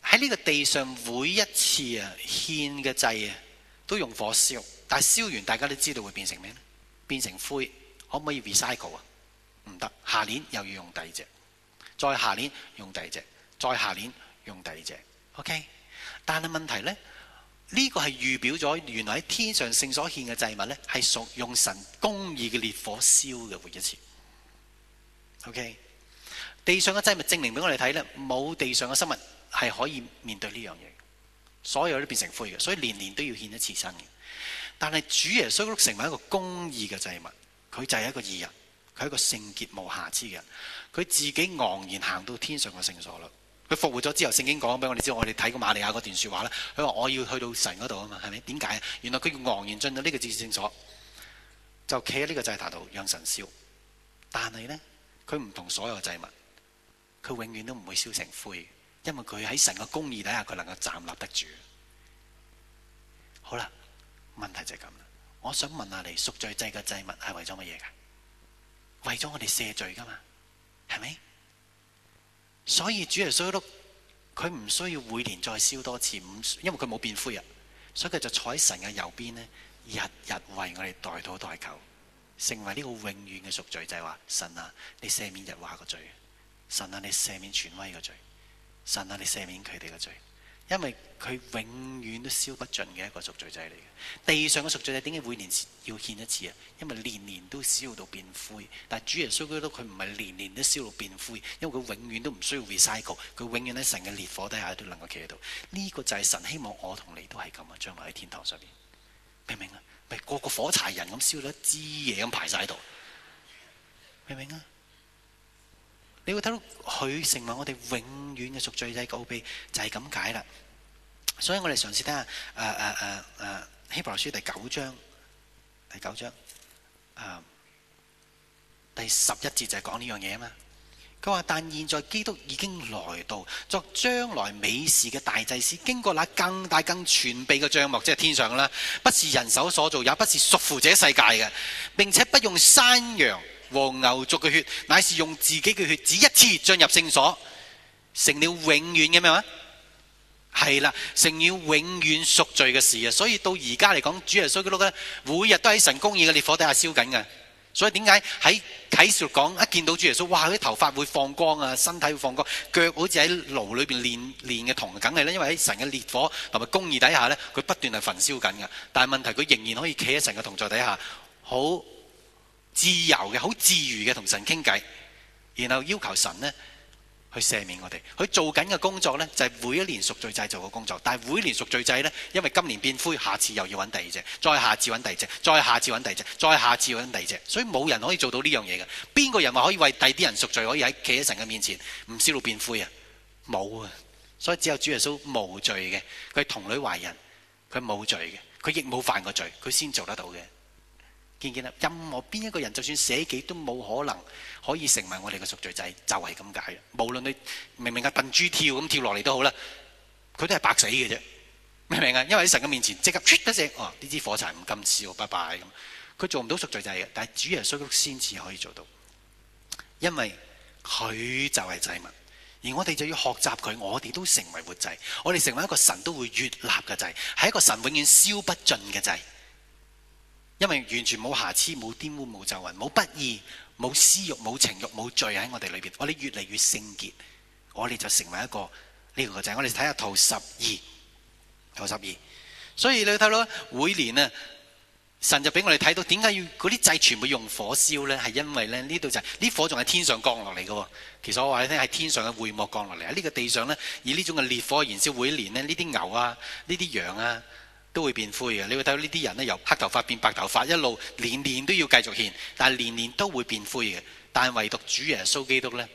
喺呢個地上每一次啊獻嘅祭啊，都用火燒，但係燒完大家都知道會變成咩呢？變成灰，可唔可以 recycle 啊？唔得，下年又要用第二隻，再下年用第二隻，再下年用第二隻。OK，但係問題呢。呢個係預表咗原來喺天上聖所獻嘅祭物呢，係屬用神公義嘅烈火燒嘅，活一次。OK，地上嘅祭物證明俾我哋睇呢，冇地上嘅生物係可以面對呢樣嘢，所有都變成灰嘅，所以年年都要獻一次身嘅。但係主耶穌成為一個公義嘅祭物，佢就係一個義人，佢係一個聖潔無瑕疵嘅人，佢自己昂然行到天上嘅聖所啦。佢復活咗之後，聖經講俾我哋知，我哋睇過瑪利亞嗰段說話啦。佢話：我要去到神嗰度啊嘛，係咪？點解啊？原來佢要昂然進到呢個至聖所，就企喺呢個祭壇度讓神燒。但係咧，佢唔同所有祭物，佢永遠都唔會燒成灰，因為佢喺神嘅公義底下，佢能夠站立得住。好啦，問題就係咁啦。我想問下你，贖罪祭嘅祭物係為咗乜嘢㗎？為咗我哋赦罪㗎嘛，係咪？所以主耶穌都佢唔需要每年再燒多次，因為佢冇變灰啊，所以佢就坐喺神嘅右邊咧，日日為我哋代禱代求，成為呢個永遠嘅贖罪，就係話神啊，你赦免日華嘅罪，神啊，你赦免權威嘅罪，神啊，你赦免佢哋嘅罪。因為佢永遠都燒不盡嘅一個贖罪祭嚟嘅，地上嘅贖罪祭點解每年要獻一次啊？因為年年都燒到變灰。但係主耶穌基督佢唔係年年都燒到變灰，因為佢永遠都唔需要 recycle，佢永遠喺神嘅烈火底下都能夠企喺度。呢個就係神希望我同你都係咁啊！將來喺天堂上邊，明唔明啊？唔係個個火柴人咁燒咗一支嘢咁排晒喺度，明唔明啊？你會睇到佢成為我哋永遠嘅贖罪祭告秘，就係咁解啦。所以我哋嘗試睇下，誒誒誒誒，希伯來書第九章，第九章，誒、啊，第十一節就係講呢樣嘢啊嘛。佢話但現在基督已經來到，作將來美事嘅大祭司，經過那更大更全備嘅帳幕，即係天上啦，不是人手所造，也不是屬乎這世界嘅，並且不用山羊，和牛族嘅血，乃是用自己嘅血，只一次進入聖所，成了永遠嘅咩話？係啦，成了永遠贖罪嘅事啊！所以到而家嚟講，主耶穌基督咧，每日都喺神公義嘅烈火底下燒緊嘅。所以點解喺啟示講一見到主耶穌，哇，佢啲頭髮會放光啊，身體會放光，腳好似喺爐裏邊煉煉嘅銅，梗係咧，因為喺神嘅烈火同埋公義底下咧，佢不斷係焚燒緊嘅。但係問題佢仍然可以企喺神嘅同在底下，好。自由嘅、好自如嘅同神傾偈，然後要求神呢去赦免我哋。佢做緊嘅工作呢，就係、是、每一年贖罪祭做嘅工作，但係每一年贖罪祭呢，因為今年變灰，下次又要揾第二隻，再下次揾第二隻，再下次揾第二隻，再下次揾第二隻，所以冇人可以做到呢樣嘢嘅。邊個人話可以為第二啲人贖罪，可以喺企喺神嘅面前唔燒到變灰啊？冇啊！所以只有主耶穌無罪嘅，佢係童女懷孕，佢冇罪嘅，佢亦冇犯過罪，佢先做得到嘅。見唔見任何邊一個人，就算寫幾都冇可能可以成為我哋嘅贖罪祭，就係咁解。無論你明明係笨豬跳咁跳落嚟都好啦，佢都係白死嘅啫。明唔明啊？因為喺神嘅面前，即刻一聲，哦，呢支火柴唔禁燒，拜拜咁。佢做唔到贖罪祭嘅，但係主耶穌先至可以做到，因為佢就係祭物，而我哋就要學習佢，我哋都成為活祭，我哋成為一個神都會悅納嘅祭，係一個神永遠燒不盡嘅祭。因為完全冇瑕疵，冇玷污，冇皺紋，冇不義，冇私慾，冇情慾，冇罪喺我哋裏邊，我哋越嚟越聖潔，我哋就成為一個呢個就係我哋睇下圖十二、圖十二。所以你睇到每年啊，神就俾我哋睇到點解要嗰啲祭全部用火燒呢？係因為咧呢度就係呢火仲喺天上降落嚟嘅。其實我話你聽喺天上嘅會幕降落嚟，喺呢個地上呢，以呢種嘅烈火燃燒每年咧呢啲牛啊呢啲羊啊。都會變灰嘅，你會睇到呢啲人咧由黑頭髮變白頭髮，一路年年都要繼續獻，但係年年都會變灰嘅。但係唯獨主耶穌基督咧，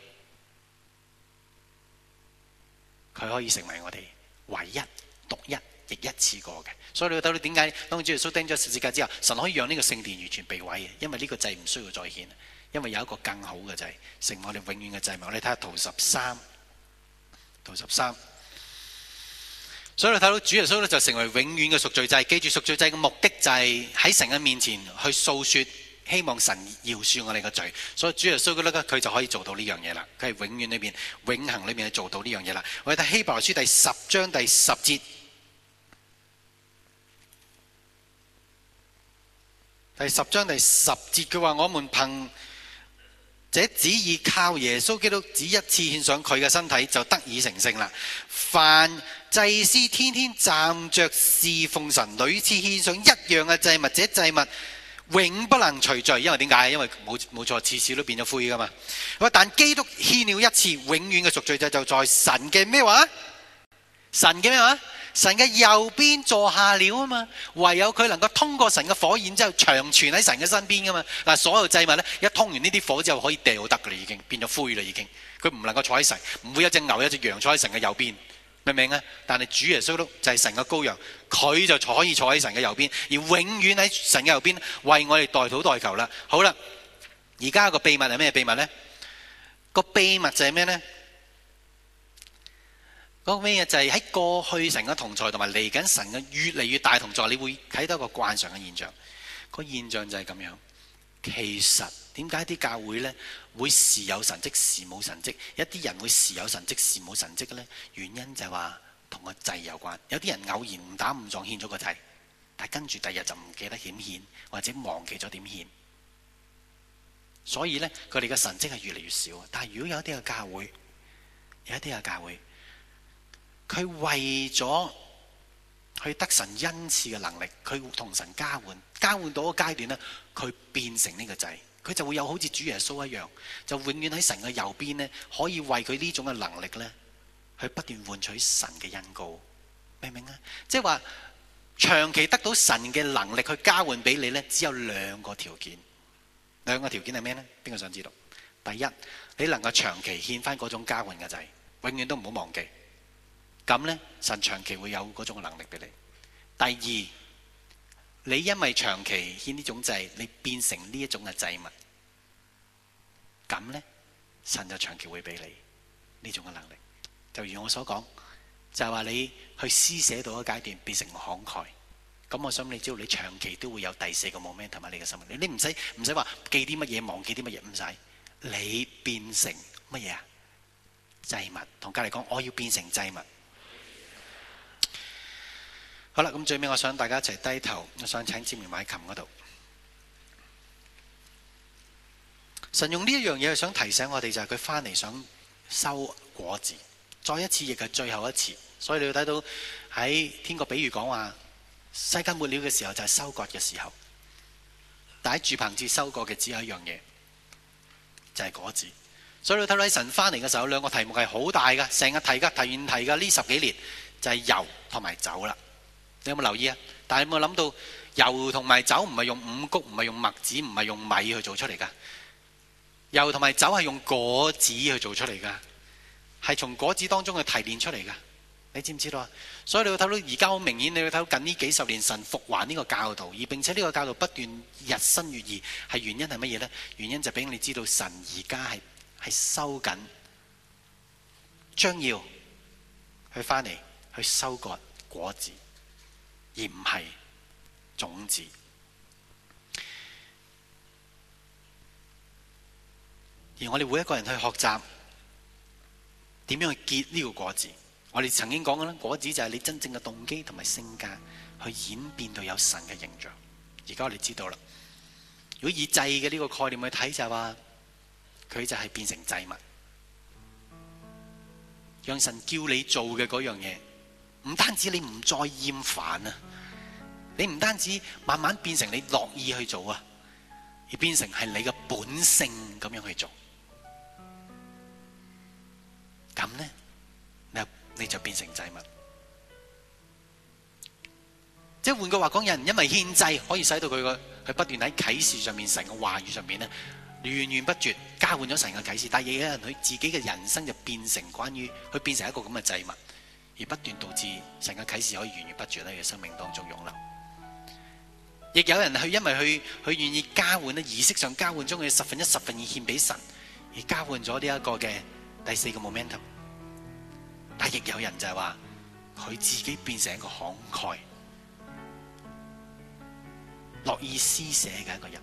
佢可以成為我哋唯一、獨一、亦一次過嘅。所以你會睇到點解當主耶穌釘咗十字架之後，神可以讓呢個聖殿完全被毀嘅？因為呢個祭唔需要再獻，因為有一個更好嘅祭，成為我哋永遠嘅祭物。你睇下圖十三，圖十三。所以你睇到主耶穌咧就成為永遠嘅贖罪祭，記住贖罪祭嘅目的就係喺神嘅面前去訴說，希望神饒恕我哋嘅罪。所以主耶穌覺得呢，佢就可以做到呢樣嘢啦，佢係永遠裏邊、永恆裏邊去做到呢樣嘢啦。我哋睇希伯來書第十章第十節，第十章第十節佢話，我們憑。這旨意靠耶穌基督只一次獻上佢嘅身體就得以成聖啦。凡祭司天天站着侍奉神，屢次獻上一樣嘅祭物，這祭物永不能除罪，因為點解？因為冇，冇錯，次次都變咗灰噶嘛。但基督獻了一次永遠嘅贖罪祭，就在神嘅咩話？神嘅咩話？神嘅右邊坐下了啊嘛，唯有佢能夠通過神嘅火焰之後長存喺神嘅身邊噶嘛。嗱，所有祭物咧，一通完呢啲火之後可以掉得噶啦，已經變咗灰啦，已經。佢唔能夠坐喺神，唔會有一隻牛有一隻羊坐喺神嘅右邊，明唔明啊？但係主耶穌都就係神嘅羔羊，佢就坐可以坐喺神嘅右邊，而永遠喺神嘅右邊為我哋代禱代求啦。好啦，而家個秘密係咩秘密呢？個秘密就係咩呢？講咩嘢就係、是、喺過去成個同在，同埋嚟緊神嘅越嚟越大同在，你會睇到一個慣常嘅現象。個現象就係咁樣。其實點解啲教會呢會時有神蹟，時冇神蹟？一啲人會時有神蹟，時冇神蹟嘅呢？原因就係話同個祭有關。有啲人偶然唔打唔撞獻咗個祭，但係跟住第二日就唔記得獻獻，或者忘記咗點獻。所以呢，佢哋嘅神蹟係越嚟越少。但係如果有啲嘅教會，有一啲嘅教會。佢為咗去得神恩賜嘅能力，佢同神交換交換到個階段咧，佢變成呢個仔，佢就會有好似主耶穌一樣，就永遠喺神嘅右邊咧，可以為佢呢種嘅能力咧，去不斷換取神嘅恩膏，明唔明啊？即係話長期得到神嘅能力去交換俾你咧，只有兩個條件，兩個條件係咩咧？邊個想知道？第一，你能夠長期獻翻嗰種交換嘅仔，永遠都唔好忘記。咁咧，神長期會有嗰種嘅能力俾你。第二，你因為長期獻呢種祭，你變成呢一種嘅祭物，咁咧，神就長期會俾你呢種嘅能力。就如我所講，就係話你去施捨到嘅階段，變成慷慨。咁我想你知道，你長期都會有第四個 moment 同埋你嘅生命。你你唔使唔使話記啲乜嘢，忘記啲乜嘢，唔使。你變成乜嘢啊？祭物，同隔籬講，我要變成祭物。好啦，咁最尾我想大家一齊低頭。我想請志明買琴嗰度。神用呢一樣嘢，想提醒我哋，就係佢翻嚟想收果子。再一次，亦係最後一次。所以你要睇到喺天國比喻講話，世界末了嘅時候就係收割嘅時候。但喺住棚節收割嘅只有一樣嘢，就係、是、果子。所以你睇你神翻嚟嘅時候，兩個題目係好大噶，成日提噶、提完提噶。呢十幾年就係油同埋酒啦。你有冇留意啊？但係有冇諗到油同埋酒唔係用五穀，唔係用麥子，唔係用米去做出嚟噶？油同埋酒係用果子去做出嚟噶，係從果子當中去提煉出嚟噶。你知唔知道啊？所以你會睇到而家好明顯，你會睇到近呢幾十年神復還呢個教導，而並且呢個教導不斷日新月異，係原因係乜嘢呢？原因就俾你知道神現在是，神而家係係收緊，將要去翻嚟去收割果子。而唔係種子，而我哋每一個人去學習點樣去結呢個果子，我哋曾經講過啦，果子就係你真正嘅動機同埋性格去演變到有神嘅形象。而家我哋知道啦，如果以祭嘅呢個概念去睇，就係話佢就係變成祭物，讓神叫你做嘅嗰樣嘢。唔單止你唔再厭煩啊，你唔單止慢慢變成你樂意去做啊，而變成係你嘅本性咁樣去做，咁咧，你你就變成祭物。即係換句話講，有人因為獻祭，可以使到佢個佢不斷喺啟示上面、成個話語上面咧源源不絕交換咗成個啟示，但係有人佢自己嘅人生就變成關於佢變成一個咁嘅祭物。而不斷導致神嘅啟示可以源源不絕喺佢生命當中湧流。亦有人去因為去去願意交換咧儀式上交換中嘅十分一、十分二獻俾神，而交換咗呢一個嘅第四個 momentum。但亦有人就係話佢自己變成一個慷慨、樂意施捨嘅一個人，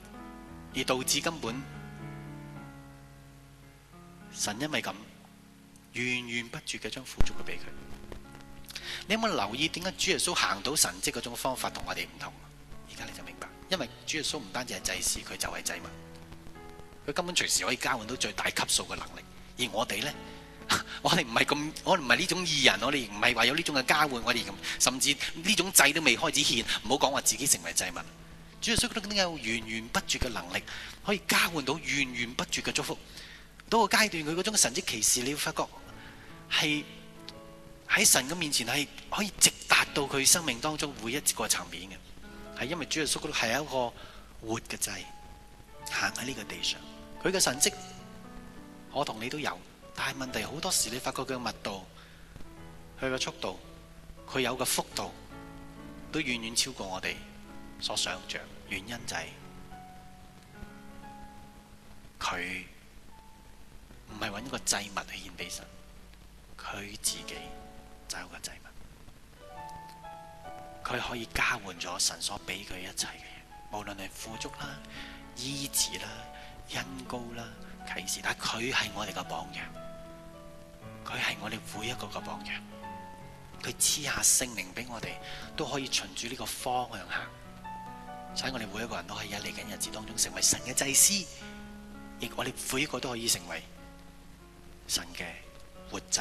而導致根本神因為咁源源不絕嘅將富足嘅俾佢。你有冇留意點解主耶穌行到神蹟嗰種方法同我哋唔同？而家你就明白，因為主耶穌唔單止係祭司，佢就係祭物。佢根本隨時可以交換到最大級數嘅能力，而我哋咧， 我哋唔係咁，我唔係呢種義人，我哋唔係話有呢種嘅交換，我哋咁，甚至呢種祭都未開始獻，唔好講話自己成為祭物。主耶穌覺得點解有源源不絕嘅能力，可以交換到源源不絕嘅祝福？到個階段，佢嗰種神蹟奇事，你會發覺係。喺神嘅面前係可以直達到佢生命當中每一個層面嘅。係因為主耶穌係一個活嘅祭，行喺呢個地上，佢嘅神蹟，我同你都有，但係問題好多時你發覺佢嘅密度，佢嘅速度，佢有嘅幅度，都遠遠超過我哋所想象。原因就係佢唔係搵一個祭物去獻俾神，佢自己。仔個仔物，佢可以交換咗神所俾佢一切嘅嘢，無論係富足啦、醫治啦、恩膏啦、啟示，但佢係我哋嘅榜樣，佢係我哋每一個嘅榜樣，佢賜下聖靈俾我哋，都可以循住呢個方向行，所以我哋每一個人都可以喺嚟緊日子當中成為神嘅祭司，亦我哋每一個都可以成為神嘅活祭。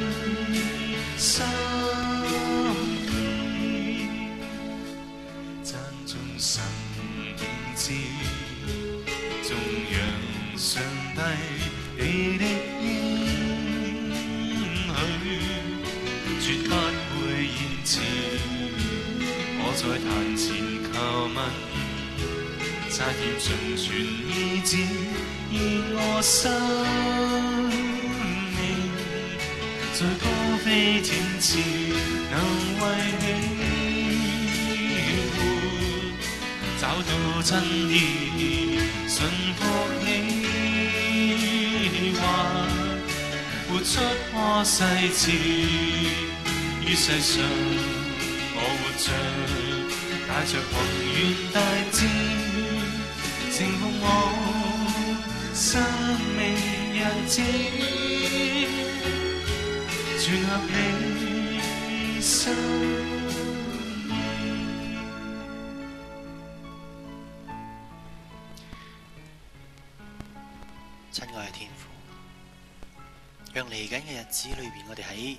緊嘅日子裏邊，我哋喺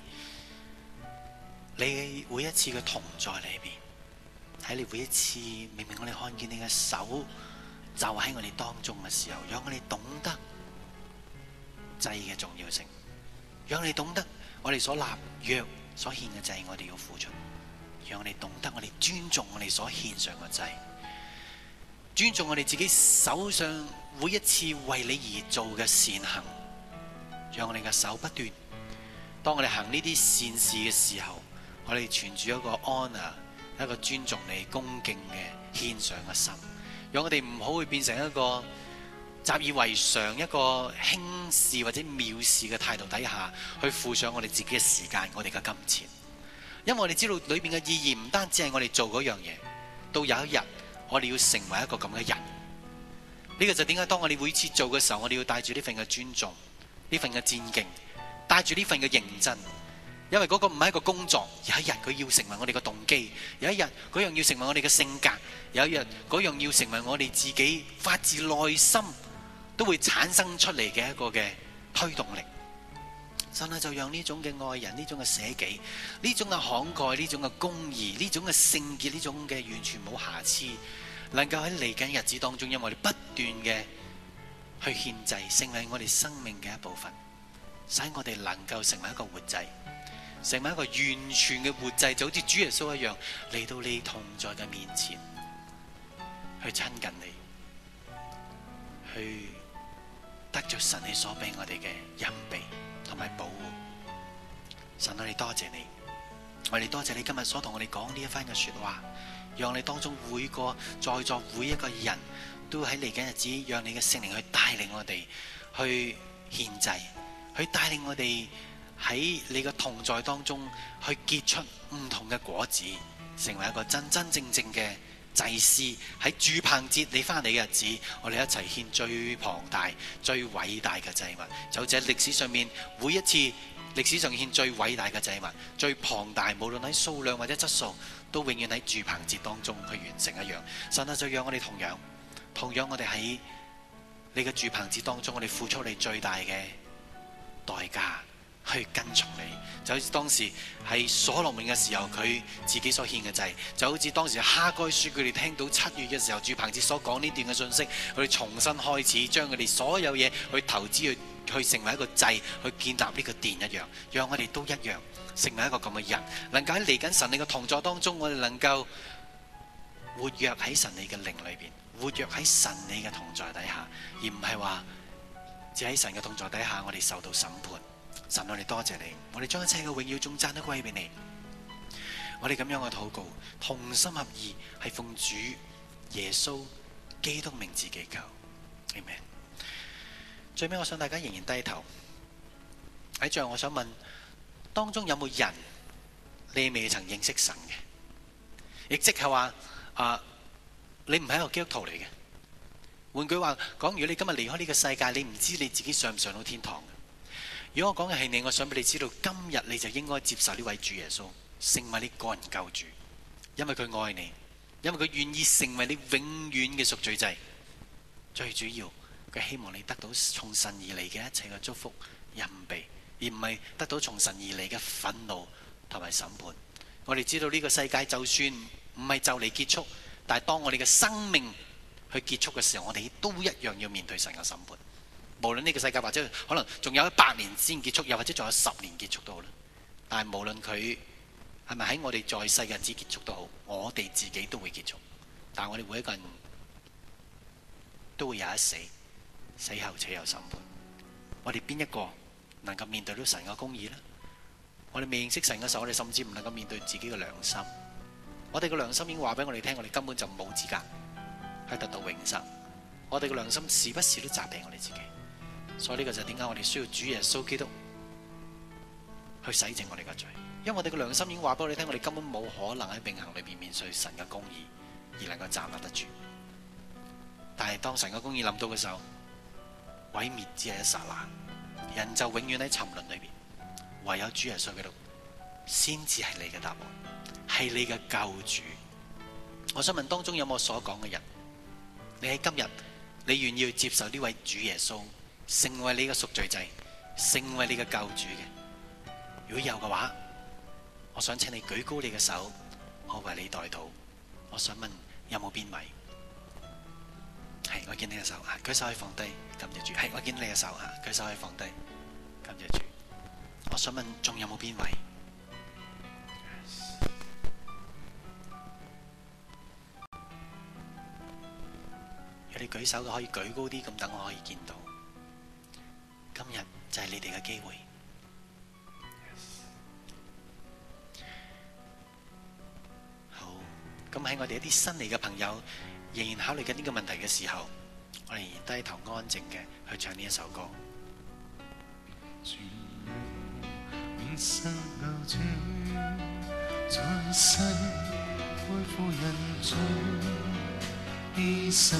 你每一次嘅同在裏邊，喺你每一次明明我哋看見你嘅手就喺我哋當中嘅時候，讓我哋懂得祭嘅重要性，讓你懂得我哋所立約所獻嘅祭，我哋要付出，讓你懂得我哋尊重我哋所獻上嘅祭，尊重我哋自己手上每一次為你而做嘅善行。讓我哋嘅手不斷。當我哋行呢啲善事嘅時候，我哋存住一個 honor 一個尊重、你、恭敬嘅獻上嘅心。讓我哋唔好會變成一個習以為常、一個輕視或者藐視嘅態度，底下去付上我哋自己嘅時間、我哋嘅金錢。因為我哋知道裏面嘅意義唔單止係我哋做嗰樣嘢，到有一日我哋要成為一個咁嘅人。呢、這個就點解當我哋每次做嘅時候，我哋要帶住呢份嘅尊重。呢份嘅戰勁，帶住呢份嘅認真，因為嗰個唔係一個工作，有一日佢要成為我哋嘅動機，有一日嗰樣要成為我哋嘅性格，有一日嗰樣要成為我哋自己發自內心都會產生出嚟嘅一個嘅推動力。神啊，就讓呢種嘅愛人，呢種嘅捨己，呢種嘅慷慨，呢種嘅公義，呢種嘅聖潔，呢種嘅完全冇瑕疵，能夠喺嚟緊日子當中，因為我哋不斷嘅。去獻祭，成為我哋生命嘅一部分，使我哋能夠成為一個活祭，成為一個完全嘅活祭，就好似主耶穌一樣嚟到你同在嘅面前，去親近你，去得着神你所俾我哋嘅恩庇同埋保護。神啊，我哋多謝你，我哋多謝你今日所同我哋講呢一番嘅說話，讓你當中每個在座每一個人。都喺嚟緊日子，讓你嘅聖靈去帶領我哋去獻祭，去帶領我哋喺你嘅同在當中去結出唔同嘅果子，成為一個真真正正嘅祭司。喺住棚節你翻嚟嘅日子，我哋一齊獻最龐大、最偉大嘅祭物，就好似歷史上面每一次歷史上獻最偉大嘅祭物，最龐大，無論喺數量或者質素，都永遠喺住棚節當中去完成一樣。神啊，就讓我哋同樣。同樣，我哋喺你嘅住棚節當中，我哋付出你最大嘅代價去跟從你。就好似當時喺所羅門嘅時候，佢自己所獻嘅祭，就好似當時哈該書佢哋聽到七月嘅時候，住棚節所講呢段嘅信息，佢哋重新開始將佢哋所有嘢去投資去去成為一個祭，去建立呢個殿一樣，讓我哋都一樣成為一個咁嘅人。能夠喺嚟緊神你嘅同座當中，我哋能夠活躍喺神你嘅靈裏邊。活躍喺神你嘅同在底下，而唔係話只喺神嘅同在底下，我哋受到審判。神我哋多謝你，我哋將一切嘅榮耀頌讚都歸俾你。我哋咁樣嘅禱告，同心合意，係奉主耶穌基督名字祈求，阿門。最尾我想大家仍然低頭喺座，最後我想問當中有冇人你未曾認識神嘅？亦即係話啊。你唔係一個基督徒嚟嘅。換句話講，如果你今日離開呢個世界，你唔知你自己上唔上到天堂。如果我講嘅係你，我想俾你知道，今日你就應該接受呢位主耶穌，成為你個人救主，因為佢愛你，因為佢願意成為你永遠嘅贖罪祭。最主要，佢希望你得到從神而嚟嘅一切嘅祝福恩被，而唔係得到從神而嚟嘅憤怒同埋審判。我哋知道呢個世界就算唔係就嚟結束。但係當我哋嘅生命去結束嘅時候，我哋都一樣要面對神嘅審判。無論呢個世界或者可能仲有一百年先結束，又或者仲有十年結束都好咧。但係無論佢係咪喺我哋在世嘅日子結束都好，我哋自己都會結束。但係我哋每一個人都會有一死，死後且有審判。我哋邊一個能夠面對到神嘅公義呢？我哋未認識神嘅時候，我哋甚至唔能夠面對自己嘅良心。我哋個良心已經話俾我哋聽，我哋根本就冇資格去得到永生。我哋個良心時不時都責備我哋自己，所以呢個就係點解我哋需要主耶穌基督去洗淨我哋嘅罪。因為我哋個良心已經話俾我哋聽，我哋根本冇可能喺永恆裏邊面對神嘅公義而能夠站立得住。但係當神嘅公義諗到嘅時候，毀滅只係一剎那，人就永遠喺沉淪裏邊。唯有主耶穌基督先至係你嘅答案。係你嘅救主，我想問當中有冇所講嘅人？你喺今日，你願意接受呢位主耶穌成為你嘅贖罪祭成為你嘅救主嘅？如果有嘅話，我想請你舉高你嘅手，我為你代禱。我想問有冇邊位？係我見你嘅手，舉手可以放低，感謝主。係我見你嘅手，舉手可以放低，感謝主。我想問仲有冇邊位？你哋舉手嘅可以舉高啲，咁等我可以見到。今日就係你哋嘅機會。好，咁喺我哋一啲新嚟嘅朋友仍然考慮緊呢個問題嘅時候，我哋依然低頭安靜嘅去唱呢一首歌。一身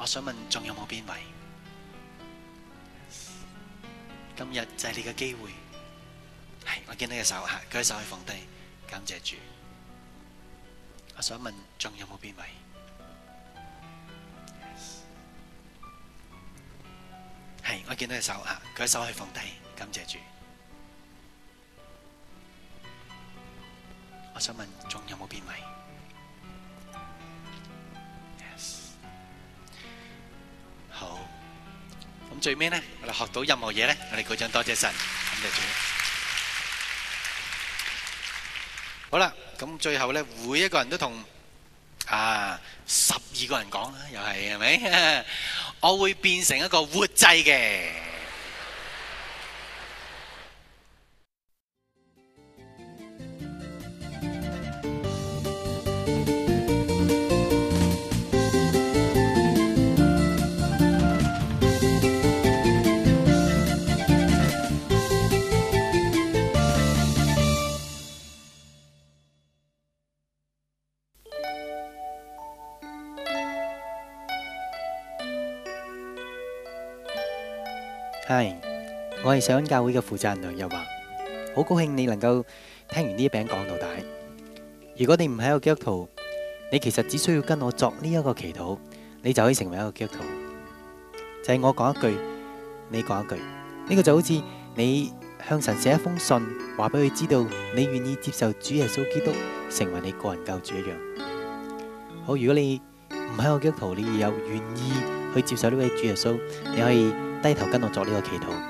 我想問仲有冇邊位？今日就係你嘅機會，係我見到嘅手，吓佢手可以放低，感謝主。我想問仲有冇邊位？係我見到嘅手，吓佢手可以放低，感謝主。我想問仲有冇邊位？最尾呢，我哋學到任何嘢呢，我哋鼓掌多謝神，咁就做。好啦，咁最後呢，每一個人都同啊十二個人講啦，又係係咪？我會變成一個活祭嘅。上教會嘅負責人又話：好高興你能夠聽完呢一篇講到大。如果你唔係個基督徒，你其實只需要跟我作呢一個祈禱，你就可以成為一個基督徒。就係我講一句，你講一句，呢個就好似你向神寫一封信，話俾佢知道你願意接受主耶穌基督成為你個人救主一樣。好，如果你唔係個基督徒，你有願意去接受呢位主耶穌，你可以低頭跟我作呢個祈禱。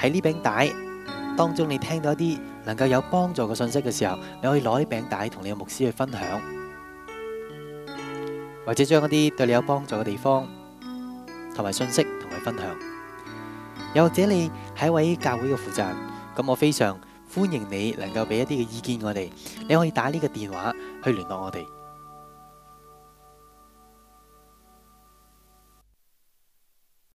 喺呢餅帶當中，你聽到一啲能夠有幫助嘅信息嘅時候，你可以攞啲餅帶同你嘅牧師去分享，或者將一啲對你有幫助嘅地方同埋信息同佢分享。又或者你係一位教會嘅負責人，咁我非常歡迎你能夠俾一啲嘅意見我哋。你可以打呢個電話去聯絡我哋。